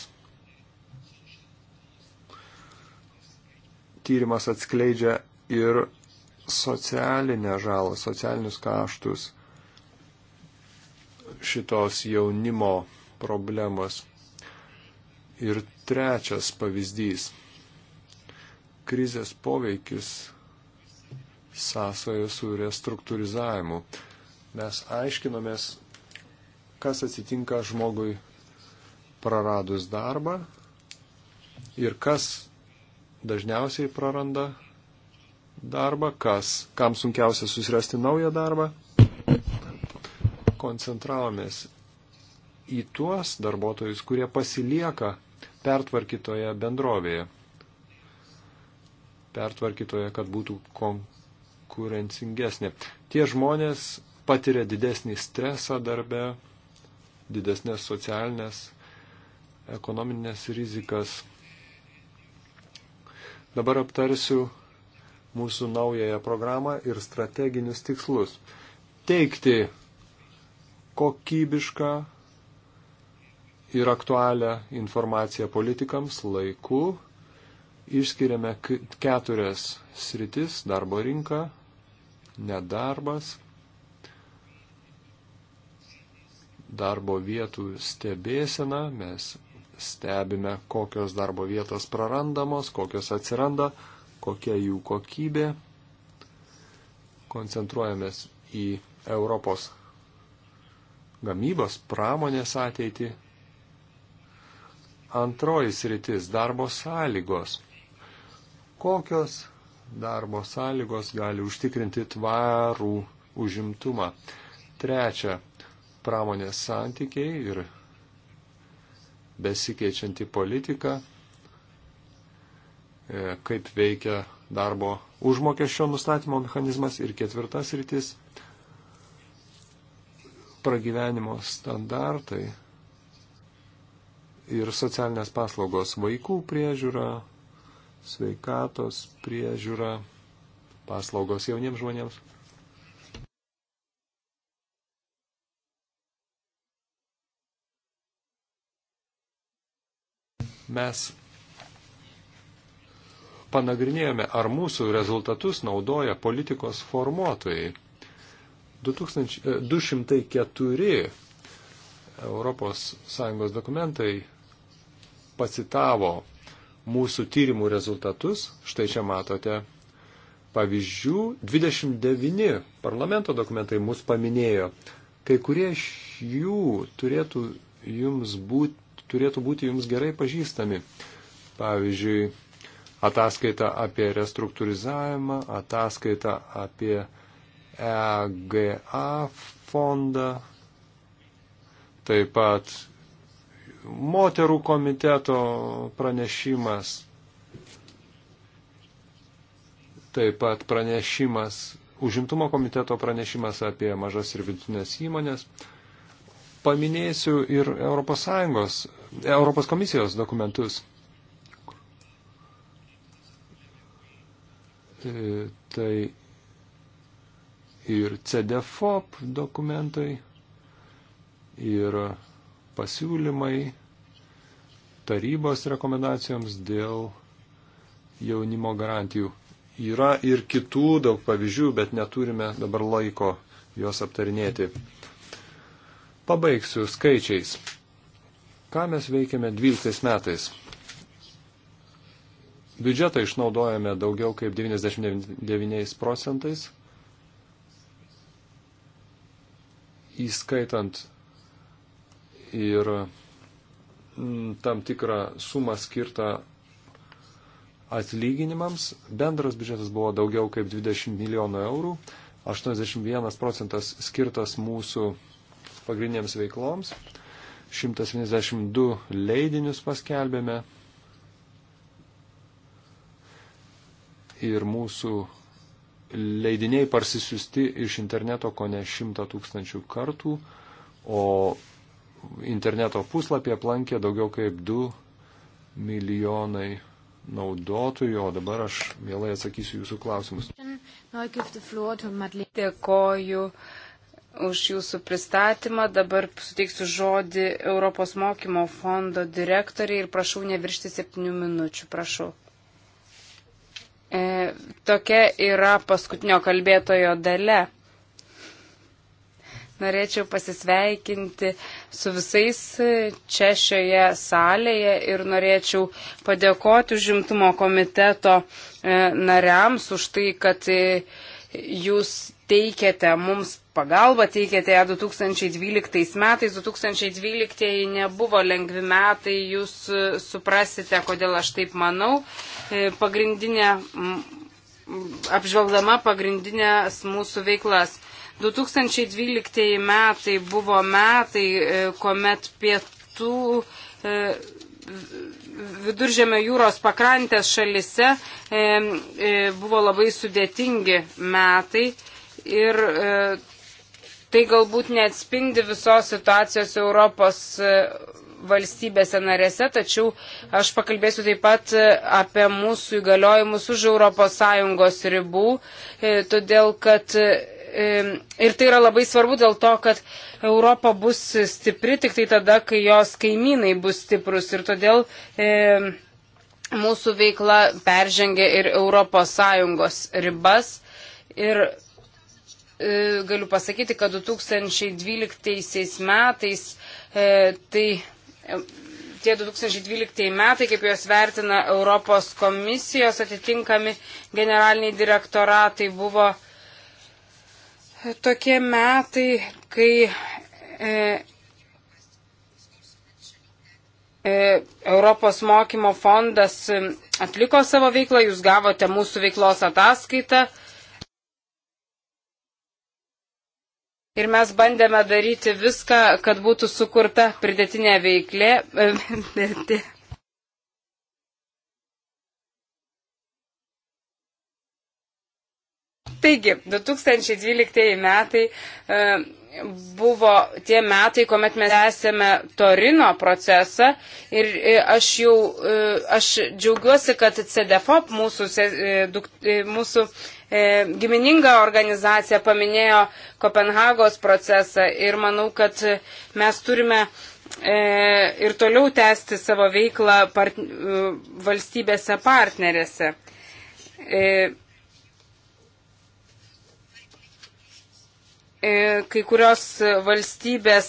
Tyrimas atskleidžia ir socialinę žalą, socialinius kaštus šitos jaunimo problemos. Ir trečias pavyzdys. Krizės poveikis sąsoje su restruktūrizavimu. Mes aiškinomės, kas atsitinka žmogui praradus darbą ir kas dažniausiai praranda darbą, kas, kam sunkiausia susirasti naują darbą koncentravomės į tuos darbuotojus, kurie pasilieka pertvarkytoje bendrovėje. Pertvarkytoje, kad būtų konkurencingesnė. Tie žmonės patiria didesnį stresą darbe, didesnės socialinės, ekonominės rizikas. Dabar aptarsiu mūsų naująją programą ir strateginius tikslus. Teikti kokybišką ir aktualią informaciją politikams laiku. Išskiriame keturias sritis - darbo rinka, nedarbas, darbo vietų stebėsena, mes stebime, kokios darbo vietos prarandamos, kokios atsiranda, kokia jų kokybė. Koncentruojamės į Europos gamybos pramonės ateitį. Antroji sritis - darbo sąlygos. Kokios darbo sąlygos gali užtikrinti tvarų užimtumą? Trečia - pramonės santykiai ir besikeičianti politika, e, kaip veikia darbo užmokesčio nustatymo mechanizmas ir ketvirtas rytis pragyvenimo standartai ir socialinės paslaugos vaikų priežiūra, sveikatos priežiūra, paslaugos jauniems žmonėms. Mes panagrinėjome, ar mūsų rezultatus naudoja politikos formuotojai. 204 ES dokumentai pacitavo mūsų tyrimų rezultatus. Štai čia matote pavyzdžių. 29 parlamento dokumentai mus paminėjo. Kai kurie iš jų turėtų, jums būt, turėtų būti jums gerai pažįstami. Pavyzdžiui, ataskaita apie restruktūrizavimą, ataskaita apie EGA fondą, taip pat moterų komiteto pranešimas, taip pat pranešimas, užimtumo komiteto pranešimas apie mažas ir vidutinės įmonės. Paminėsiu ir Europos Sąjungos, Europos komisijos dokumentus. E, tai ir CDFOP dokumentai, ir pasiūlymai tarybos rekomendacijoms dėl jaunimo garantijų. Yra ir kitų daug pavyzdžių, bet neturime dabar laiko juos aptarinėti. Pabaigsiu skaičiais. Ką mes veikėme 12 metais? Biudžetą išnaudojame daugiau kaip 99 procentais, įskaitant ir mm, tam tikrą sumą skirtą atlyginimams. Bendras biudžetas buvo daugiau kaip 20 milijonų eurų, 81 procentas skirtas mūsų pagrindiniams veikloms, 172 leidinius paskelbėme ir mūsų leidiniai parsisiusti iš interneto ko ne šimta tūkstančių kartų, o interneto puslapį aplankė daugiau kaip 2 milijonai naudotojų, o dabar aš mielai atsakysiu jūsų klausimus. Dėkoju už jūsų pristatymą. Dabar suteiksiu žodį Europos mokymo fondo direktoriai ir prašau neviršti septynių minučių. Prašau. E, tokia yra paskutinio kalbėtojo dalė. Norėčiau pasisveikinti su visais čia šioje salėje ir norėčiau padėkoti užimtumo komiteto e, nariams už tai, kad e, jūs teikėte mums pagalbą, teikėte ją 2012 metais. 2012 nebuvo lengvi metai, jūs suprasite, kodėl aš taip manau. E, pagrindinė, apžvelgdama pagrindinės mūsų veiklas. 2012 metai buvo metai, e, kuomet pietų e, viduržėmio jūros pakrantės šalise buvo labai sudėtingi metai ir tai galbūt neatspindi visos situacijos Europos valstybėse narėse, tačiau aš pakalbėsiu taip pat e, apie mūsų įgaliojimus už ES ribų, e, todėl kad e, ir tai yra labai svarbu dėl to, kad Europa bus stipri tik tai tada, kai jos kaimynai bus stiprus ir todėl mūsų veikla peržengia ir ES ribas. Ir galiu pasakyti, kad 2012 metais e, tai tie 2012 metai, kaip juos vertina Europos komisijos atitinkami generaliniai direktoratai, buvo tokie metai, kai e, e, Europos mokymo fondas atliko savo veiklą, jūs gavote mūsų veiklos ataskaitą. E, Ir mes bandėme daryti viską, kad būtų sukurta pridėtinė veiklė. E, Taigi, 2012 metai e, buvo tie metai, kuomet mes esame Torino procesą ir e, aš jau, aš džiaugiuosi, kad CDFOP mūsų, mūsų E, gimininga organizacija paminėjo Kopenhagos procesą ir manau, kad mes turime e, ir toliau tęsti savo veiklą part, e, valstybėse partnerėse. kai kurios valstybės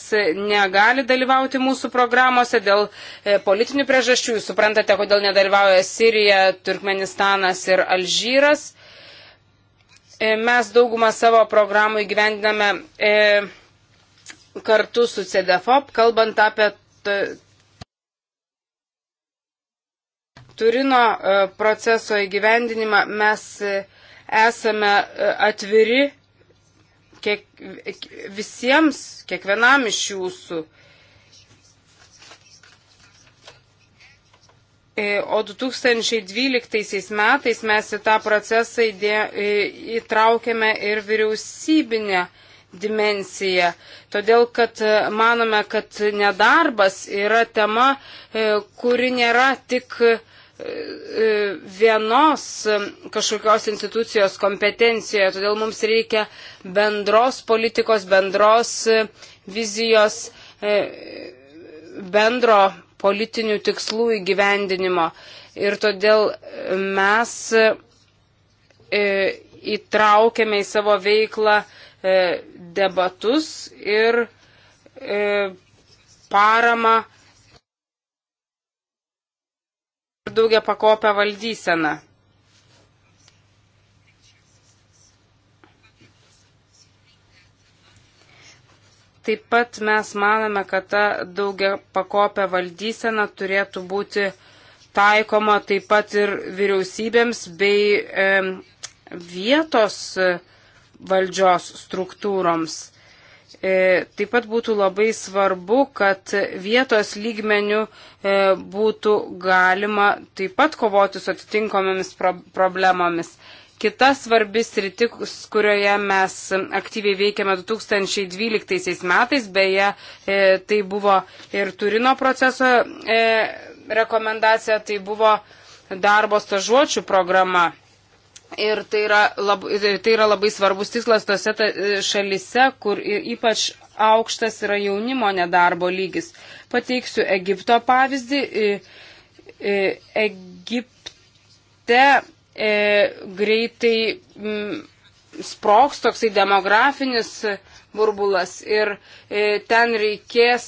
negali dalyvauti mūsų programuose dėl politinių priežasčių. Jūs suprantate, kodėl nedalyvauja Sirija, Turkmenistanas ir Alžyras. E, mes daugumą savo programų įgyvendiname e, kartu su CDFOP, kalbant apie Turino e, proceso įgyvendinimą, mes esame atviri kiek, visiems, kiekvienam iš jūsų. E, o 2012 metais mes į tą procesą įtraukėme ir vyriausybinę dimensiją, todėl kad e, manome, kad nedarbas yra tema, e, kuri nėra tik vienos kažkokios institucijos kompetencijoje, todėl mums reikia bendros politikos, bendros vizijos, bendro politinių tikslų įgyvendinimo. Ir todėl mes e, įtraukėme į savo veiklą e, debatus ir e, paramą daugia pakopę valdyseną. Taip pat mes manome, kad ta daugia pakopė valdysena turėtų būti taikoma taip pat ir vyriausybėms bei e, vietos valdžios struktūroms. E, taip pat būtų labai svarbu, kad vietos lygmenių e, būtų galima taip pat kovoti su atitinkomomis pro problemomis. Kita svarbi sritis, kurioje mes aktyviai veikiame 2012 metais, beje, e, tai buvo ir Turino proceso e, rekomendacija, tai buvo darbo stažuočių programa. Ir tai yra, lab, e, tai yra labai svarbus tikslas tose ta, šalise, kur ypač aukštas yra jaunimo nedarbo lygis. Pateiksiu Egipto pavyzdį. Egipte e, greitai m, sproks toksai demografinis burbulas ir e, ten reikės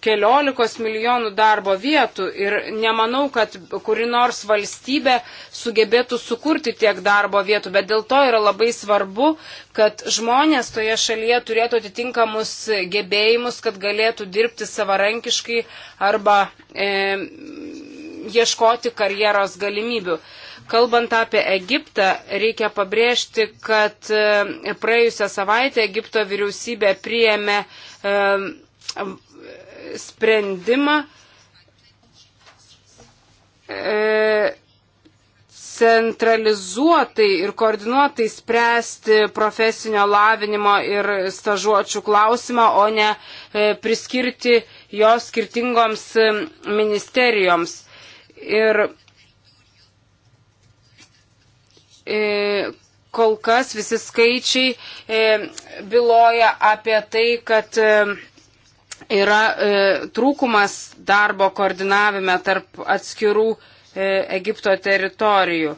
keliolikos milijonų darbo vietų ir nemanau, kad kuri nors valstybė sugebėtų sukurti tiek darbo vietų, bet dėl to yra labai svarbu, kad žmonės toje šalyje turėtų atitinkamus gebėjimus, kad galėtų dirbti savarankiškai arba e, ieškoti karjeros galimybių. Kalbant apie Egiptą, reikia pabrėžti, kad e, praėjusią savaitę Egipto vyriausybė priėmė e, sprendimą e, centralizuotai ir koordinuotai spręsti profesinio lavinimo ir stažuočių klausimą, o ne priskirti jo skirtingoms ministerijoms. Ir e, kol kas visi skaičiai e, byloja apie tai, kad e, yra trūkumas darbo koordinavime tarp atskirų Egipto teritorijų.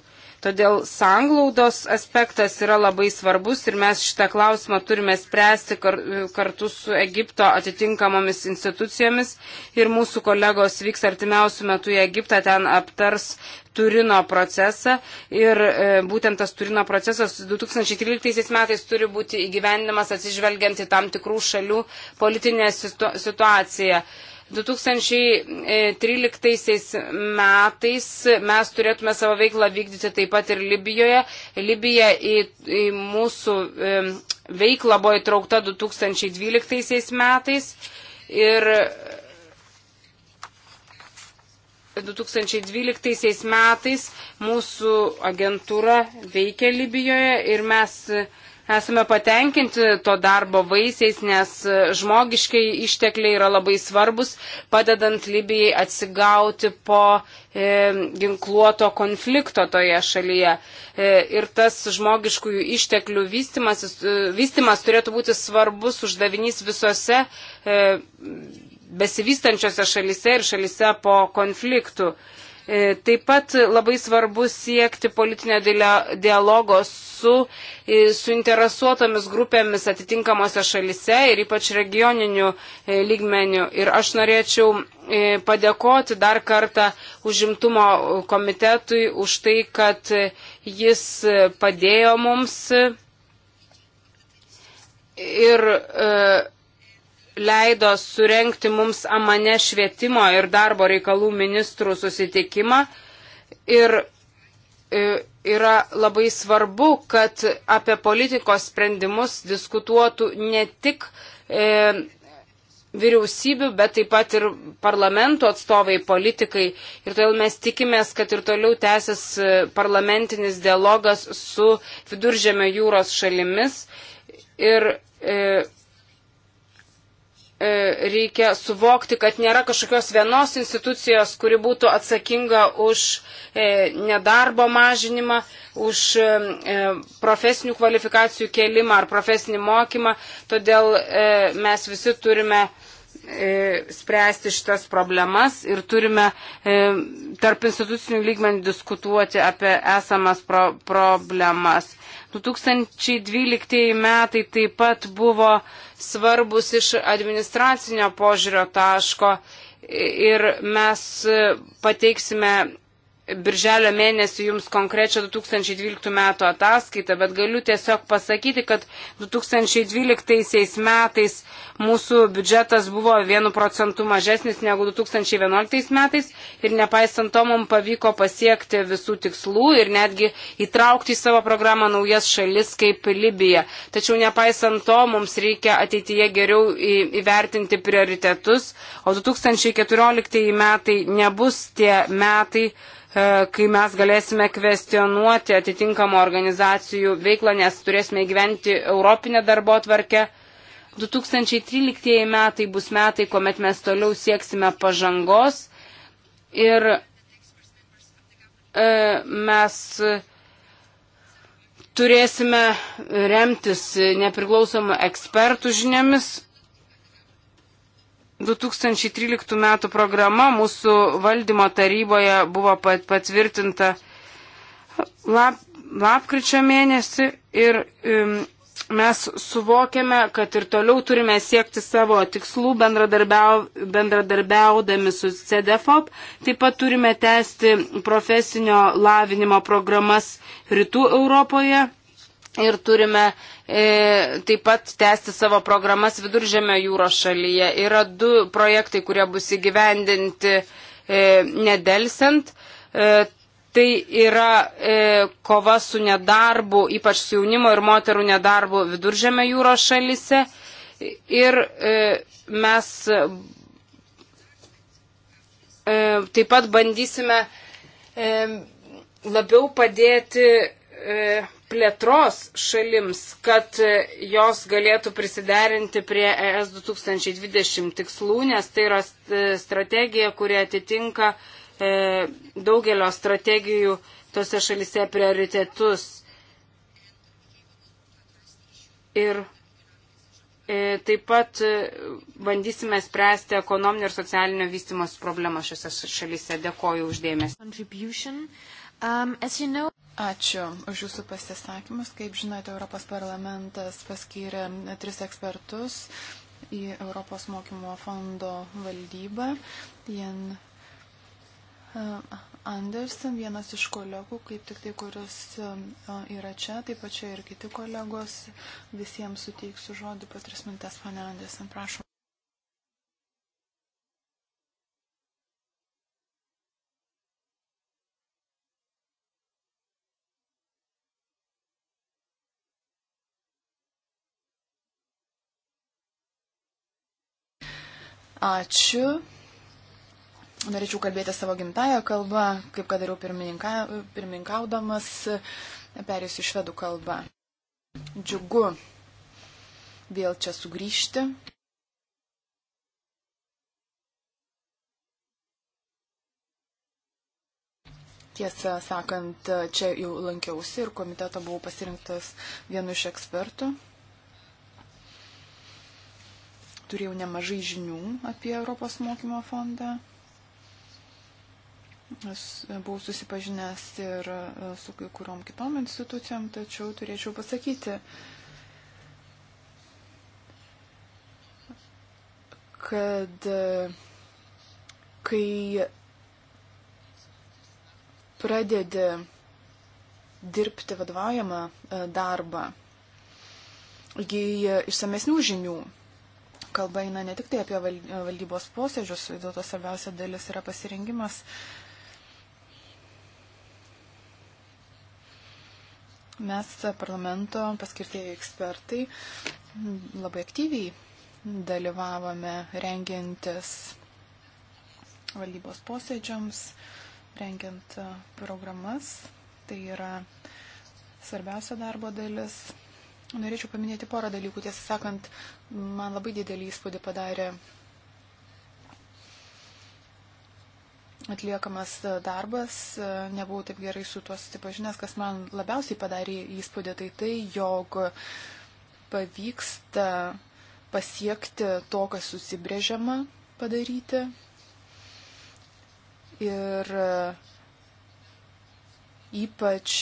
Todėl sanglaudos aspektas yra labai svarbus ir mes šitą klausimą turime spręsti kar, kartu su Egipto atitinkamomis institucijomis ir mūsų kolegos vyks artimiausių metų į Egiptą, ten aptars Turino procesą ir e, būtent tas Turino procesas 2013 metais turi būti įgyvendinamas atsižvelgiant į tam tikrų šalių politinę situ, situaciją. E, 2013 metais mes turėtume savo veiklą vykdyti taip pat ir Libijoje. Libija į, į mūsų veiklą buvo įtraukta 2012 metais ir 2012 metais mūsų agentūra veikia Libijoje ir mes Esame patenkinti to darbo vaisiais, nes e, žmogiškiai ištekliai yra labai svarbus, padedant Libijai atsigauti po e, ginkluoto konflikto toje šalyje. E, ir tas žmogiškųjų išteklių vystimas, e, vystimas turėtų būti svarbus uždavinys visose e, besivystančiose šalise ir šalise po konfliktų. E, E, taip pat labai svarbu siekti politinio dialogo su e, suinteresuotomis grupėmis atitinkamose šalise ir ypač regioninių e, lygmenių. Ir aš norėčiau padėkoti dar kartą užimtumo komitetui už tai, kad jis padėjo mums. Ir e, leido surenkti mums Amane švietimo ir darbo reikalų ministrų susitikimą. Ir e, yra labai svarbu, kad apie politikos sprendimus diskutuotų ne tik e, vyriausybių, bet taip pat ir parlamentų atstovai, politikai. Ir todėl mes tikimės, kad ir toliau tęsis e, parlamentinis dialogas su viduržėmio jūros šalimis. Ir e, E, reikia suvokti, kad nėra kažkokios vienos institucijos, kuri būtų atsakinga už e, nedarbo mažinimą, už e, profesinių kvalifikacijų kelimą ar profesinį mokymą. Todėl mes visi turime E, spręsti šitas problemas ir turime e, tarp institucinių lygmenį diskutuoti apie esamas pro problemas. 2012 metai taip pat buvo svarbus iš administracinio požiūrio taško ir mes pateiksime birželio mėnesį jums konkrečią 2012 metų ataskaitą, bet galiu tiesiog pasakyti, kad 2012 metais mūsų biudžetas buvo 1 procentų mažesnis negu 2011 metais ir nepaisant to mums pavyko pasiekti visų tikslų ir netgi įtraukti į savo programą naujas šalis kaip Libija. Tačiau nepaisant to mums reikia ateityje geriau įvertinti prioritetus, o 2014 metai nebus tie metai, E, kai mes galėsime kvestionuoti atitinkamų organizacijų veiklą, nes turėsime įgyventi Europinę darbo tvarkę. 2013 metai bus metai, kuomet mes toliau sieksime pažangos ir e, mes turėsime remtis nepriklausomų ekspertų žiniomis 2013 metų programa mūsų valdymo taryboje buvo patvirtinta lap, lapkričio mėnesį ir um, mes suvokiame, kad ir toliau turime siekti savo tikslų bendradarbiau, bendradarbiaudami su CDFOP. Taip pat turime tęsti profesinio lavinimo programas Rytų Europoje Ir turime e, taip pat tęsti savo programas Viduržėmio jūros šalyje. Yra du projektai, kurie bus įgyvendinti e, nedelsiant. E, tai yra e, kova su nedarbu, ypač su jaunimo ir moterų nedarbu Viduržėmio jūros šalyse. Ir e, mes e, taip pat bandysime e, labiau padėti. E, plėtros šalims, kad e, jos galėtų prisiderinti prie ES 2020 tikslų, nes tai yra e, strategija, kuri atitinka e, daugelio strategijų tose šalise prioritetus. Ir taip pat bandysime spręsti ekonominio ir socialinio vystimosi problemą šiose šalyse. Dėkoju uždėmesi. Um, you know... Ačiū už Jūsų pasisakymus. Kaip žinote, Europos parlamentas paskyrė tris ekspertus į Europos mokymo fondo valdybą. Jan e, Andersen, vienas iš kolegų, kaip tik tai, kuris e, yra čia, taip pat čia ir kiti kolegos. Visiems suteiksiu žodį po tris mintes, pane Andersen, prašom. Ačiū. Norėčiau kalbėti savo gimtają kalbą, kaip kad dariau pirmininka, pirmininkaudamas, perėsiu į švedų kalbą. Džiugu vėl čia sugrįžti. Tiesą sakant, čia jau lankiausi ir komiteto buvau pasirinktas vienu iš ekspertų turėjau nemažai žinių apie Europos mokymo fondą. Aš buvau susipažinęs ir e, su kai kuriuom kitom institucijom, tačiau turėčiau pasakyti, kad e, kai pradedi dirbti vadovaujamą e, darbą, įgyji išsamesnių žinių kalba eina ne tik tai apie valdybos posėdžius, dėl to svarbiausia dalis yra pasirengimas. Mes parlamento paskirtieji ekspertai labai aktyviai dalyvavome rengiantis valdybos posėdžiams, rengiant programas. Tai yra svarbiausia darbo dalis. Norėčiau paminėti porą dalykų. Tiesą sakant, man labai didelį įspūdį padarė atliekamas darbas. Nebuvau taip gerai su tuo susipažinęs. Kas man labiausiai padarė įspūdį, tai tai, jog pavyksta pasiekti to, kas susibrėžiama padaryti. Ir ypač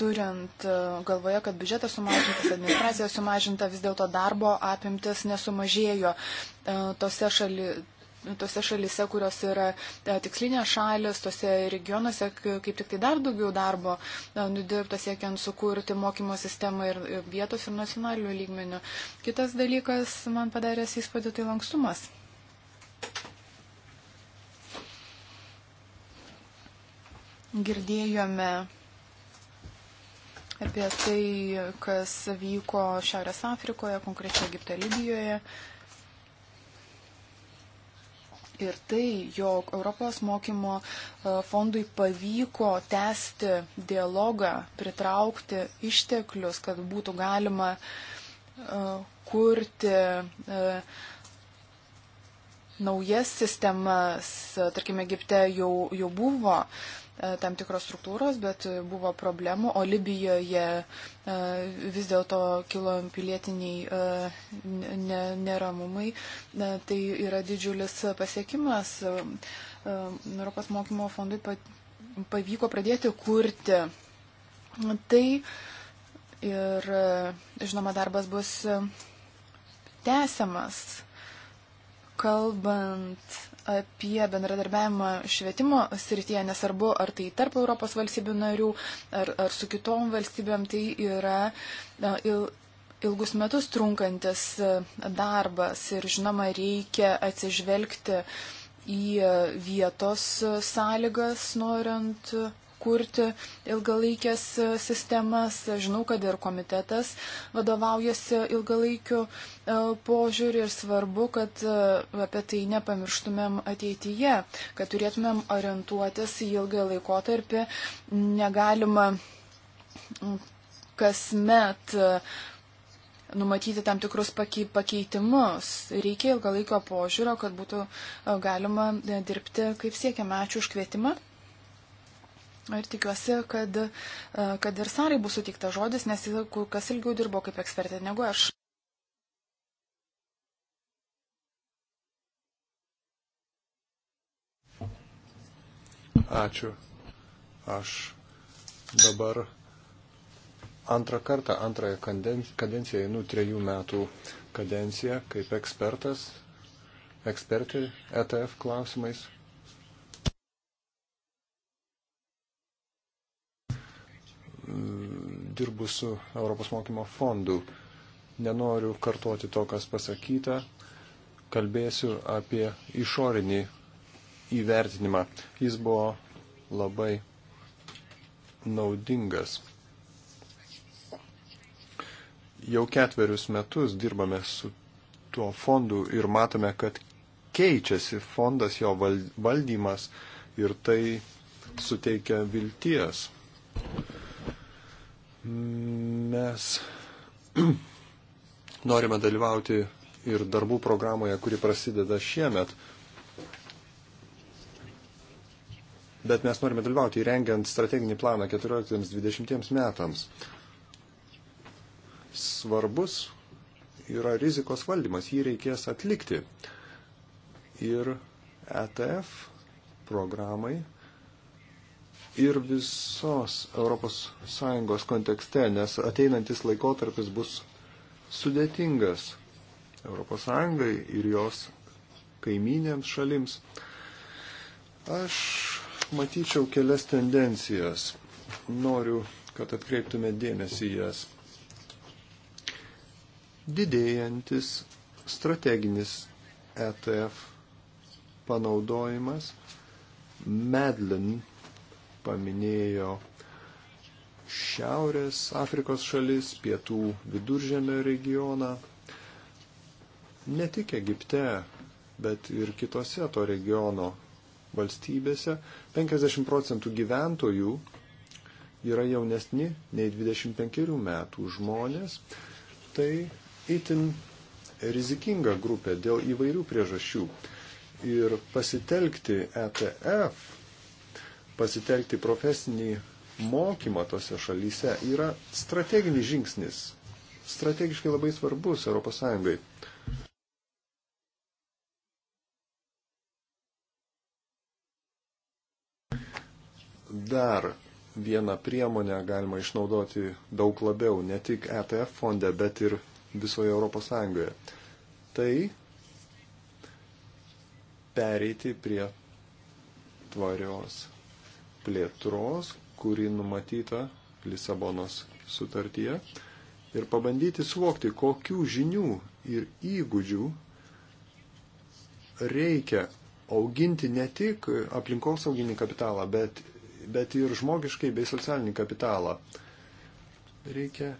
turint e, galvoje, kad biudžetas sumažintas, administracija sumažinta, vis dėlto darbo apimtis nesumažėjo e, tose šalyse tose šalise, kurios yra e, tikslinės šalis, tose regionuose, kaip tik tai dar daugiau darbo nudirbta siekiant sukurti mokymo sistemą ir vietos ir nacionalinių lygmenių. Kitas dalykas man padaręs įspūdį tai lankstumas. Girdėjome apie tai, kas vyko Šiaurės Afrikoje, konkrečiai Egipte, Libijoje. Ir tai, jog Europos mokymo e, fondui pavyko tęsti dialogą, pritraukti išteklius, kad būtų galima e, kurti e, naujas sistemas, tarkime, Egipte jau, jau buvo E, tam tikros struktūros, bet buvo problemų, o Libijoje e, vis dėlto kilo pilietiniai e, neramumai. Tai yra didžiulis pasiekimas. Europos mokymo fondui pavyko pradėti kurti. Tai ir, žinoma, darbas bus tęsiamas, kalbant apie bendradarbiavimą švietimo srityje, nesvarbu ar tai tarp Europos valstybių narių ar, ar su kitom valstybėm, tai yra il, ilgus metus trunkantis e, darbas ir žinoma reikia atsižvelgti į vietos sąlygas, norint kurti ilgalaikės e, sistemas. Žinau, kad ir komitetas vadovaujasi ilgalaikiu e, požiūriu ir svarbu, kad e, apie tai nepamirštumėm ateityje, kad turėtumėm orientuotis į ilgą laikotarpį. Negalima kasmet numatyti tam tikrus pakeitimus. Reikia ilgalaikio požiūrio, kad būtų galima dirbti kaip siekiama. Ačiū už kvietimą. Ir tikiuosi, kad, e, kad ir Sarai bus suteikta žodis, nes jis kur kas ilgiau dirbo kaip ekspertė negu aš. Ačiū. Aš dabar antrą kartą, antrąją kadenciją einu trejų metų kadenciją kaip ekspertas, ekspertė ETF klausimais. Mm, dirbu su Europos mokymo fondu. Nenoriu kartuoti to, kas pasakyta. Kalbėsiu apie išorinį įvertinimą. Jis buvo labai naudingas. Jau ketverius metus dirbame su tuo fondu ir matome, kad keičiasi fondas, jo valdymas ir tai suteikia vilties. Mes norime dalyvauti ir darbų programoje, kuri prasideda šiemet. Bet mes norime dalyvauti įrengiant strateginį planą 14-20 metams. Svarbus yra rizikos valdymas, jį reikės atlikti. Ir ETF programai ir visos ES kontekste, nes ateinantis laikotarpis bus sudėtingas ES ir jos kaiminėms šalims. Aš matyčiau kelias tendencijas. Noriu, kad atkreiptume dėmesį jas. Didėjantis strateginis ETF panaudojimas Medlin paminėjo Šiaurės Afrikos šalis, pietų viduržėmio regioną. Ne tik Egipte, bet ir kitose to regiono valstybėse 50 procentų gyventojų yra jaunesni nei 25 metų žmonės. Tai itin rizikinga grupė dėl įvairių priežasčių. Ir pasitelkti ETF pasitelkti profesinį mokymą tose šalyse yra strateginis žingsnis, strategiškai labai svarbus ES. Dar vieną priemonę galima išnaudoti daug labiau, ne tik ETF fonde, bet ir visoje ES. Tai pereiti prie tvarios plėtros, kuri numatyta Lisabonos sutartyje, ir pabandyti suvokti, kokių žinių ir įgūdžių reikia auginti ne tik aplinkosauginį kapitalą, bet, bet ir žmogiškai bei socialinį kapitalą. Reikia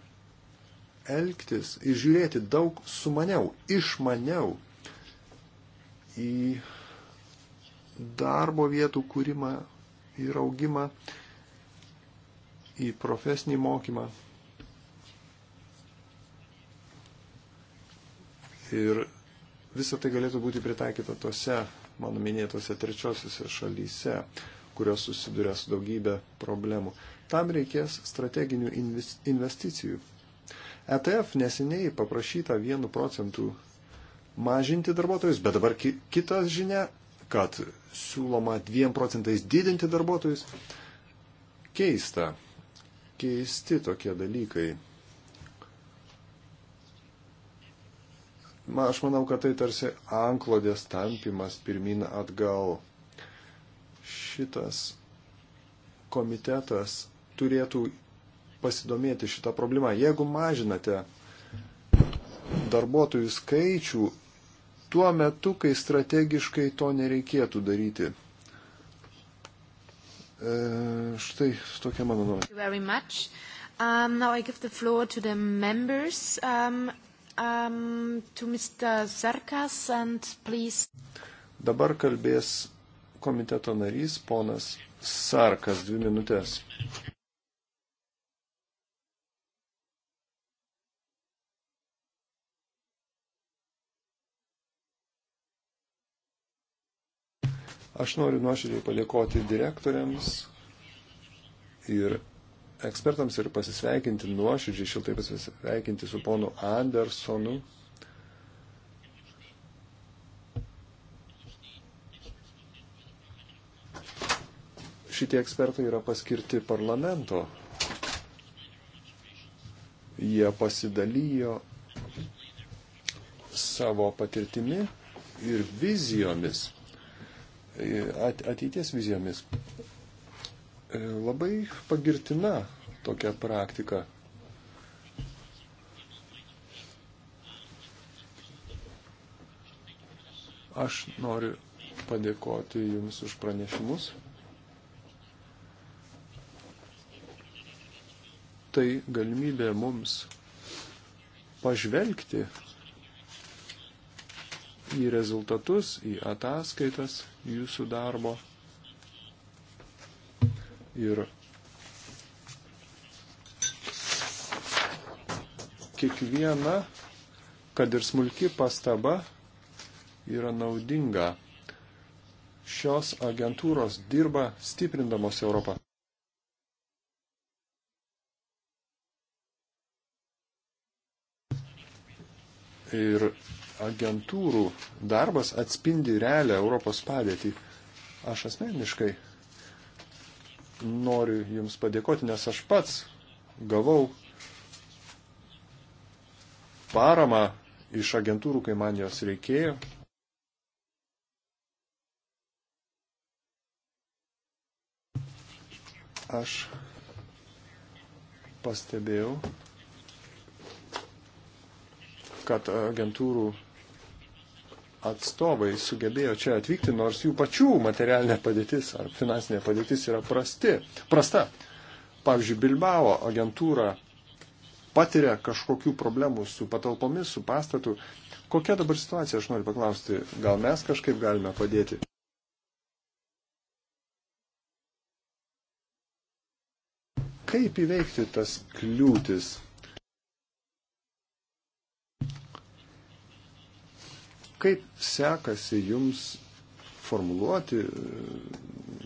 elgtis ir žiūrėti daug sumaniau, išmaniau į darbo vietų kūrimą, ir augimą, į profesinį mokymą. Ir visą tai galėtų būti pritaikyta tose, mano minėtose, trečiosiuose šalyse, kurios susiduria su daugybė problemų. Tam reikės strateginių investicijų. ETF neseniai paprašyta 1 procentų mažinti darbuotojus, bet dabar kitas žinia kad siūloma 2 procentais didinti darbuotojus. Keista. Keisti tokie dalykai. Ma, aš manau, kad tai tarsi anklodės tampimas pirmin atgal. Šitas komitetas turėtų pasidomėti šitą problemą. Jeigu mažinate darbuotojų skaičių, tuo metu, kai strategiškai to nereikėtų daryti. E, štai tokia mano nuomonė. Um, now I give the floor to the members, um, um, to Mr. Sarkas, and please. Dabar kalbės komiteto narys ponas Sarkas, dvi minutės. Aš noriu nuoširdžiai padėkoti direktoriams ir ekspertams ir pasisveikinti nuoširdžiai, šiltai pasisveikinti su ponu Andersonu. Šitie ekspertai yra paskirti parlamento. Jie pasidalijo savo patirtimi ir vizijomis ateities vizijomis. E, labai pagirtina tokia praktika. Aš noriu padėkoti Jums už pranešimus. Tai galimybė mums pažvelgti į rezultatus, į ataskaitas jūsų darbo. Ir kiekviena, kad ir smulki pastaba, yra naudinga. Šios agentūros dirba stiprindamos Europą. Ir agentūrų darbas atspindi realią Europos padėtį. Aš asmeniškai noriu Jums padėkoti, nes aš pats gavau paramą iš agentūrų, kai man jos reikėjo. Aš pastebėjau, kad agentūrų atstovai sugebėjo čia atvykti, nors jų pačių materialinė padėtis ar finansinė padėtis yra prasti, prasta. Pavyzdžiui, Bilbao agentūra patiria kažkokių problemų su patalpomis, su pastatu. Kokia dabar situacija, aš noriu paklausti, gal mes kažkaip galime padėti? Kaip įveikti tas kliūtis? Kaip sekasi jums formuluoti e,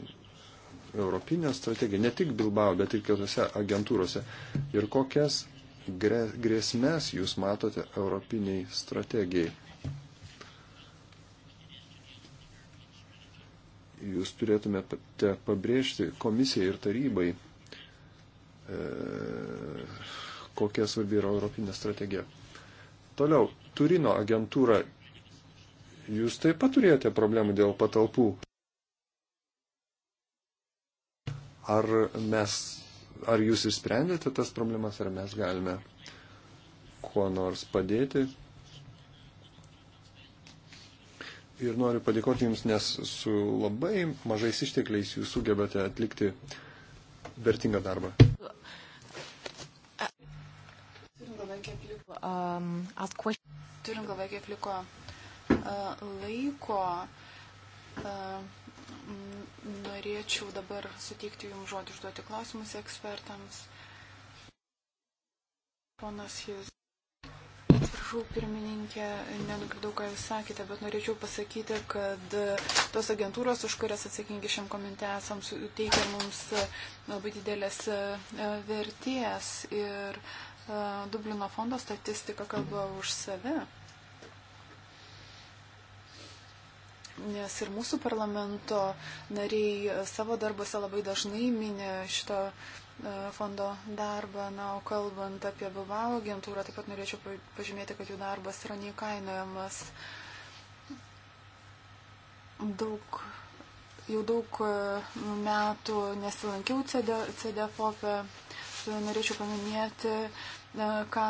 europinę strategiją, ne tik Bilbao, bet ir kitose agentūrose. Ir kokias grėsmės jūs matote europiniai strategijai? Jūs turėtumėte pabrėžti komisijai ir tarybai, e, kokia svarbi yra europinė strategija. Toliau, Turino agentūra jūs taip pat turėjote problemų dėl patalpų. Ar mes, ar jūs išsprendėte tas problemas, ar mes galime kuo nors padėti? Ir noriu padėkoti Jums, nes su labai mažais ištekliais Jūs sugebate atlikti vertingą darbą. Turim galvoje, kiek liko um, laiko, norėčiau dabar suteikti Jums žodį užduoti klausimus ekspertams. Ponas Jis. Atsiprašau, pirmininkė, nenugirdau, ką Jūs sakėte, bet norėčiau pasakyti, kad tos agentūros, už kurias atsakingi šiam komitė esam, suteikia mums labai didelės e, verties ir e, Dublino fondo statistika kalba už save. Mm. nes ir mūsų parlamento nariai savo darbuose labai dažnai minė šito e, fondo darbą. Na, o kalbant apie Bilbao agentūrą, taip pat norėčiau pažymėti, kad jų darbas yra neįkainojamas. Daug, jau daug e, metų nesilankiau CDFOP, CD e. norėčiau paminėti ką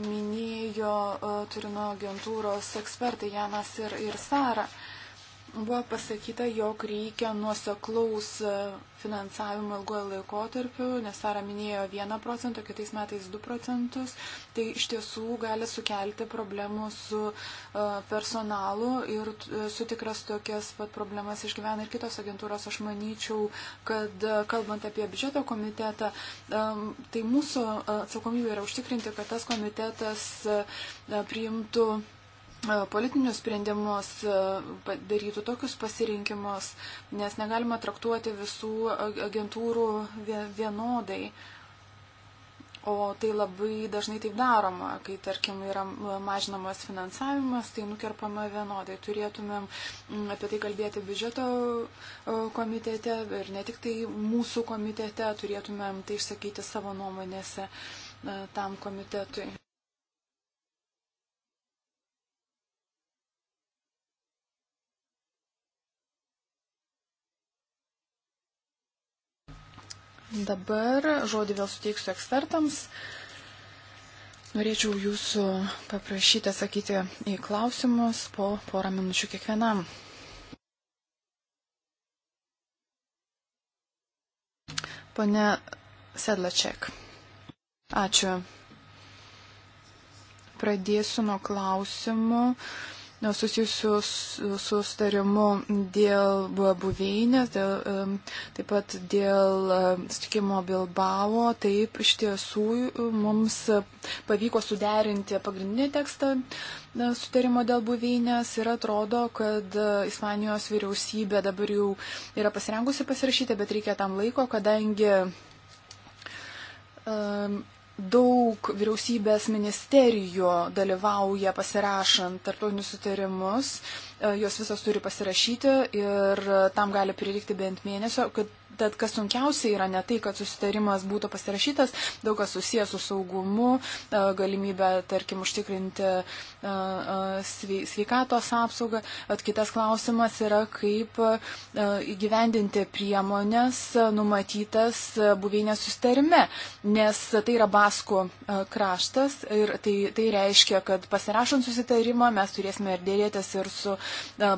minėjo Turino agentūros ekspertai Janas ir, ir Sara. Buvo pasakyta, jog reikia nuoseklaus e, finansavimo ilgojo laikotarpiu, nes Sara minėjo 1 procentą, kitais metais 2 procentus. Tai iš tiesų gali sukelti problemų su e, personalu ir e, sutikras tokias pat problemas išgyvena ir kitos agentūros. Aš manyčiau, kad kalbant apie biudžeto komitetą, tai mūsų atsakomybė yra užtikrinti, kad tas komitetas priimtų E, politinius sprendimus, e, darytų tokius pasirinkimus, nes negalima traktuoti visų agentūrų vienodai. O tai labai dažnai taip daroma, kai tarkim yra mažinamas finansavimas, tai nukerpama vienodai. Turėtumėm apie tai kalbėti biudžeto e, komitete ir ne tik tai mūsų komitete, turėtumėm tai išsakyti savo nuomonėse tam komitetui. Dabar žodį vėl suteiksiu ekspertams. Norėčiau jūsų paprašyti atsakyti į klausimus po porą minučių kiekvienam. Pane Sedlaček. Ačiū. Pradėsiu nuo klausimų susijusių su sustarimu dėl buveinės, dėl, taip pat dėl sutikimo Bilbao. Taip, iš tiesų mums pavyko suderinti pagrindinį tekstą sutarimo dėl buveinės ir atrodo, kad Ispanijos vyriausybė dabar jau yra pasirengusi pasirašyti, bet reikia tam laiko, kadangi daug vyriausybės ministerijų dalyvauja pasirašant tarptautinius sutarimus, e, jos visos turi pasirašyti ir e, tam gali prireikti bent mėnesio, kad Tad kas sunkiausia yra ne tai, kad susitarimas būtų pasirašytas, daug kas susijęs su saugumu, e, galimybė, tarkim, užtikrinti e, e, sveikatos apsaugą. At kitas klausimas yra, kaip įgyvendinti priemonės numatytas buveinės susitarime, nes tai yra baskų kraštas ir tai, tai reiškia, kad pasirašant susitarimą mes turėsime ir dėrėtis ir su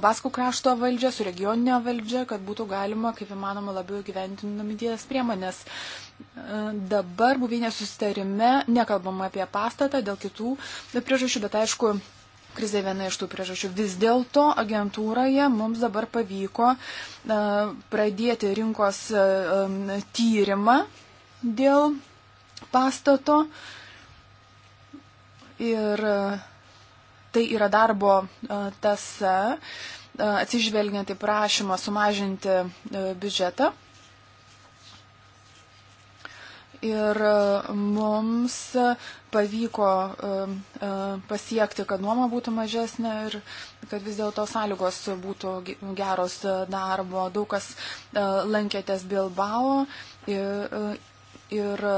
baskų krašto valdžia, su regioninė valdžia, kad būtų galima kaip įmanoma labiau gyventinami dėjas priemonės. Dabar buveinės susitarime nekalbama apie pastatą dėl kitų priežasčių, bet aišku, krizė viena iš tų priežasčių. Vis dėlto agentūroje mums dabar pavyko e, pradėti rinkos e, tyrimą dėl pastato. Ir e, tai yra darbo tasa, atsižvelgiant į prašymą sumažinti biudžetą Ir e, mums pavyko e, e, pasiekti, kad nuoma būtų mažesnė ir kad vis dėlto sąlygos būtų geros darbo. Daug kas lankėtės Bilbao ir e,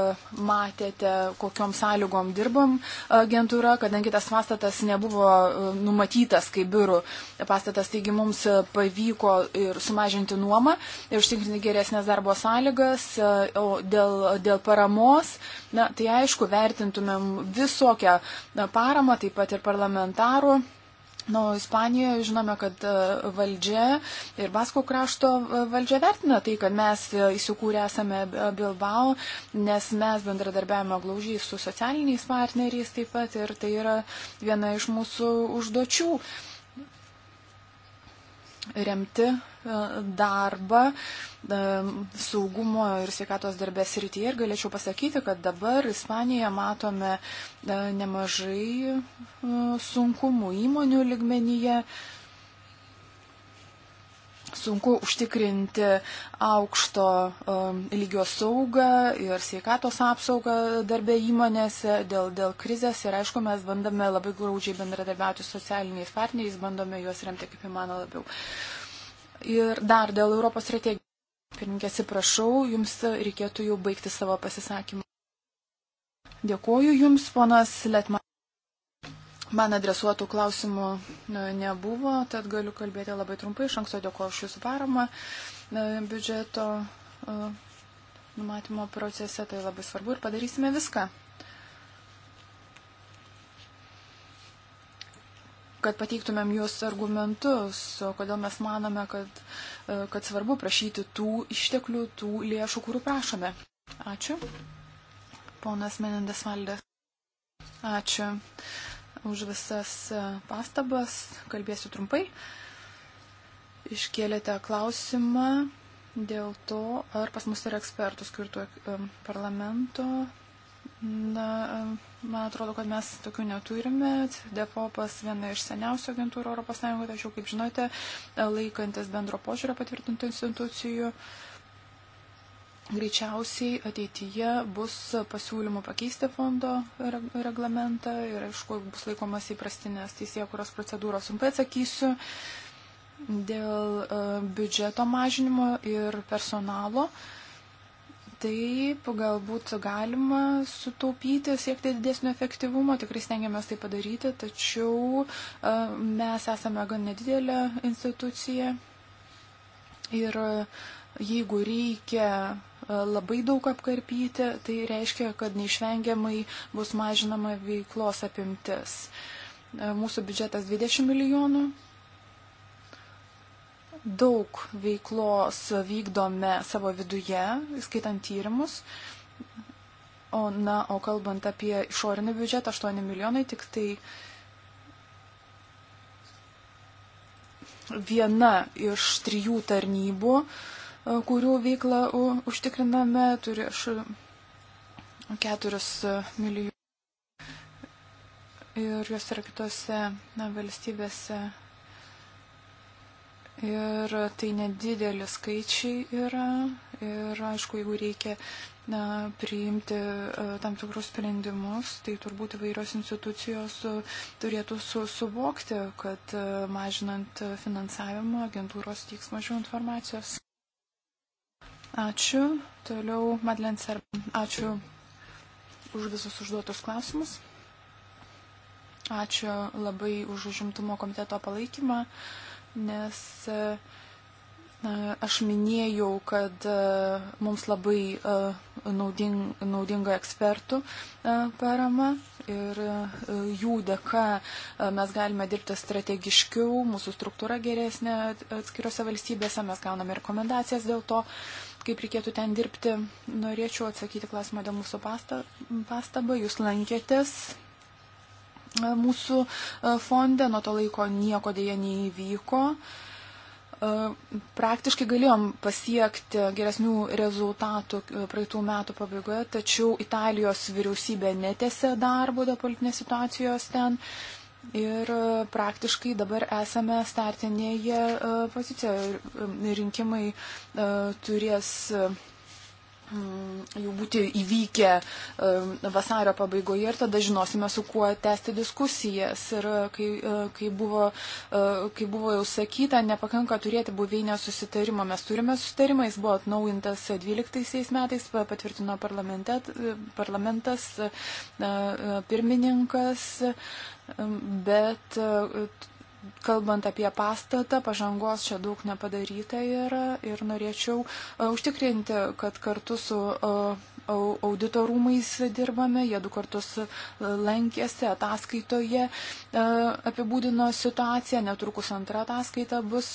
matėte, kokiom sąlygom dirbom agentūra, kadangi tas pastatas nebuvo e, numatytas kaip biurų pastatas, taigi mums pavyko ir sumažinti nuomą ir užtikrinti geresnės darbo sąlygas, e, o dėl, dėl paramos, na, tai aišku, vertintumėm visokią paramą, taip pat ir parlamentarų Na, nu, Ispanijoje žinome, kad e, valdžia ir Basko krašto e, valdžia vertina tai, kad mes e, įsikūrę esame Bilbao, nes mes bendradarbiavimo glaužiai su socialiniais partneriais taip pat ir tai yra viena iš mūsų užduočių. Uh, remti e, darbą e, saugumo ir sveikatos darbės rytyje ir galėčiau pasakyti, kad dabar Ispanijoje matome e, nemažai sunkumų įmonių ligmenyje, sunku užtikrinti aukšto um, lygio saugą ir sveikatos apsaugą darbę įmonėse dėl, dėl krizės ir aišku, mes bandome labai glaudžiai bendradarbiauti socialiniais partneriais, bandome juos remti kaip įmanoma labiau. Ir dar dėl Europos strategijos. Pirminkė, atsiprašau, jums reikėtų jau baigti savo pasisakymą. Dėkuoju jums, ponas Letman. Man adresuotų klausimų e, nebuvo, tad galiu kalbėti labai trumpai. Iš anksto dėkoju už jūsų paramą e, biudžeto e, numatymo procese. Tai labai svarbu ir padarysime viską, kad pateiktumėm jūs argumentus, kodėl mes manome, kad, kad svarbu prašyti tų išteklių, tų lėšų, kurių prašome. Ačiū. Ponas Menendas valdė. Ačiū už visas e, pastabas. Kalbėsiu trumpai. Iškėlėte klausimą dėl to, ar pas mus yra ekspertų skirtų e, parlamento. Na, e, man atrodo, kad mes tokių neturime. Depopas viena iš seniausių agentūrų ES, tačiau, kaip žinote, laikantis bendro požiūrio patvirtintų institucijų. Uh, greičiausiai ateityje bus pasiūlymų pakeisti fondo reglamentą ir, aišku, bus laikomas įprastinės teisėkuros procedūros. Trumpai atsakysiu dėl e, biudžeto mažinimo ir personalo. Taip, galbūt galima sutaupyti, siekti didesnio efektyvumo, tikrai stengiamės tai padaryti, tačiau e, mes esame gan nedidelė institucija ir e, jeigu reikia E, labai daug apkarpyti, tai reiškia, kad neišvengiamai bus mažinama veiklos apimtis. E, mūsų biudžetas 20 milijonų. Daug veiklos vykdome savo viduje, skaitant tyrimus. O, na, o kalbant apie išorinį biudžetą, 8 milijonai, tik tai viena iš trijų tarnybų uh, E, kurių veiklą užtikriname, turi aš 4 e, milijonus. Ir jos yra kitose na, valstybėse. Ir tai nedideli skaičiai yra. Ir aišku, jeigu reikia na, priimti e, tam tikrus sprendimus, tai turbūt įvairios institucijos turėtų su, suvokti, kad mažinant finansavimą agentūros tiks mažiau informacijos. Ačiū. Toliau Madlen Serb. Ačiū už visus užduotus klausimus. Ačiū labai už užimtumo komiteto palaikymą, nes aš minėjau, kad e, mums labai e, naudinga ekspertų e, parama ir jų dėka mes galime dirbti strategiškiau, mūsų struktūra geresnė atskiriuose valstybėse, mes gauname rekomendacijas dėl to kaip reikėtų ten dirbti. Norėčiau atsakyti klausimą dėl mūsų pastabą. Jūs lankėtės e, mūsų e, fonde, nuo to laiko nieko dėja neįvyko. E, praktiškai galėjom pasiekti geresnių rezultatų praeitų metų pabaigoje, tačiau Italijos vyriausybė netėse darbo dėl politinės situacijos ten. Uh, Ir e, praktiškai dabar esame startinėje e, pozicijoje. Rinkimai e, turės Mm, jau būti įvykę mm, vasario pabaigoje ir tada žinosime, su kuo tęsti diskusijas. Ir e, kai, e, kai, buvo, e, kai buvo jau sakyta, nepakanka turėti buveinę susitarimą. Mes turime susitarimą, jis buvo atnaujintas 12 metais, patvirtino parlamentas, pirmininkas, bet kalbant apie pastatą, pažangos čia daug nepadaryta yra ir norėčiau e, užtikrinti, kad kartu su e, auditorumais dirbame, jie du kartus e, lankėsi ataskaitoje, apibūdino situaciją, netrukus antra ataskaita bus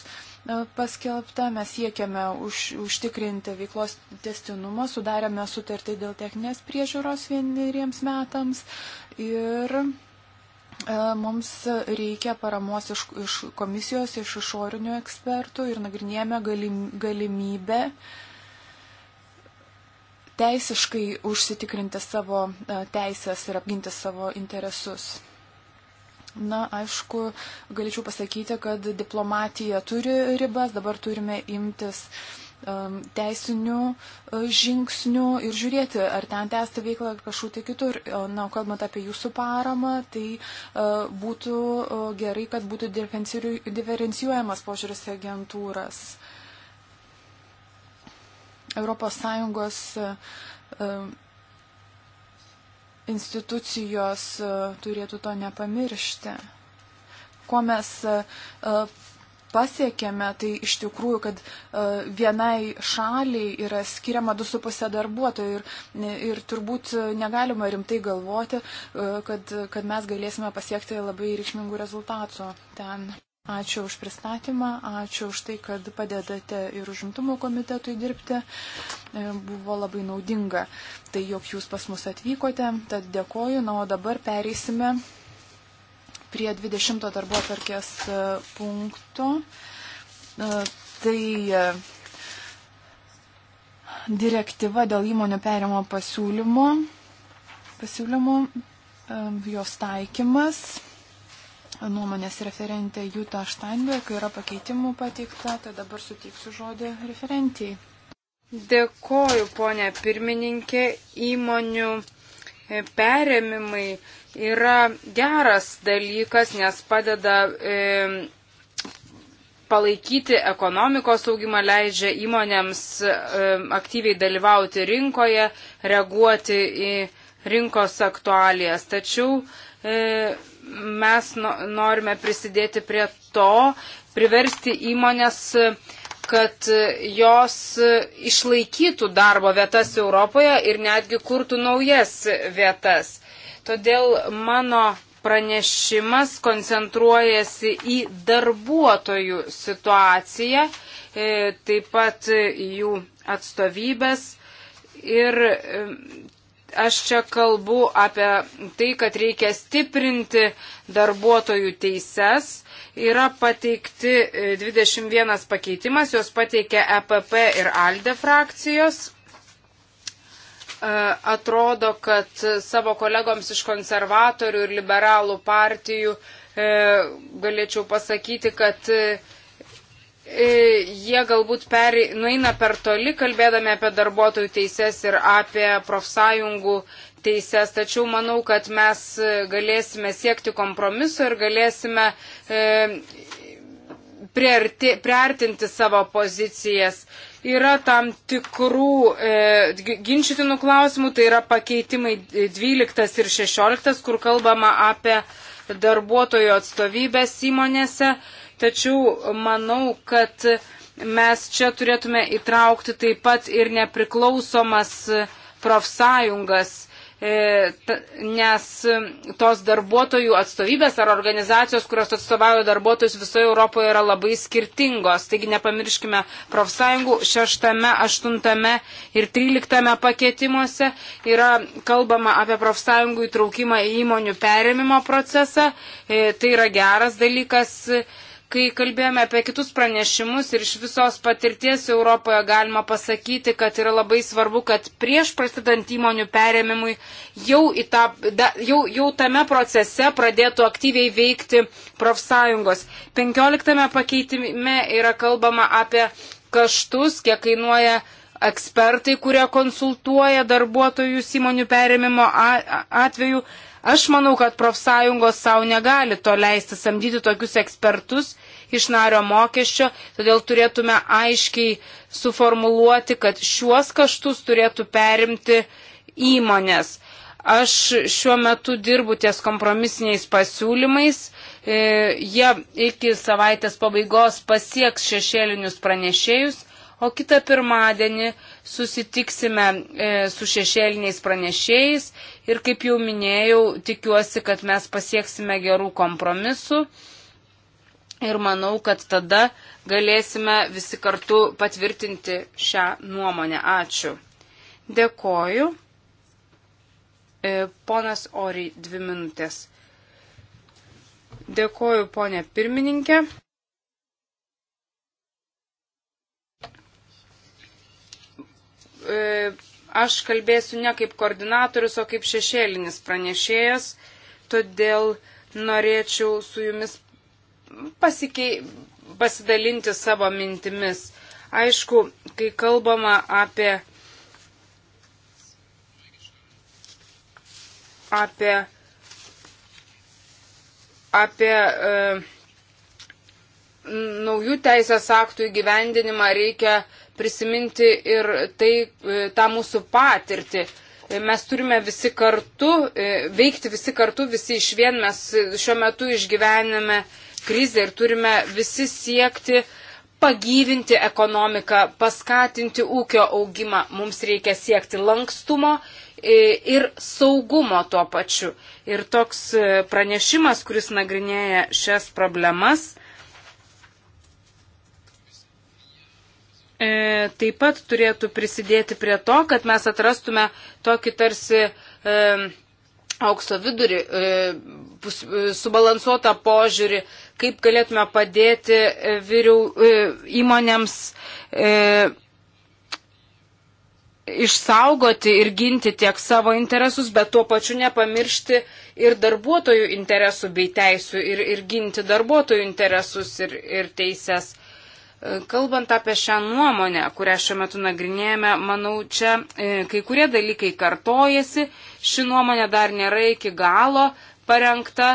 paskelbta, mes siekiame už, užtikrinti veiklos testinumą, sudarėme sutartį dėl techninės priežiūros vieneriems metams ir E, mums reikia paramos iš, iš komisijos, iš išorinių ekspertų ir nagrinėjame galim, galimybę teisiškai užsitikrinti savo e, teisės ir apginti savo interesus. Na, aišku, galėčiau pasakyti, kad diplomatija turi ribas, dabar turime imtis uh, Um, teisinių uh, žingsnių ir žiūrėti, ar ten tęsti veiklą kažkur tai kitur. Na, kalbant apie jūsų paramą, tai uh, būtų uh, gerai, kad būtų diferencijuojamas požiūris agentūras. Europos Sąjungos um, institucijos turėtų to nepamiršti. Kuo mes pasiekėme, tai iš tikrųjų, kad e, vienai šaliai yra skiriama 2,5 darbuotojų ir, ir turbūt negalima rimtai galvoti, e, kad, kad mes galėsime pasiekti labai reikšmingų rezultatų ten. Ačiū už pristatymą, ačiū už tai, kad padedate ir užimtumo komitetui dirbti. E, buvo labai naudinga tai, jog jūs pas mus atvykote, tad dėkoju. Na, o dabar pereisime prie 20 darbo atvarkės e, punkto. E, tai e, direktyva dėl įmonių perimo pasiūlymo, pasiūlymo jos taikymas. Nuomonės referentė Jūta Štainbek yra pakeitimų pateikta, tai dabar suteiksiu žodį referentiai. Dėkoju, ponė pirmininkė, įmonių perėmimai yra geras dalykas, nes padeda e, palaikyti ekonomikos augimą, leidžia įmonėms e, aktyviai dalyvauti rinkoje, reaguoti į rinkos aktualijas. Tačiau e, mes no, norime prisidėti prie to, priversti įmonės kad jos išlaikytų darbo vietas Europoje ir netgi kurtų naujas vietas. Todėl mano pranešimas koncentruojasi į darbuotojų situaciją, e, taip pat jų atstovybės. Ir e, aš čia kalbu apie tai, kad reikia stiprinti darbuotojų teises. Yra pateikti 21 e, pakeitimas, jos pateikia EPP ir ALDE frakcijos. E, atrodo, kad savo kolegoms iš konservatorių ir liberalų partijų e, galėčiau pasakyti, kad e, jie galbūt per, nueina per toli, kalbėdami apie darbuotojų teises ir apie profsąjungų teises, tačiau manau, kad mes galėsime siekti kompromiso ir galėsime priarti, priartinti savo pozicijas. Yra tam tikrų e, ginčytinų klausimų, tai yra pakeitimai 12 ir 16, kur kalbama apie darbuotojų atstovybės įmonėse, tačiau manau, kad mes čia turėtume įtraukti taip pat ir nepriklausomas profsąjungas E, nes tos darbuotojų atstovybės ar organizacijos, kurios atstovauja darbuotojus visoje Europoje, yra labai skirtingos. Taigi nepamirškime profsąjungų šeštame, aštuntame ir tryliktame paketimuose yra kalbama apie profsąjungų įtraukimą į įmonių perėmimo procesą. E, tai yra geras dalykas Kai kalbėjome apie kitus pranešimus ir iš visos patirties Europoje galima pasakyti, kad yra labai svarbu, kad prieš prasidant įmonių perėmimui jau, tą, da, jau, jau tame procese pradėtų aktyviai veikti profsąjungos. 15 pakeitime yra kalbama apie kaštus, kiek kainuoja ekspertai, kurie konsultuoja darbuotojus įmonių perėmimo atveju. Aš manau, kad profsąjungos savo negali to leisti samdyti tokius ekspertus iš nario mokesčio, todėl turėtume aiškiai suformuluoti, kad šiuos kaštus turėtų perimti įmonės. Aš šiuo metu dirbu ties kompromisiniais pasiūlymais. E, jie iki savaitės pabaigos pasieks šešėlinius pranešėjus, o kitą pirmadienį susitiksime e, su šešėliniais pranešėjais ir, kaip jau minėjau, tikiuosi, kad mes pasieksime gerų kompromisų ir manau, kad tada galėsime visi kartu patvirtinti šią nuomonę. Ačiū. Dėkoju. E, ponas Ori, dvi minutės. Dėkoju, ponė pirmininkė. E, aš kalbėsiu ne kaip koordinatorius, o kaip šešėlinis pranešėjas, todėl norėčiau su jumis pasikei, pasidalinti savo mintimis. Aišku, kai kalbama apie, apie, apie e, naujų teisės aktų įgyvendinimą, reikia e, prisiminti ir tai, e, tą mūsų patirtį. E, mes turime visi kartu, e, veikti visi kartu, visi iš vien, mes šiuo metu išgyvename krizę ir turime visi siekti pagyvinti ekonomiką, paskatinti ūkio augimą. Mums reikia siekti lankstumo ir saugumo tuo pačiu. Ir toks pranešimas, kuris nagrinėja šias problemas, e, taip pat turėtų prisidėti prie to, kad mes atrastume tokį tarsi e, aukso vidurį, e, pus, e, subalansuotą požiūrį, kaip galėtume padėti e, vyriau, e, įmonėms e, išsaugoti ir ginti tiek savo interesus, bet tuo pačiu nepamiršti ir darbuotojų interesų bei teisų ir, ir ginti darbuotojų interesus ir, ir teises. Kalbant apie šią nuomonę, kurią šiuo metu nagrinėjame, manau, čia e, kai kurie dalykai kartojasi, ši nuomonė dar nėra iki galo parengta,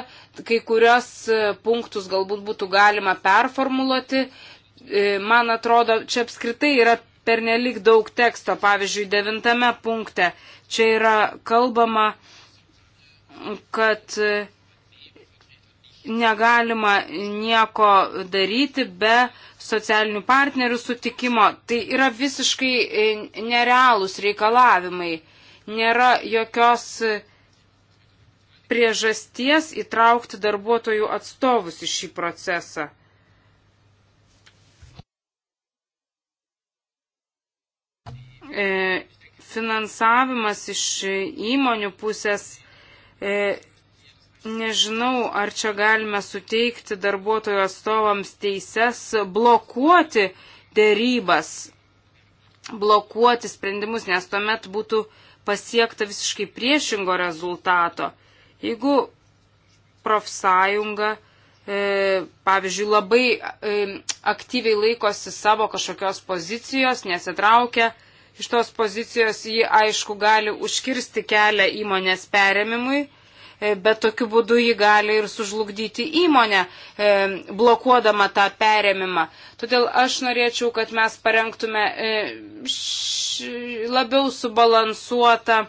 kai kurios e, punktus galbūt būtų galima performuluoti. E, man atrodo, čia apskritai yra pernelik daug teksto, pavyzdžiui, devintame punkte. Čia yra kalbama, kad negalima nieko daryti be socialinių partnerių sutikimo. Tai yra visiškai e, nerealūs reikalavimai. Nėra jokios e, priežasties įtraukti darbuotojų atstovus į šį procesą. E, finansavimas iš įmonių pusės Nežinau, ar čia galime suteikti darbuotojų atstovams teises blokuoti dėrybas, blokuoti sprendimus, nes tuomet būtų pasiekta visiškai priešingo rezultato. Jeigu profsąjunga, e, pavyzdžiui, labai e, aktyviai laikosi savo kažkokios pozicijos, nesitraukia iš tos pozicijos, ji aišku gali užkirsti kelią įmonės perėmimui E, bet tokiu būdu ji gali ir sužlugdyti įmonę, e, blokuodama tą perėmimą. Todėl aš norėčiau, kad mes parengtume e, labiau subalansuotą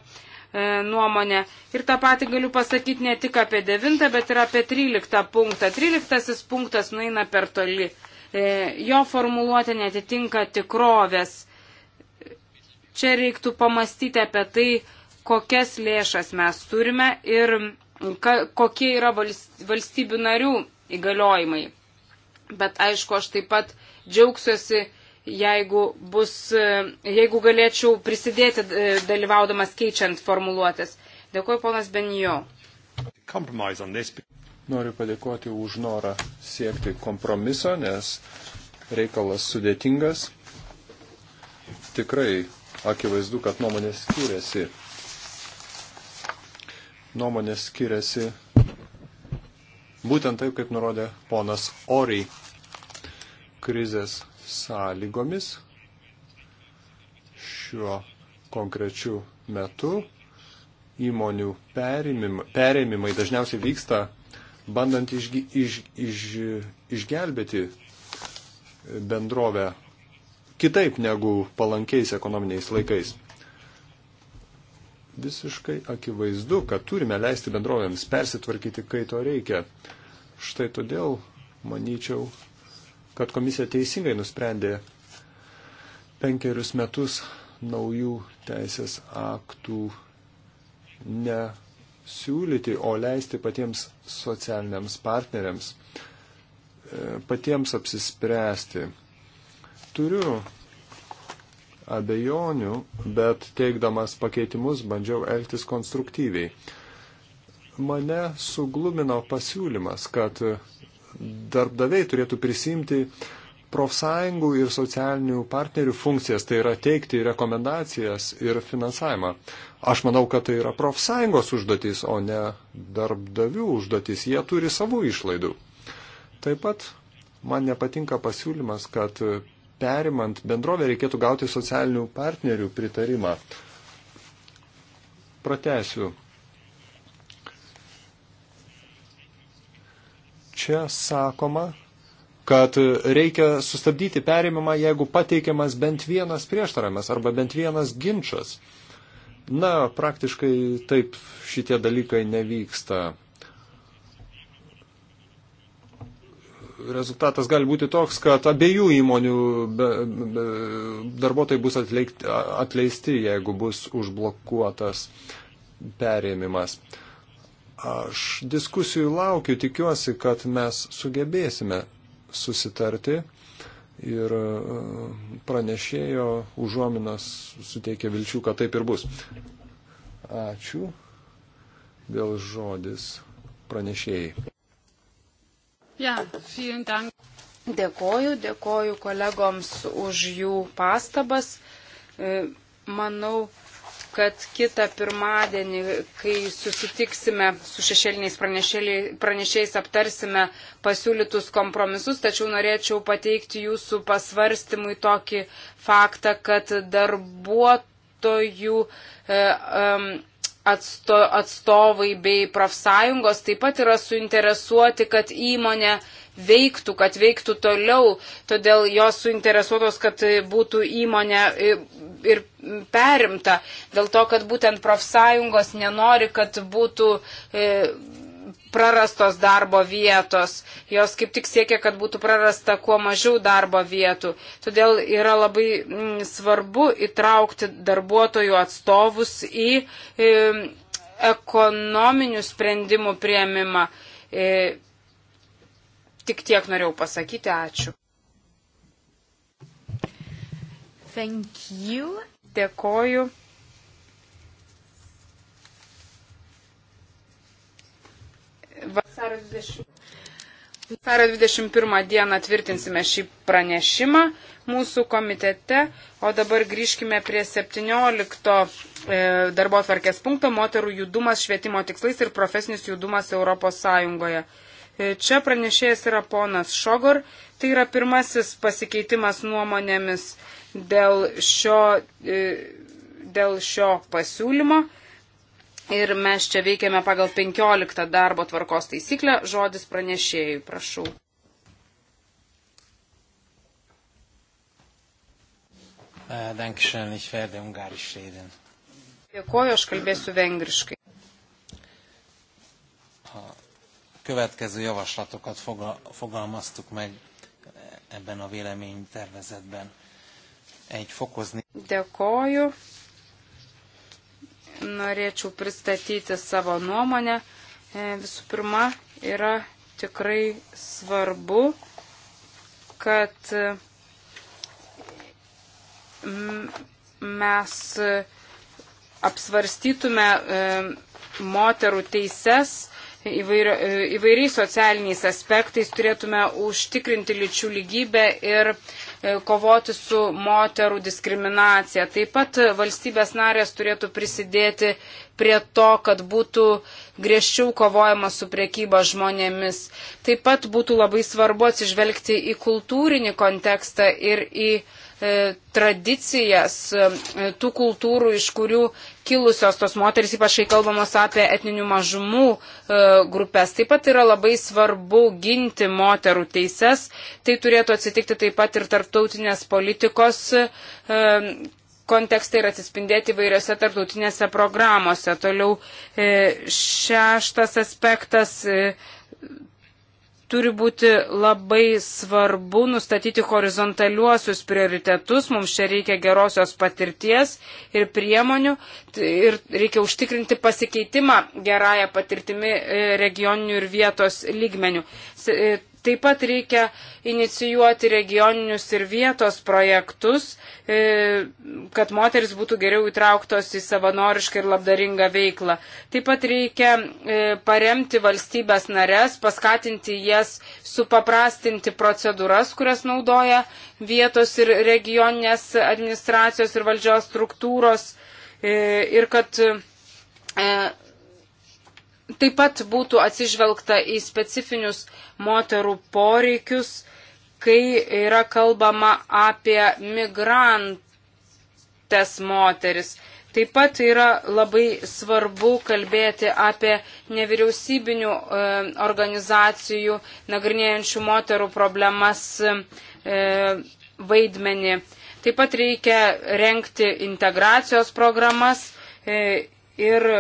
nuomonę. Ir tą patį galiu pasakyti ne tik apie 9, bet ir apie 13 punktą. 13 punktas nueina per toli. Jo formuluotė netitinka tikrovės. Čia reiktų pamastyti apie tai, kokias lėšas mes turime ir ka, kokie yra valstybių narių įgaliojimai. Bet aišku, aš taip pat džiaugsiuosi, jeigu, bus, e, jeigu galėčiau prisidėti e, dalyvaudamas keičiant formuluotės. Dėkuoju, ponas Benijo. Noriu padėkoti už norą siekti kompromiso, nes reikalas sudėtingas. Tikrai akivaizdu, kad nuomonės skiriasi nuomonės skiriasi būtent taip, kaip nurodė ponas Oriai krizės sąlygomis šiuo konkrečiu metu įmonių perėmimai dažniausiai vyksta bandant išgi, iš, iš, išgelbėti bendrovę kitaip negu palankiais ekonominiais laikais visiškai akivaizdu, kad turime leisti bendrovėms persitvarkyti, kai to reikia. Štai todėl manyčiau, kad komisija teisingai nusprendė penkerius metus naujų teisės aktų nesiūlyti, o leisti patiems socialiniams partneriams e, patiems apsispręsti. Turiu abejonių, bet teikdamas pakeitimus bandžiau elgtis konstruktyviai. Mane suglumino pasiūlymas, kad darbdaviai turėtų prisimti profsąjungų ir socialinių partnerių funkcijas, tai yra teikti rekomendacijas ir finansavimą. Aš manau, kad tai yra profsąjungos užduotis, o ne darbdavių užduotis. Jie turi savų išlaidų. Taip pat man nepatinka pasiūlymas, kad perimant bendrovę reikėtų gauti socialinių partnerių pritarimą. Pratesiu. Čia sakoma, kad reikia sustabdyti perimimą, jeigu pateikiamas bent vienas prieštaravimas arba bent vienas ginčas. Na, praktiškai taip šitie dalykai nevyksta. rezultatas gali būti toks, kad abiejų įmonių be, be, darbuotojai bus atleikti, atleisti, jeigu bus užblokuotas perėmimas. Aš diskusijų laukiu, tikiuosi, kad mes sugebėsime susitarti ir e, pranešėjo užuominas suteikė vilčių, kad taip ir bus. Ačiū. Vėl žodis pranešėjai. Ja, dėkoju, dėkoju kolegoms už jų pastabas. E, manau, kad kitą pirmadienį, kai susitiksime su šešėliniais pranešėjais, aptarsime pasiūlytus kompromisus, tačiau norėčiau pateikti jūsų pasvarstymui tokį faktą, kad darbuotojų e, um, atsto, atstovai bei profsąjungos taip pat yra suinteresuoti, kad įmonė veiktų, kad veiktų toliau, todėl jos suinteresuotos, kad būtų įmonė ir perimta, dėl to, kad būtent profsąjungos nenori, kad būtų e, prarastos darbo vietos. Jos kaip tik siekia, kad būtų prarasta kuo mažiau darbo vietų. Todėl yra labai m, mm, svarbu įtraukti darbuotojų atstovus į e, ekonominių sprendimų prieimimą. E, tik tiek norėjau pasakyti. Ačiū. Thank you. Dėkoju. Vasario 20. Vasario 21 dieną tvirtinsime šį pranešimą mūsų komitete, o dabar grįžkime prie 17 e, darbo atvarkės punkto moterų judumas švietimo tikslais ir profesinis judumas Europos Sąjungoje. E, čia pranešėjas yra ponas Šogor, tai yra pirmasis pasikeitimas nuomonėmis dėl šio, e, dėl šio pasiūlymo. Ir mes čia veikiame pagal 15 darbo tvarkos taisyklę. Žodis pranešėjai, prašau. Dankeschön, ich werde ungarisch reden. Dėkuoju, aš kalbėsiu vengriškai. A következő javaslatokat fogal, fogalmaztuk meg e, ebben a véleménytervezetben. Egy fokozni. Dėkuoju norėčiau pristatyti savo nuomonę. E, visų pirma, yra tikrai svarbu, kad mm, mes apsvarstytume e, moterų teises e, įvairiais socialiniais aspektais, turėtume užtikrinti lyčių lygybę ir E, kovoti su moterų diskriminacija. Taip pat valstybės narės turėtų prisidėti prie to, kad būtų griežčiau kovojama su priekyba žmonėmis. Taip pat būtų labai svarbu atsižvelgti į kultūrinį kontekstą ir į E, tradicijas e, tų kultūrų, iš kurių kilusios tos moteris, ypač kai kalbamos apie etninių mažumų e, grupės. Taip pat yra labai svarbu ginti moterų teises. Tai turėtų atsitikti taip pat ir tarptautinės politikos kontekstai ir atsispindėti vairiose tarptautinėse programuose. Toliau šeštas aspektas turi būti labai svarbu nustatyti horizontaliuosius prioritetus, mums čia reikia gerosios patirties ir priemonių ir reikia užtikrinti pasikeitimą gerąją patirtimi e, regioninių ir vietos lygmenių. E, Taip pat reikia inicijuoti regioninius ir vietos projektus, e, kad moteris būtų geriau įtrauktos į savanorišką ir labdaringą veiklą. Taip pat reikia e, paremti valstybės narės, paskatinti jas supaprastinti procedūras, kurias naudoja vietos ir regioninės administracijos ir valdžios struktūros e, ir kad taip pat būtų atsižvelgta į specifinius moterų poreikius, kai yra kalbama apie migrantės moteris. Taip pat yra labai svarbu kalbėti apie nevyriausybinių e, organizacijų nagrinėjančių moterų problemas e, vaidmenį. Taip pat reikia renkti integracijos programas e, ir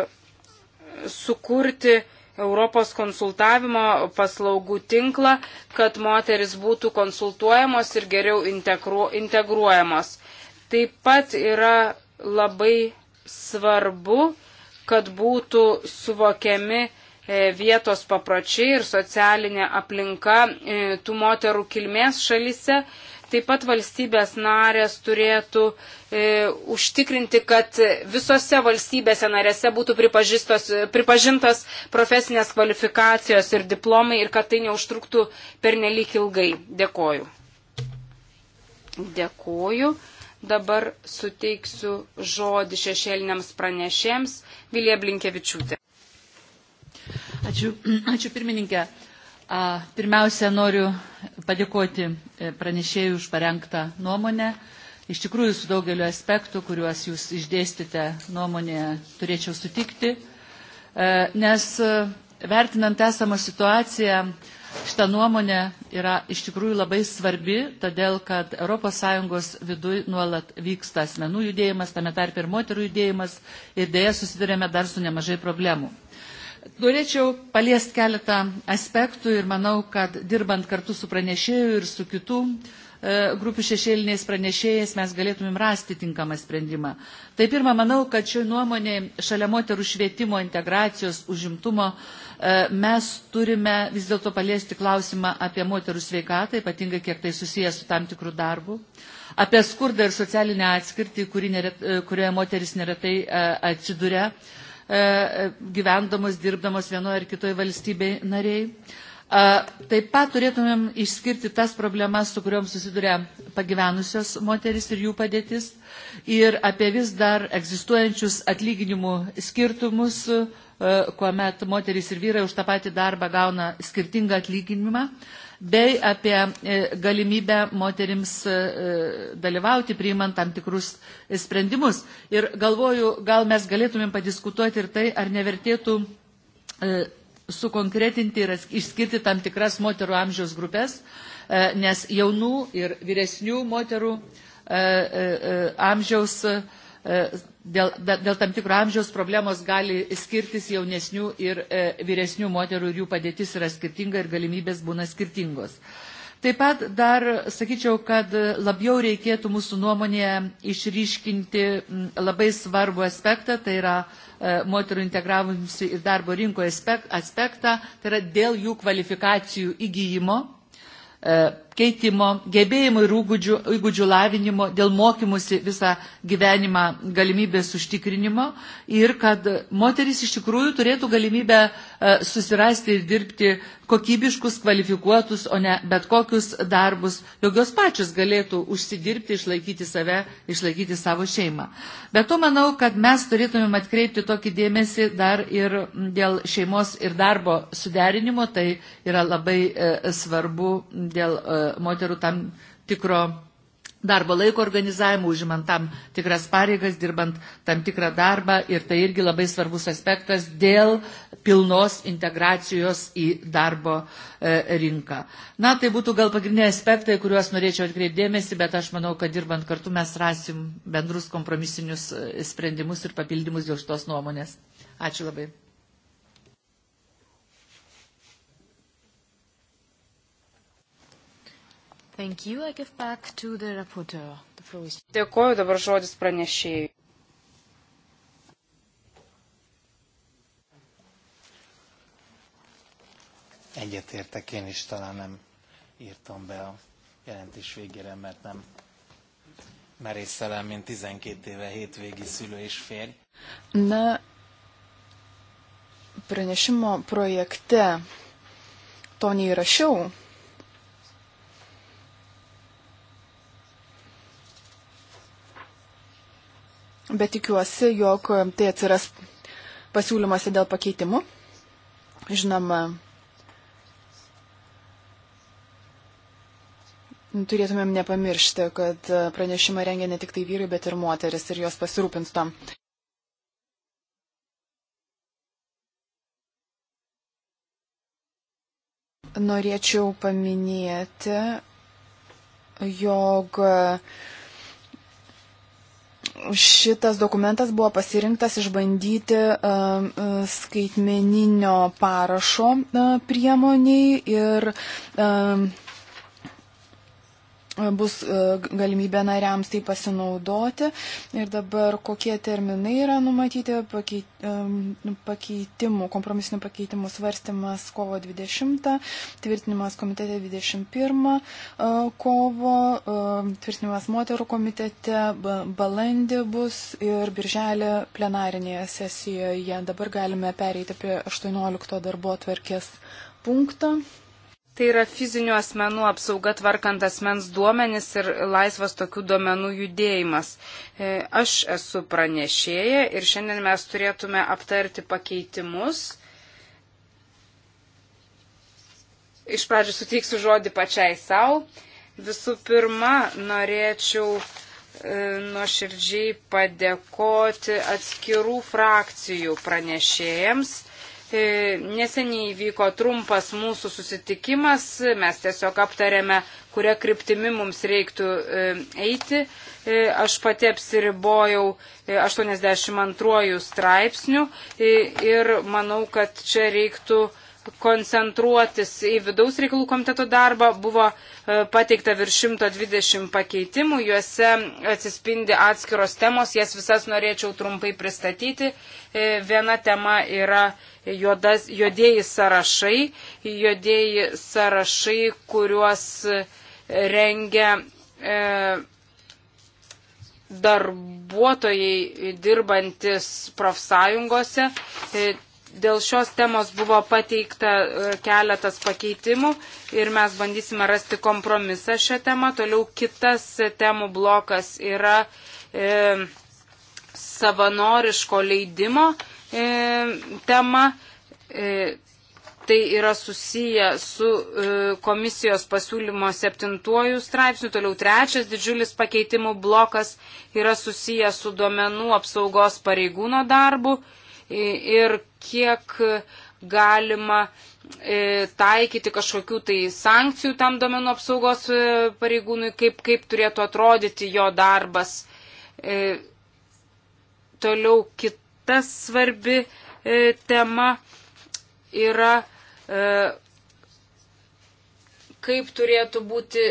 sukurti Europos konsultavimo paslaugų tinklą, kad moteris būtų konsultuojamos ir geriau integru, integruojamos. Taip pat yra labai svarbu, kad būtų suvokiami e, vietos papročiai ir socialinė aplinka e, tų moterų kilmės šalise Taip pat valstybės narės turėtų e, užtikrinti, kad visose valstybėse narėse būtų pripažintos profesinės kvalifikacijos ir diplomai ir kad tai neužtruktų per nelik ilgai. Dėkoju. Dėkoju. Dabar suteiksiu žodį šešėliniams pranešėms Vilija Blinkevičiūtė. Ačiū, ačiū pirmininkė. Pirmiausia, noriu padėkoti e, pranešėjų už parengtą nuomonę. Iš tikrųjų, su daugeliu aspektų, kuriuos jūs išdėstite nuomonėje, turėčiau sutikti, e, nes e, vertinant esamą situaciją, šita nuomonė yra iš tikrųjų labai svarbi, todėl kad ES viduje nuolat vyksta asmenų judėjimas, tame tarp ir moterų judėjimas ir dėja susidurėme dar su nemažai problemų. Norėčiau paliesti keletą aspektų ir manau, kad dirbant kartu su pranešėju ir su kitų e, grupių šešėliniais pranešėjais mes galėtumėm rasti tinkamą sprendimą. Tai pirma, manau, kad šioje nuomonėje šalia moterų švietimo, integracijos, užimtumo e, mes turime vis dėlto paliesti klausimą apie moterų sveikatą, ypatingai kiek tai susijęs su tam tikrų darbų, apie skurdą ir socialinę atskirtį, neretai, kurioje moteris neretai e, atsiduria E, gyvendamos, dirbdamos vienoje ar kitoje valstybėje nariai. E, taip pat turėtumėm išskirti tas problemas, su kuriuom susiduria pagyvenusios moteris ir jų padėtis ir apie vis dar egzistuojančius atlyginimų skirtumus, e, kuomet moteris ir vyrai už tą patį darbą gauna skirtingą atlyginimą bei apie e, galimybę moterims e, e, dalyvauti priimant tam tikrus sprendimus. Ir galvoju, gal mes galėtumėm padiskutuoti ir tai, ar nevertėtų sukonkretinti ir išskirti tam tikras moterų amžiaus grupės, nes jaunų ir vyresnių moterų amžiaus grupės E, dėl, dėl tam tikro amžiaus problemos gali skirtis jaunesnių ir e, vyresnių moterų ir jų padėtis yra skirtinga ir galimybės būna skirtingos. Taip pat dar sakyčiau, kad labiau reikėtų mūsų nuomonėje išryškinti labai svarbų aspektą, tai yra e, moterų integravimusi ir darbo rinkoje aspektą, tai yra dėl jų kvalifikacijų įgyjimo keitimo, gebėjimų ir įgūdžių, įgūdžių lavinimo, dėl mokymusi visą gyvenimą galimybės užtikrinimo ir kad moteris iš tikrųjų turėtų galimybę e, susirasti ir dirbti kokybiškus, kvalifikuotus, o ne bet kokius darbus, jog jos pačios galėtų užsidirbti, išlaikyti save, išlaikyti savo šeimą. Bet to manau, kad mes turėtumėm atkreipti tokį dėmesį dar ir dėl šeimos ir darbo suderinimo, tai yra labai e, svarbu dėl e, moterų tam tikro darbo laiko organizavimu, užimant tam tikras pareigas, dirbant tam tikrą darbą ir tai irgi labai svarbus aspektas dėl pilnos integracijos į darbo e, rinką. Na, tai būtų gal pagrindiniai aspektai, kuriuos norėčiau atkreipdėmėsi, bet aš manau, kad dirbant kartu mes rasim bendrus kompromisinius e, sprendimus ir papildymus dėl šitos nuomonės. Ačiū labai. Thank you. I give back to the rapporteur. The floor is... Dėkoju dabar žodis pranešėjai. Egyetértek én is, talán nem írtam be a jelentés végére, mert nem merészelem, mint 12 éve hétvégi szülő és férj. Na, pranešimo projekte to neįrašiau, bet tikiuosi, jog tai atsiras pasiūlymuose dėl pakeitimų. Žinoma, turėtumėm nepamiršti, kad e, pranešimą rengia ne tik tai vyrai, bet ir moteris ir jos pasirūpins tom. Norėčiau paminėti, jog uh, šitas dokumentas buvo pasirinktas išbandyti e, e, skaitmeninio parašo e, priemoniai ir bus e, galimybė nariams tai pasinaudoti. Ir dabar kokie terminai yra numatyti pakeitimų, kompromisinių pakeitimų svarstymas kovo 20, tvirtinimas komitete 21 e, kovo, e, tvirtinimas moterų komitete balandį bus ir birželį plenarinėje sesijoje. Dabar galime pereiti prie 18 darbo atverkės punktą. Tai yra fizinių asmenų apsauga tvarkant asmens duomenis ir laisvas tokių duomenų judėjimas. E, aš esu pranešėja ir šiandien mes turėtume aptarti pakeitimus. Iš pradžių suteiksiu žodį pačiai savo. Visų pirma, norėčiau e, nuoširdžiai padėkoti atskirų frakcijų pranešėjams E, neseniai vyko trumpas mūsų susitikimas, mes tiesiog aptarėme, kuria kryptimi mums reiktų e, eiti. E, aš pati apsiribojau 82 straipsnių ir manau, kad čia reiktų koncentruotis į vidaus reikalų komiteto darbą. Buvo pateikta virš 120 pakeitimų, juose atsispindi atskiros temos, jas visas norėčiau trumpai pristatyti. Viena tema yra juodas, juodieji sąrašai, juodieji sąrašai, kuriuos e, rengia e, darbuotojai dirbantis profsąjungose. E, Dėl šios temos buvo pateikta e, keletas pakeitimų ir mes bandysime rasti kompromisą šią temą. Toliau kitas temų blokas yra e, savanoriško leidimo E, temą. E, tai yra susiję su e, komisijos pasiūlymo septintuoju straipsniu. Toliau trečias didžiulis pakeitimų blokas yra susiję su duomenų apsaugos pareigūno darbu ir kiek galima taikyti kažkokių tai sankcijų tam domenų apsaugos pareigūnui, kaip, kaip turėtų atrodyti jo darbas. Toliau kit, Kitas svarbi e, tema yra, e, kaip turėtų būti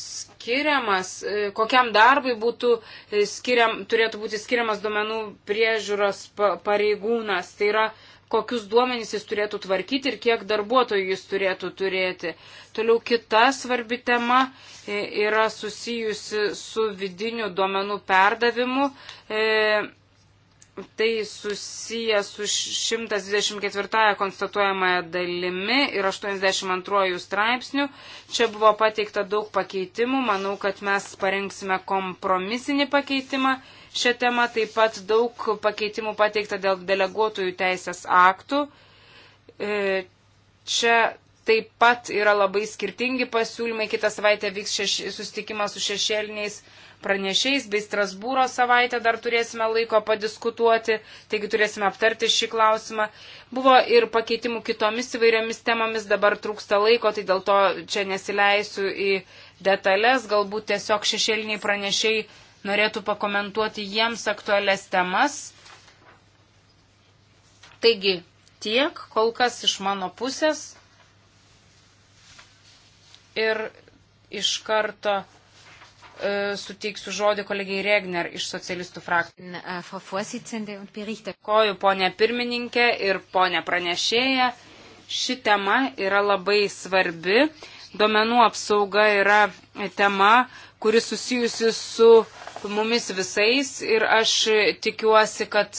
skiriamas, e, kokiam darbui būtų e, skiriam, turėtų būti skiriamas duomenų priežiūros pareigūnas. Tai yra, kokius duomenys jis turėtų tvarkyti ir kiek darbuotojų jis turėtų turėti. Toliau kita svarbi tema e, yra susijusi su vidiniu duomenų perdavimu. E, tai susiję su 124 konstatuojamąją dalimi ir 82 straipsniu. Čia buvo pateikta daug pakeitimų. Manau, kad mes parengsime kompromisinį pakeitimą šią temą. Taip pat daug pakeitimų pateikta dėl deleguotojų teisės aktų. E, čia taip pat yra labai skirtingi pasiūlymai. Kitą savaitę vyks šeš, susitikimas su šešėliniais pranešiais, bei Strasbūro savaitę dar turėsime laiko padiskutuoti, taigi turėsime aptarti šį klausimą. Buvo ir pakeitimų kitomis įvairiomis temomis, dabar trūksta laiko, tai dėl to čia nesileisiu į detalės, galbūt tiesiog šešėliniai pranešiai norėtų pakomentuoti jiems aktualias temas. Taigi, tiek kol kas iš mano pusės. Ir iš karto E, suteiksiu žodį kolegiai Regner iš socialistų frakcijų. E, Koju ponė pirmininkė ir ponė pranešėja. Ši tema yra labai svarbi. Domenų apsauga yra tema, kuri susijusi su mumis visais ir aš tikiuosi, kad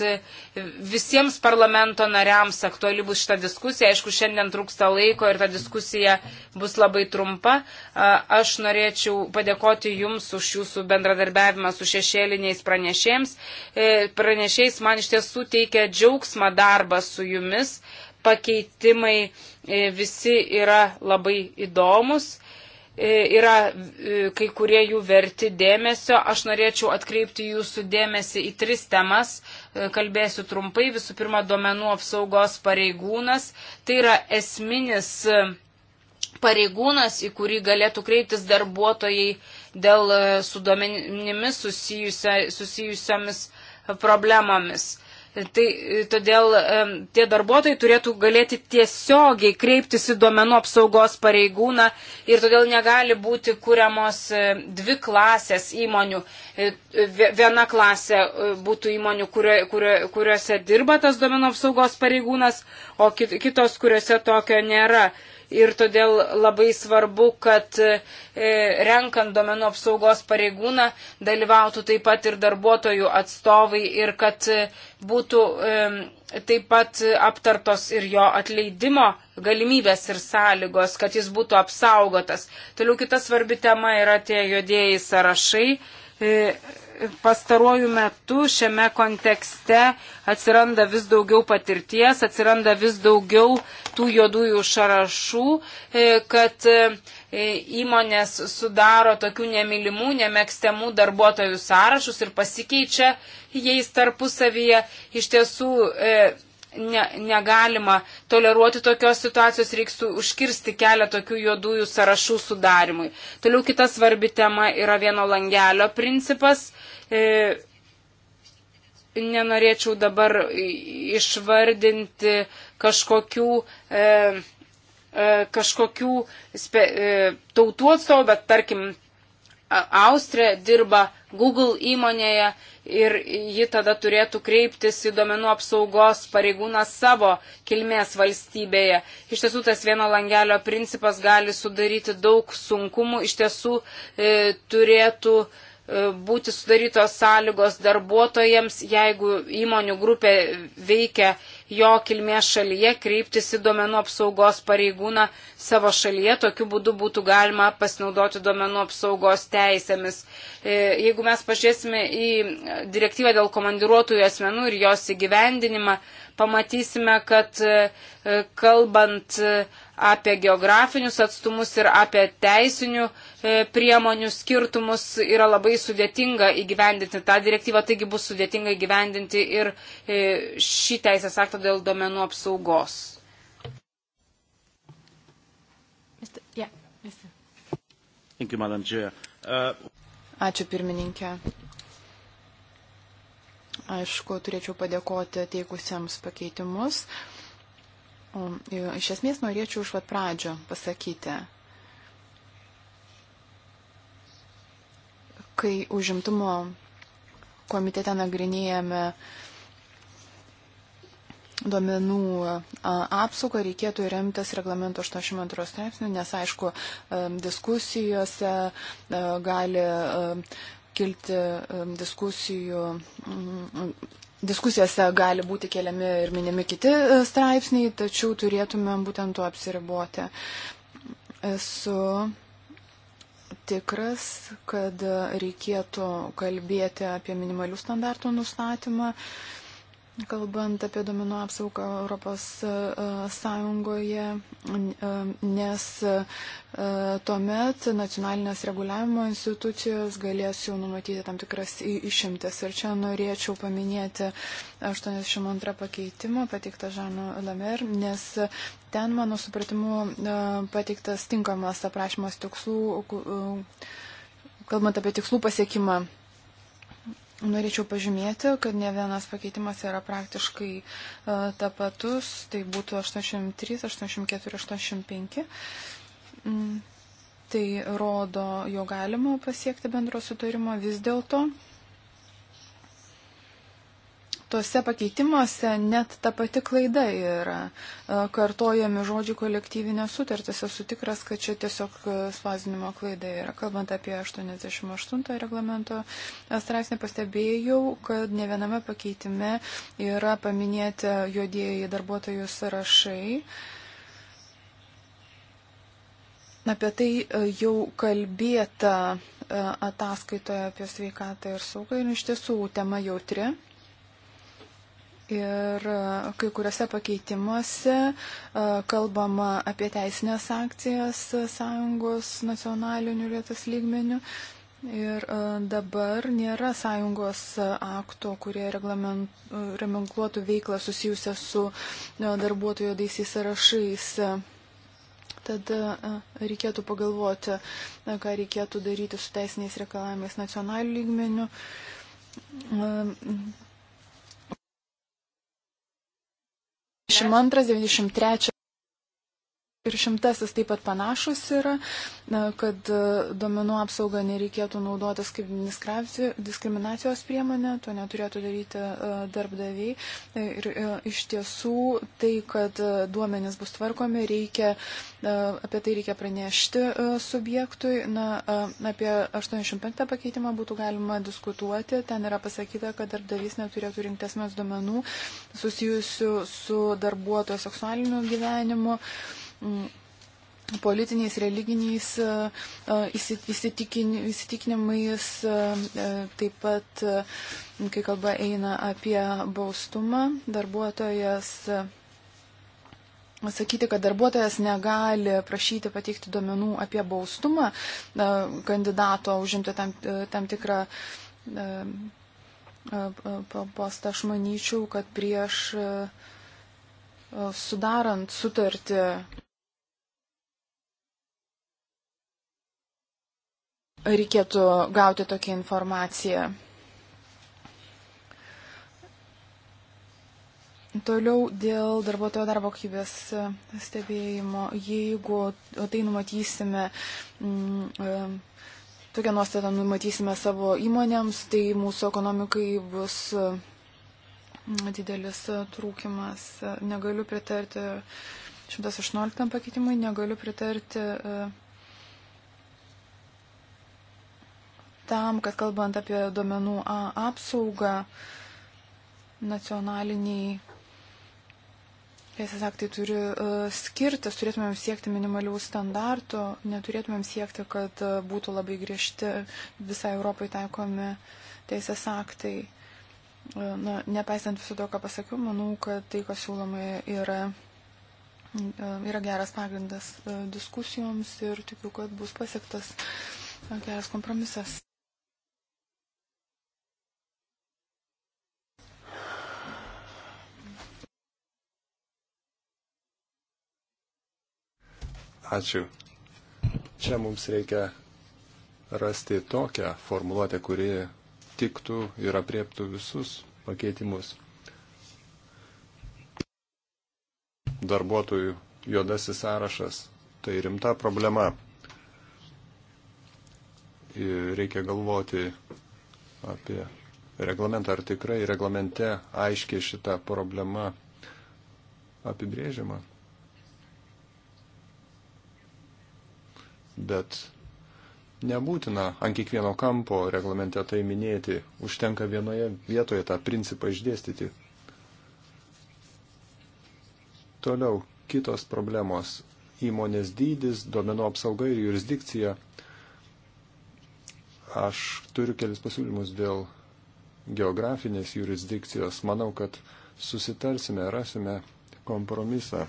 visiems parlamento nariams aktuali bus šita diskusija. Aišku, šiandien trūksta laiko ir ta diskusija bus labai trumpa. Aš norėčiau padėkoti Jums už Jūsų bendradarbiavimą su šešėliniais pranešėjams. E, pranešėjais man iš tiesų teikia džiaugsmą darbą su Jumis. Pakeitimai e, visi yra labai įdomus E, yra e, kai kurie jų verti dėmesio. Aš norėčiau atkreipti jūsų dėmesį į tris temas. E, kalbėsiu trumpai. Visų pirma, duomenų apsaugos pareigūnas. Tai yra esminis pareigūnas, į kurį galėtų kreiptis darbuotojai dėl su duomenimis susijusiomis problemomis. Tai e, todėl tie darbuotojai turėtų galėti tiesiogiai kreiptis į duomenų apsaugos pareigūną ir todėl negali būti kuriamos e, dvi klasės įmonių. E, viena klasė būtų įmonių, kurio, kurio, kuriuose dirba tas duomenų apsaugos pareigūnas, o kitos, kuriuose tokio nėra ir todėl labai svarbu, kad e, renkant domenų apsaugos pareigūną dalyvautų taip pat ir darbuotojų atstovai ir kad e, būtų e, taip pat aptartos ir jo atleidimo galimybės ir sąlygos, kad jis būtų apsaugotas. Toliau kita svarbi tema yra tie juodėjai sąrašai pastaruoju metu šiame kontekste atsiranda vis daugiau patirties, atsiranda vis daugiau tų juodųjų šarašų, e, kad e, įmonės sudaro tokių nemilimų, nemėgstamų darbuotojų sąrašus ir pasikeičia jais tarpusavyje. Iš tiesų, e, ne, negalima toleruoti tokios situacijos, reiks užkirsti kelią tokių juodųjų sąrašų sudarimui. Toliau kita svarbi tema yra vieno langelio principas. E, nenorėčiau dabar išvardinti kažkokių. E, e, kažkokių spe, e, tautų atstovų, bet tarkim Austrija dirba Google įmonėje ir ji tada turėtų kreiptis į duomenų apsaugos pareigūną savo kilmės valstybėje. Iš tiesų tas vieno langelio principas gali sudaryti daug sunkumų, iš tiesų e, turėtų e, būti sudarytos sąlygos darbuotojams, jeigu įmonių grupė veikia jo kilmės šalyje, kreiptis į duomenų apsaugos pareigūną savo šalyje. Tokiu būdu būtų galima pasinaudoti duomenų apsaugos teisėmis. E, jeigu mes pažiūrėsime į direktyvą dėl komandiruotųjų asmenų ir jos įgyvendinimą, pamatysime, kad e, kalbant e, apie geografinius atstumus ir apie teisinių e, priemonių skirtumus yra labai sudėtinga įgyvendinti tą direktyvą, taigi bus sudėtinga įgyvendinti ir e, šį teisės aktą dėl domenų apsaugos. Uh, Ačiū pirmininkė. Aišku, turėčiau padėkoti teikusiems pakeitimus. Uh, O e, iš esmės norėčiau iš pat pradžio pasakyti, kai užimtumo komitete nagrinėjame duomenų apsaugą reikėtų remtis reglamento 82 straipsnių, nes aišku, diskusijose gali kilti diskusijų diskusijose gali būti keliami ir minimi kiti e, straipsniai, tačiau turėtumėm būtent tuo apsiriboti. Esu tikras, kad reikėtų kalbėti apie minimalių standartų nustatymą. Uh, Kalbant apie domino apsaugą Europos e, Sąjungoje, e, nes e, tuomet nacionalinės reguliavimo institucijos galės jau numatyti tam tikras išimtis. Ir čia norėčiau paminėti 82 pakeitimą pateiktą Žanu Lamer, nes ten, mano supratimu, pateiktas tinkamas aprašymas tikslų, kalbant apie tikslų pasiekimą Norėčiau pažymėti, kad ne vienas pakeitimas yra praktiškai uh, tapatus, tai būtų 83, 84, 85. Mm, tai rodo, jo galima pasiekti bendro sutarimo vis dėlto. Uh, tuose pakeitimuose net ta pati klaida yra. E, kartojami žodžiai kolektyvinė sutartis. Esu tikras, kad čia tiesiog e, spausdinimo klaida yra. Kalbant apie 88 reglamento straipsnį, pastebėjau, kad ne viename pakeitime yra paminėti juodieji darbuotojų sąrašai. Apie tai e, jau kalbėta ataskaitoje apie sveikatą ir saugą ir iš tiesų tema jautri. Ir e, kai kuriuose pakeitimuose e, kalbama apie teisinės sankcijas sąjungos nacionalinių vietos lygmenių. Ir e, dabar nėra sąjungos akto, kurie reglamentuotų veiklą susijusią su darbuotojų daisiais sąrašais. Tad reikėtų pagalvoti, ką reikėtų daryti su teisiniais reikalavimais nacionaliniu lygmeniu. 22, 23 ir šimtasis taip pat panašus yra, kad e, domenų apsaugą nereikėtų naudotis kaip diskriminacijos priemonė, to neturėtų daryti e, darbdaviai. E, ir iš tiesų tai, kad duomenys bus tvarkomi, reikia, apie tai reikia pranešti subjektui. Na, apie 85 pakeitimą būtų galima diskutuoti. Ten yra pasakyta, kad darbdavys neturėtų rinkti asmens duomenų susijusių su darbuotojo seksualiniu gyvenimu. Uh, Mm, politiniais, religiniais e, e, įsitikinimais, e, taip pat, kai kalba eina apie baustumą, darbuotojas. Sakyti, kad darbuotojas negali prašyti pateikti duomenų apie baustumą kandidato užimti tam, tam tikrą postą, aš manyčiau, kad prieš sudarant sutartį reikėtų gauti tokią informaciją. Toliau dėl darbuotojo darbo kokybės stebėjimo, jeigu tai numatysime, mm, e, tokią nuostatą numatysime savo įmonėms, tai mūsų ekonomikai bus mm, didelis trūkimas. Negaliu pritarti 118 pakeitimui, negaliu pritarti e, tam, kad kalbant apie duomenų apsaugą, nacionaliniai teisės aktai turi e, skirtis, turėtumėm siekti minimalių standartų, neturėtumėm siekti, kad e, būtų labai griežti visai Europai taikomi teisės aktai. E, na, nepaisant viso to, ką pasakiau, manau, kad tai, kas siūloma, yra, yra geras pagrindas diskusijoms ir tikiu, kad bus pasiektas geras kompromisas. Ačiū. Čia mums reikia rasti tokią formuluotę, kuri tiktų ir apriektų visus pakeitimus. Darbuotojų juodasis sąrašas - tai rimta problema. Ir reikia galvoti apie reglamentą, ar tikrai reglamente aiškiai šita problema apibrėžiama. bet nebūtina ant kiekvieno kampo reglamente tai minėti, užtenka vienoje vietoje tą principą išdėstyti. Toliau kitos problemos - įmonės dydis, duomenų apsauga ir jurisdikcija. Aš turiu kelis pasiūlymus dėl geografinės jurisdikcijos. Manau, kad susitarsime, rasime kompromisą.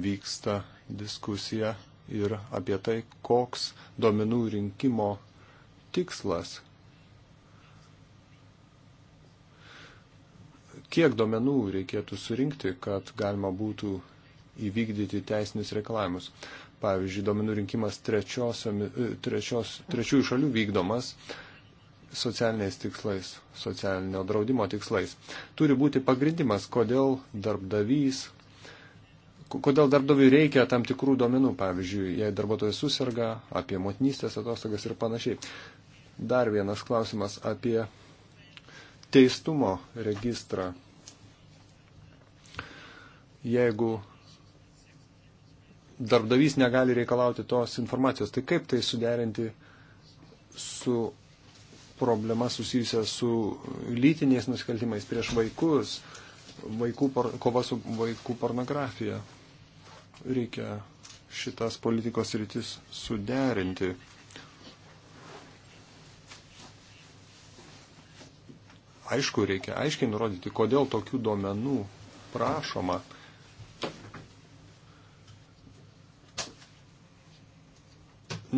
vyksta diskusija ir apie tai, koks duomenų rinkimo tikslas. Kiek duomenų reikėtų surinkti, kad galima būtų įvykdyti teisinius reikalavimus. Pavyzdžiui, duomenų rinkimas e, trečios, trečiųjų šalių vykdomas socialiniais tikslais, socialinio draudimo tikslais. Turi būti pagrindimas, kodėl darbdavys kodėl darbdaviui reikia tam tikrų duomenų, pavyzdžiui, jei darbuotojas susirga, apie motinystės atostogas ir panašiai. Dar vienas klausimas apie teistumo registrą. Jeigu darbdavys negali reikalauti tos informacijos, tai kaip tai suderinti su problema susijusia su lytiniais nusikaltimais prieš vaikus, vaikų por, kova su vaikų pornografija reikia šitas politikos rytis suderinti. Aišku, reikia aiškiai nurodyti, kodėl tokių duomenų prašoma.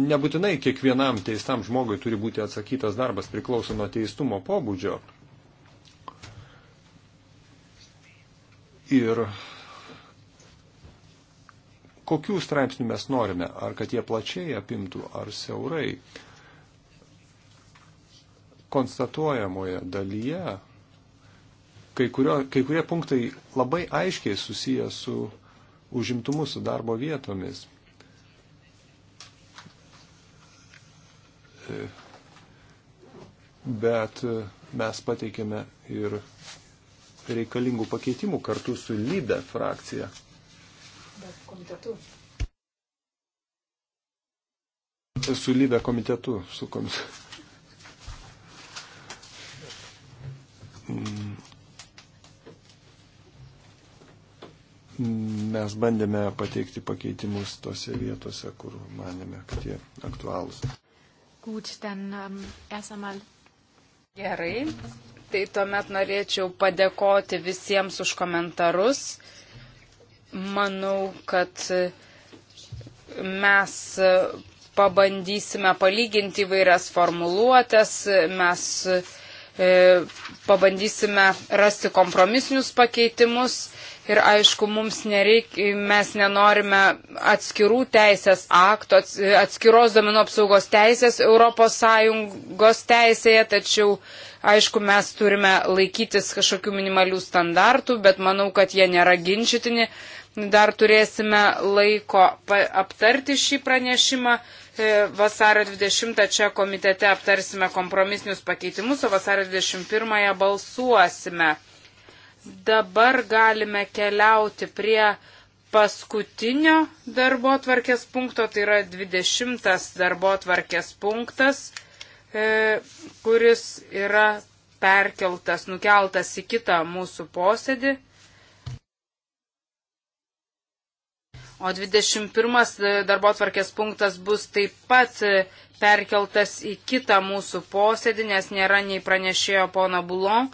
Nebūtinai kiekvienam teistam žmogui turi būti atsakytas darbas priklauso nuo teistumo pobūdžio. Ir kokių straipsnių mes norime, ar kad jie plačiai apimtų, ar siaurai. Konstatuojamoje dalyje kai, kurio, kai kurie punktai labai aiškiai susiję su užimtumu, su darbo vietomis. E, bet e, mes pateikėme ir reikalingų pakeitimų kartu su lyda frakcija komitetu. Su lybe komitetu, su mm, komitetu. Mes bandėme pateikti pakeitimus tose vietose, kur manėme, kad jie aktualūs. Gut, dann um, erst einmal. Gerai, tai tuomet norėčiau padėkoti visiems už komentarus. Manau, kad mes pabandysime palyginti įvairias formuluotės, mes e, pabandysime rasti kompromisinius pakeitimus ir aišku, mums nereikia, mes nenorime atskirų teisės aktų, atskiros domino apsaugos teisės ES teisėje, tačiau aišku, mes turime laikytis kažkokių minimalių standartų, bet manau, kad jie nėra ginčytini. Dar turėsime laiko aptarti šį pranešimą. E, vasario 20 čia komitete aptarsime kompromisinius pakeitimus, o vasario 21 balsuosime. Dabar galime keliauti prie paskutinio darbo tvarkės punkto, tai yra 20 darbo tvarkės punktas, e, kuris yra perkeltas, nukeltas į kitą mūsų posėdį. O 21 e, darbo tvarkės punktas bus taip pat e, perkeltas į kitą mūsų posėdį, nes nėra nei pranešėjo pono Bulon,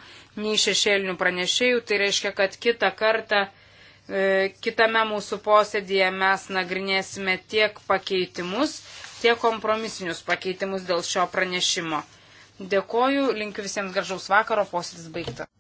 nei šešėlinių pranešėjų. Tai reiškia, kad kitą kartą, e, kitame mūsų posėdėje mes nagrinėsime tiek pakeitimus, tiek kompromisinius pakeitimus dėl šio pranešimo. Dėkoju, linkiu visiems gražaus vakaro, posėdis baigtas.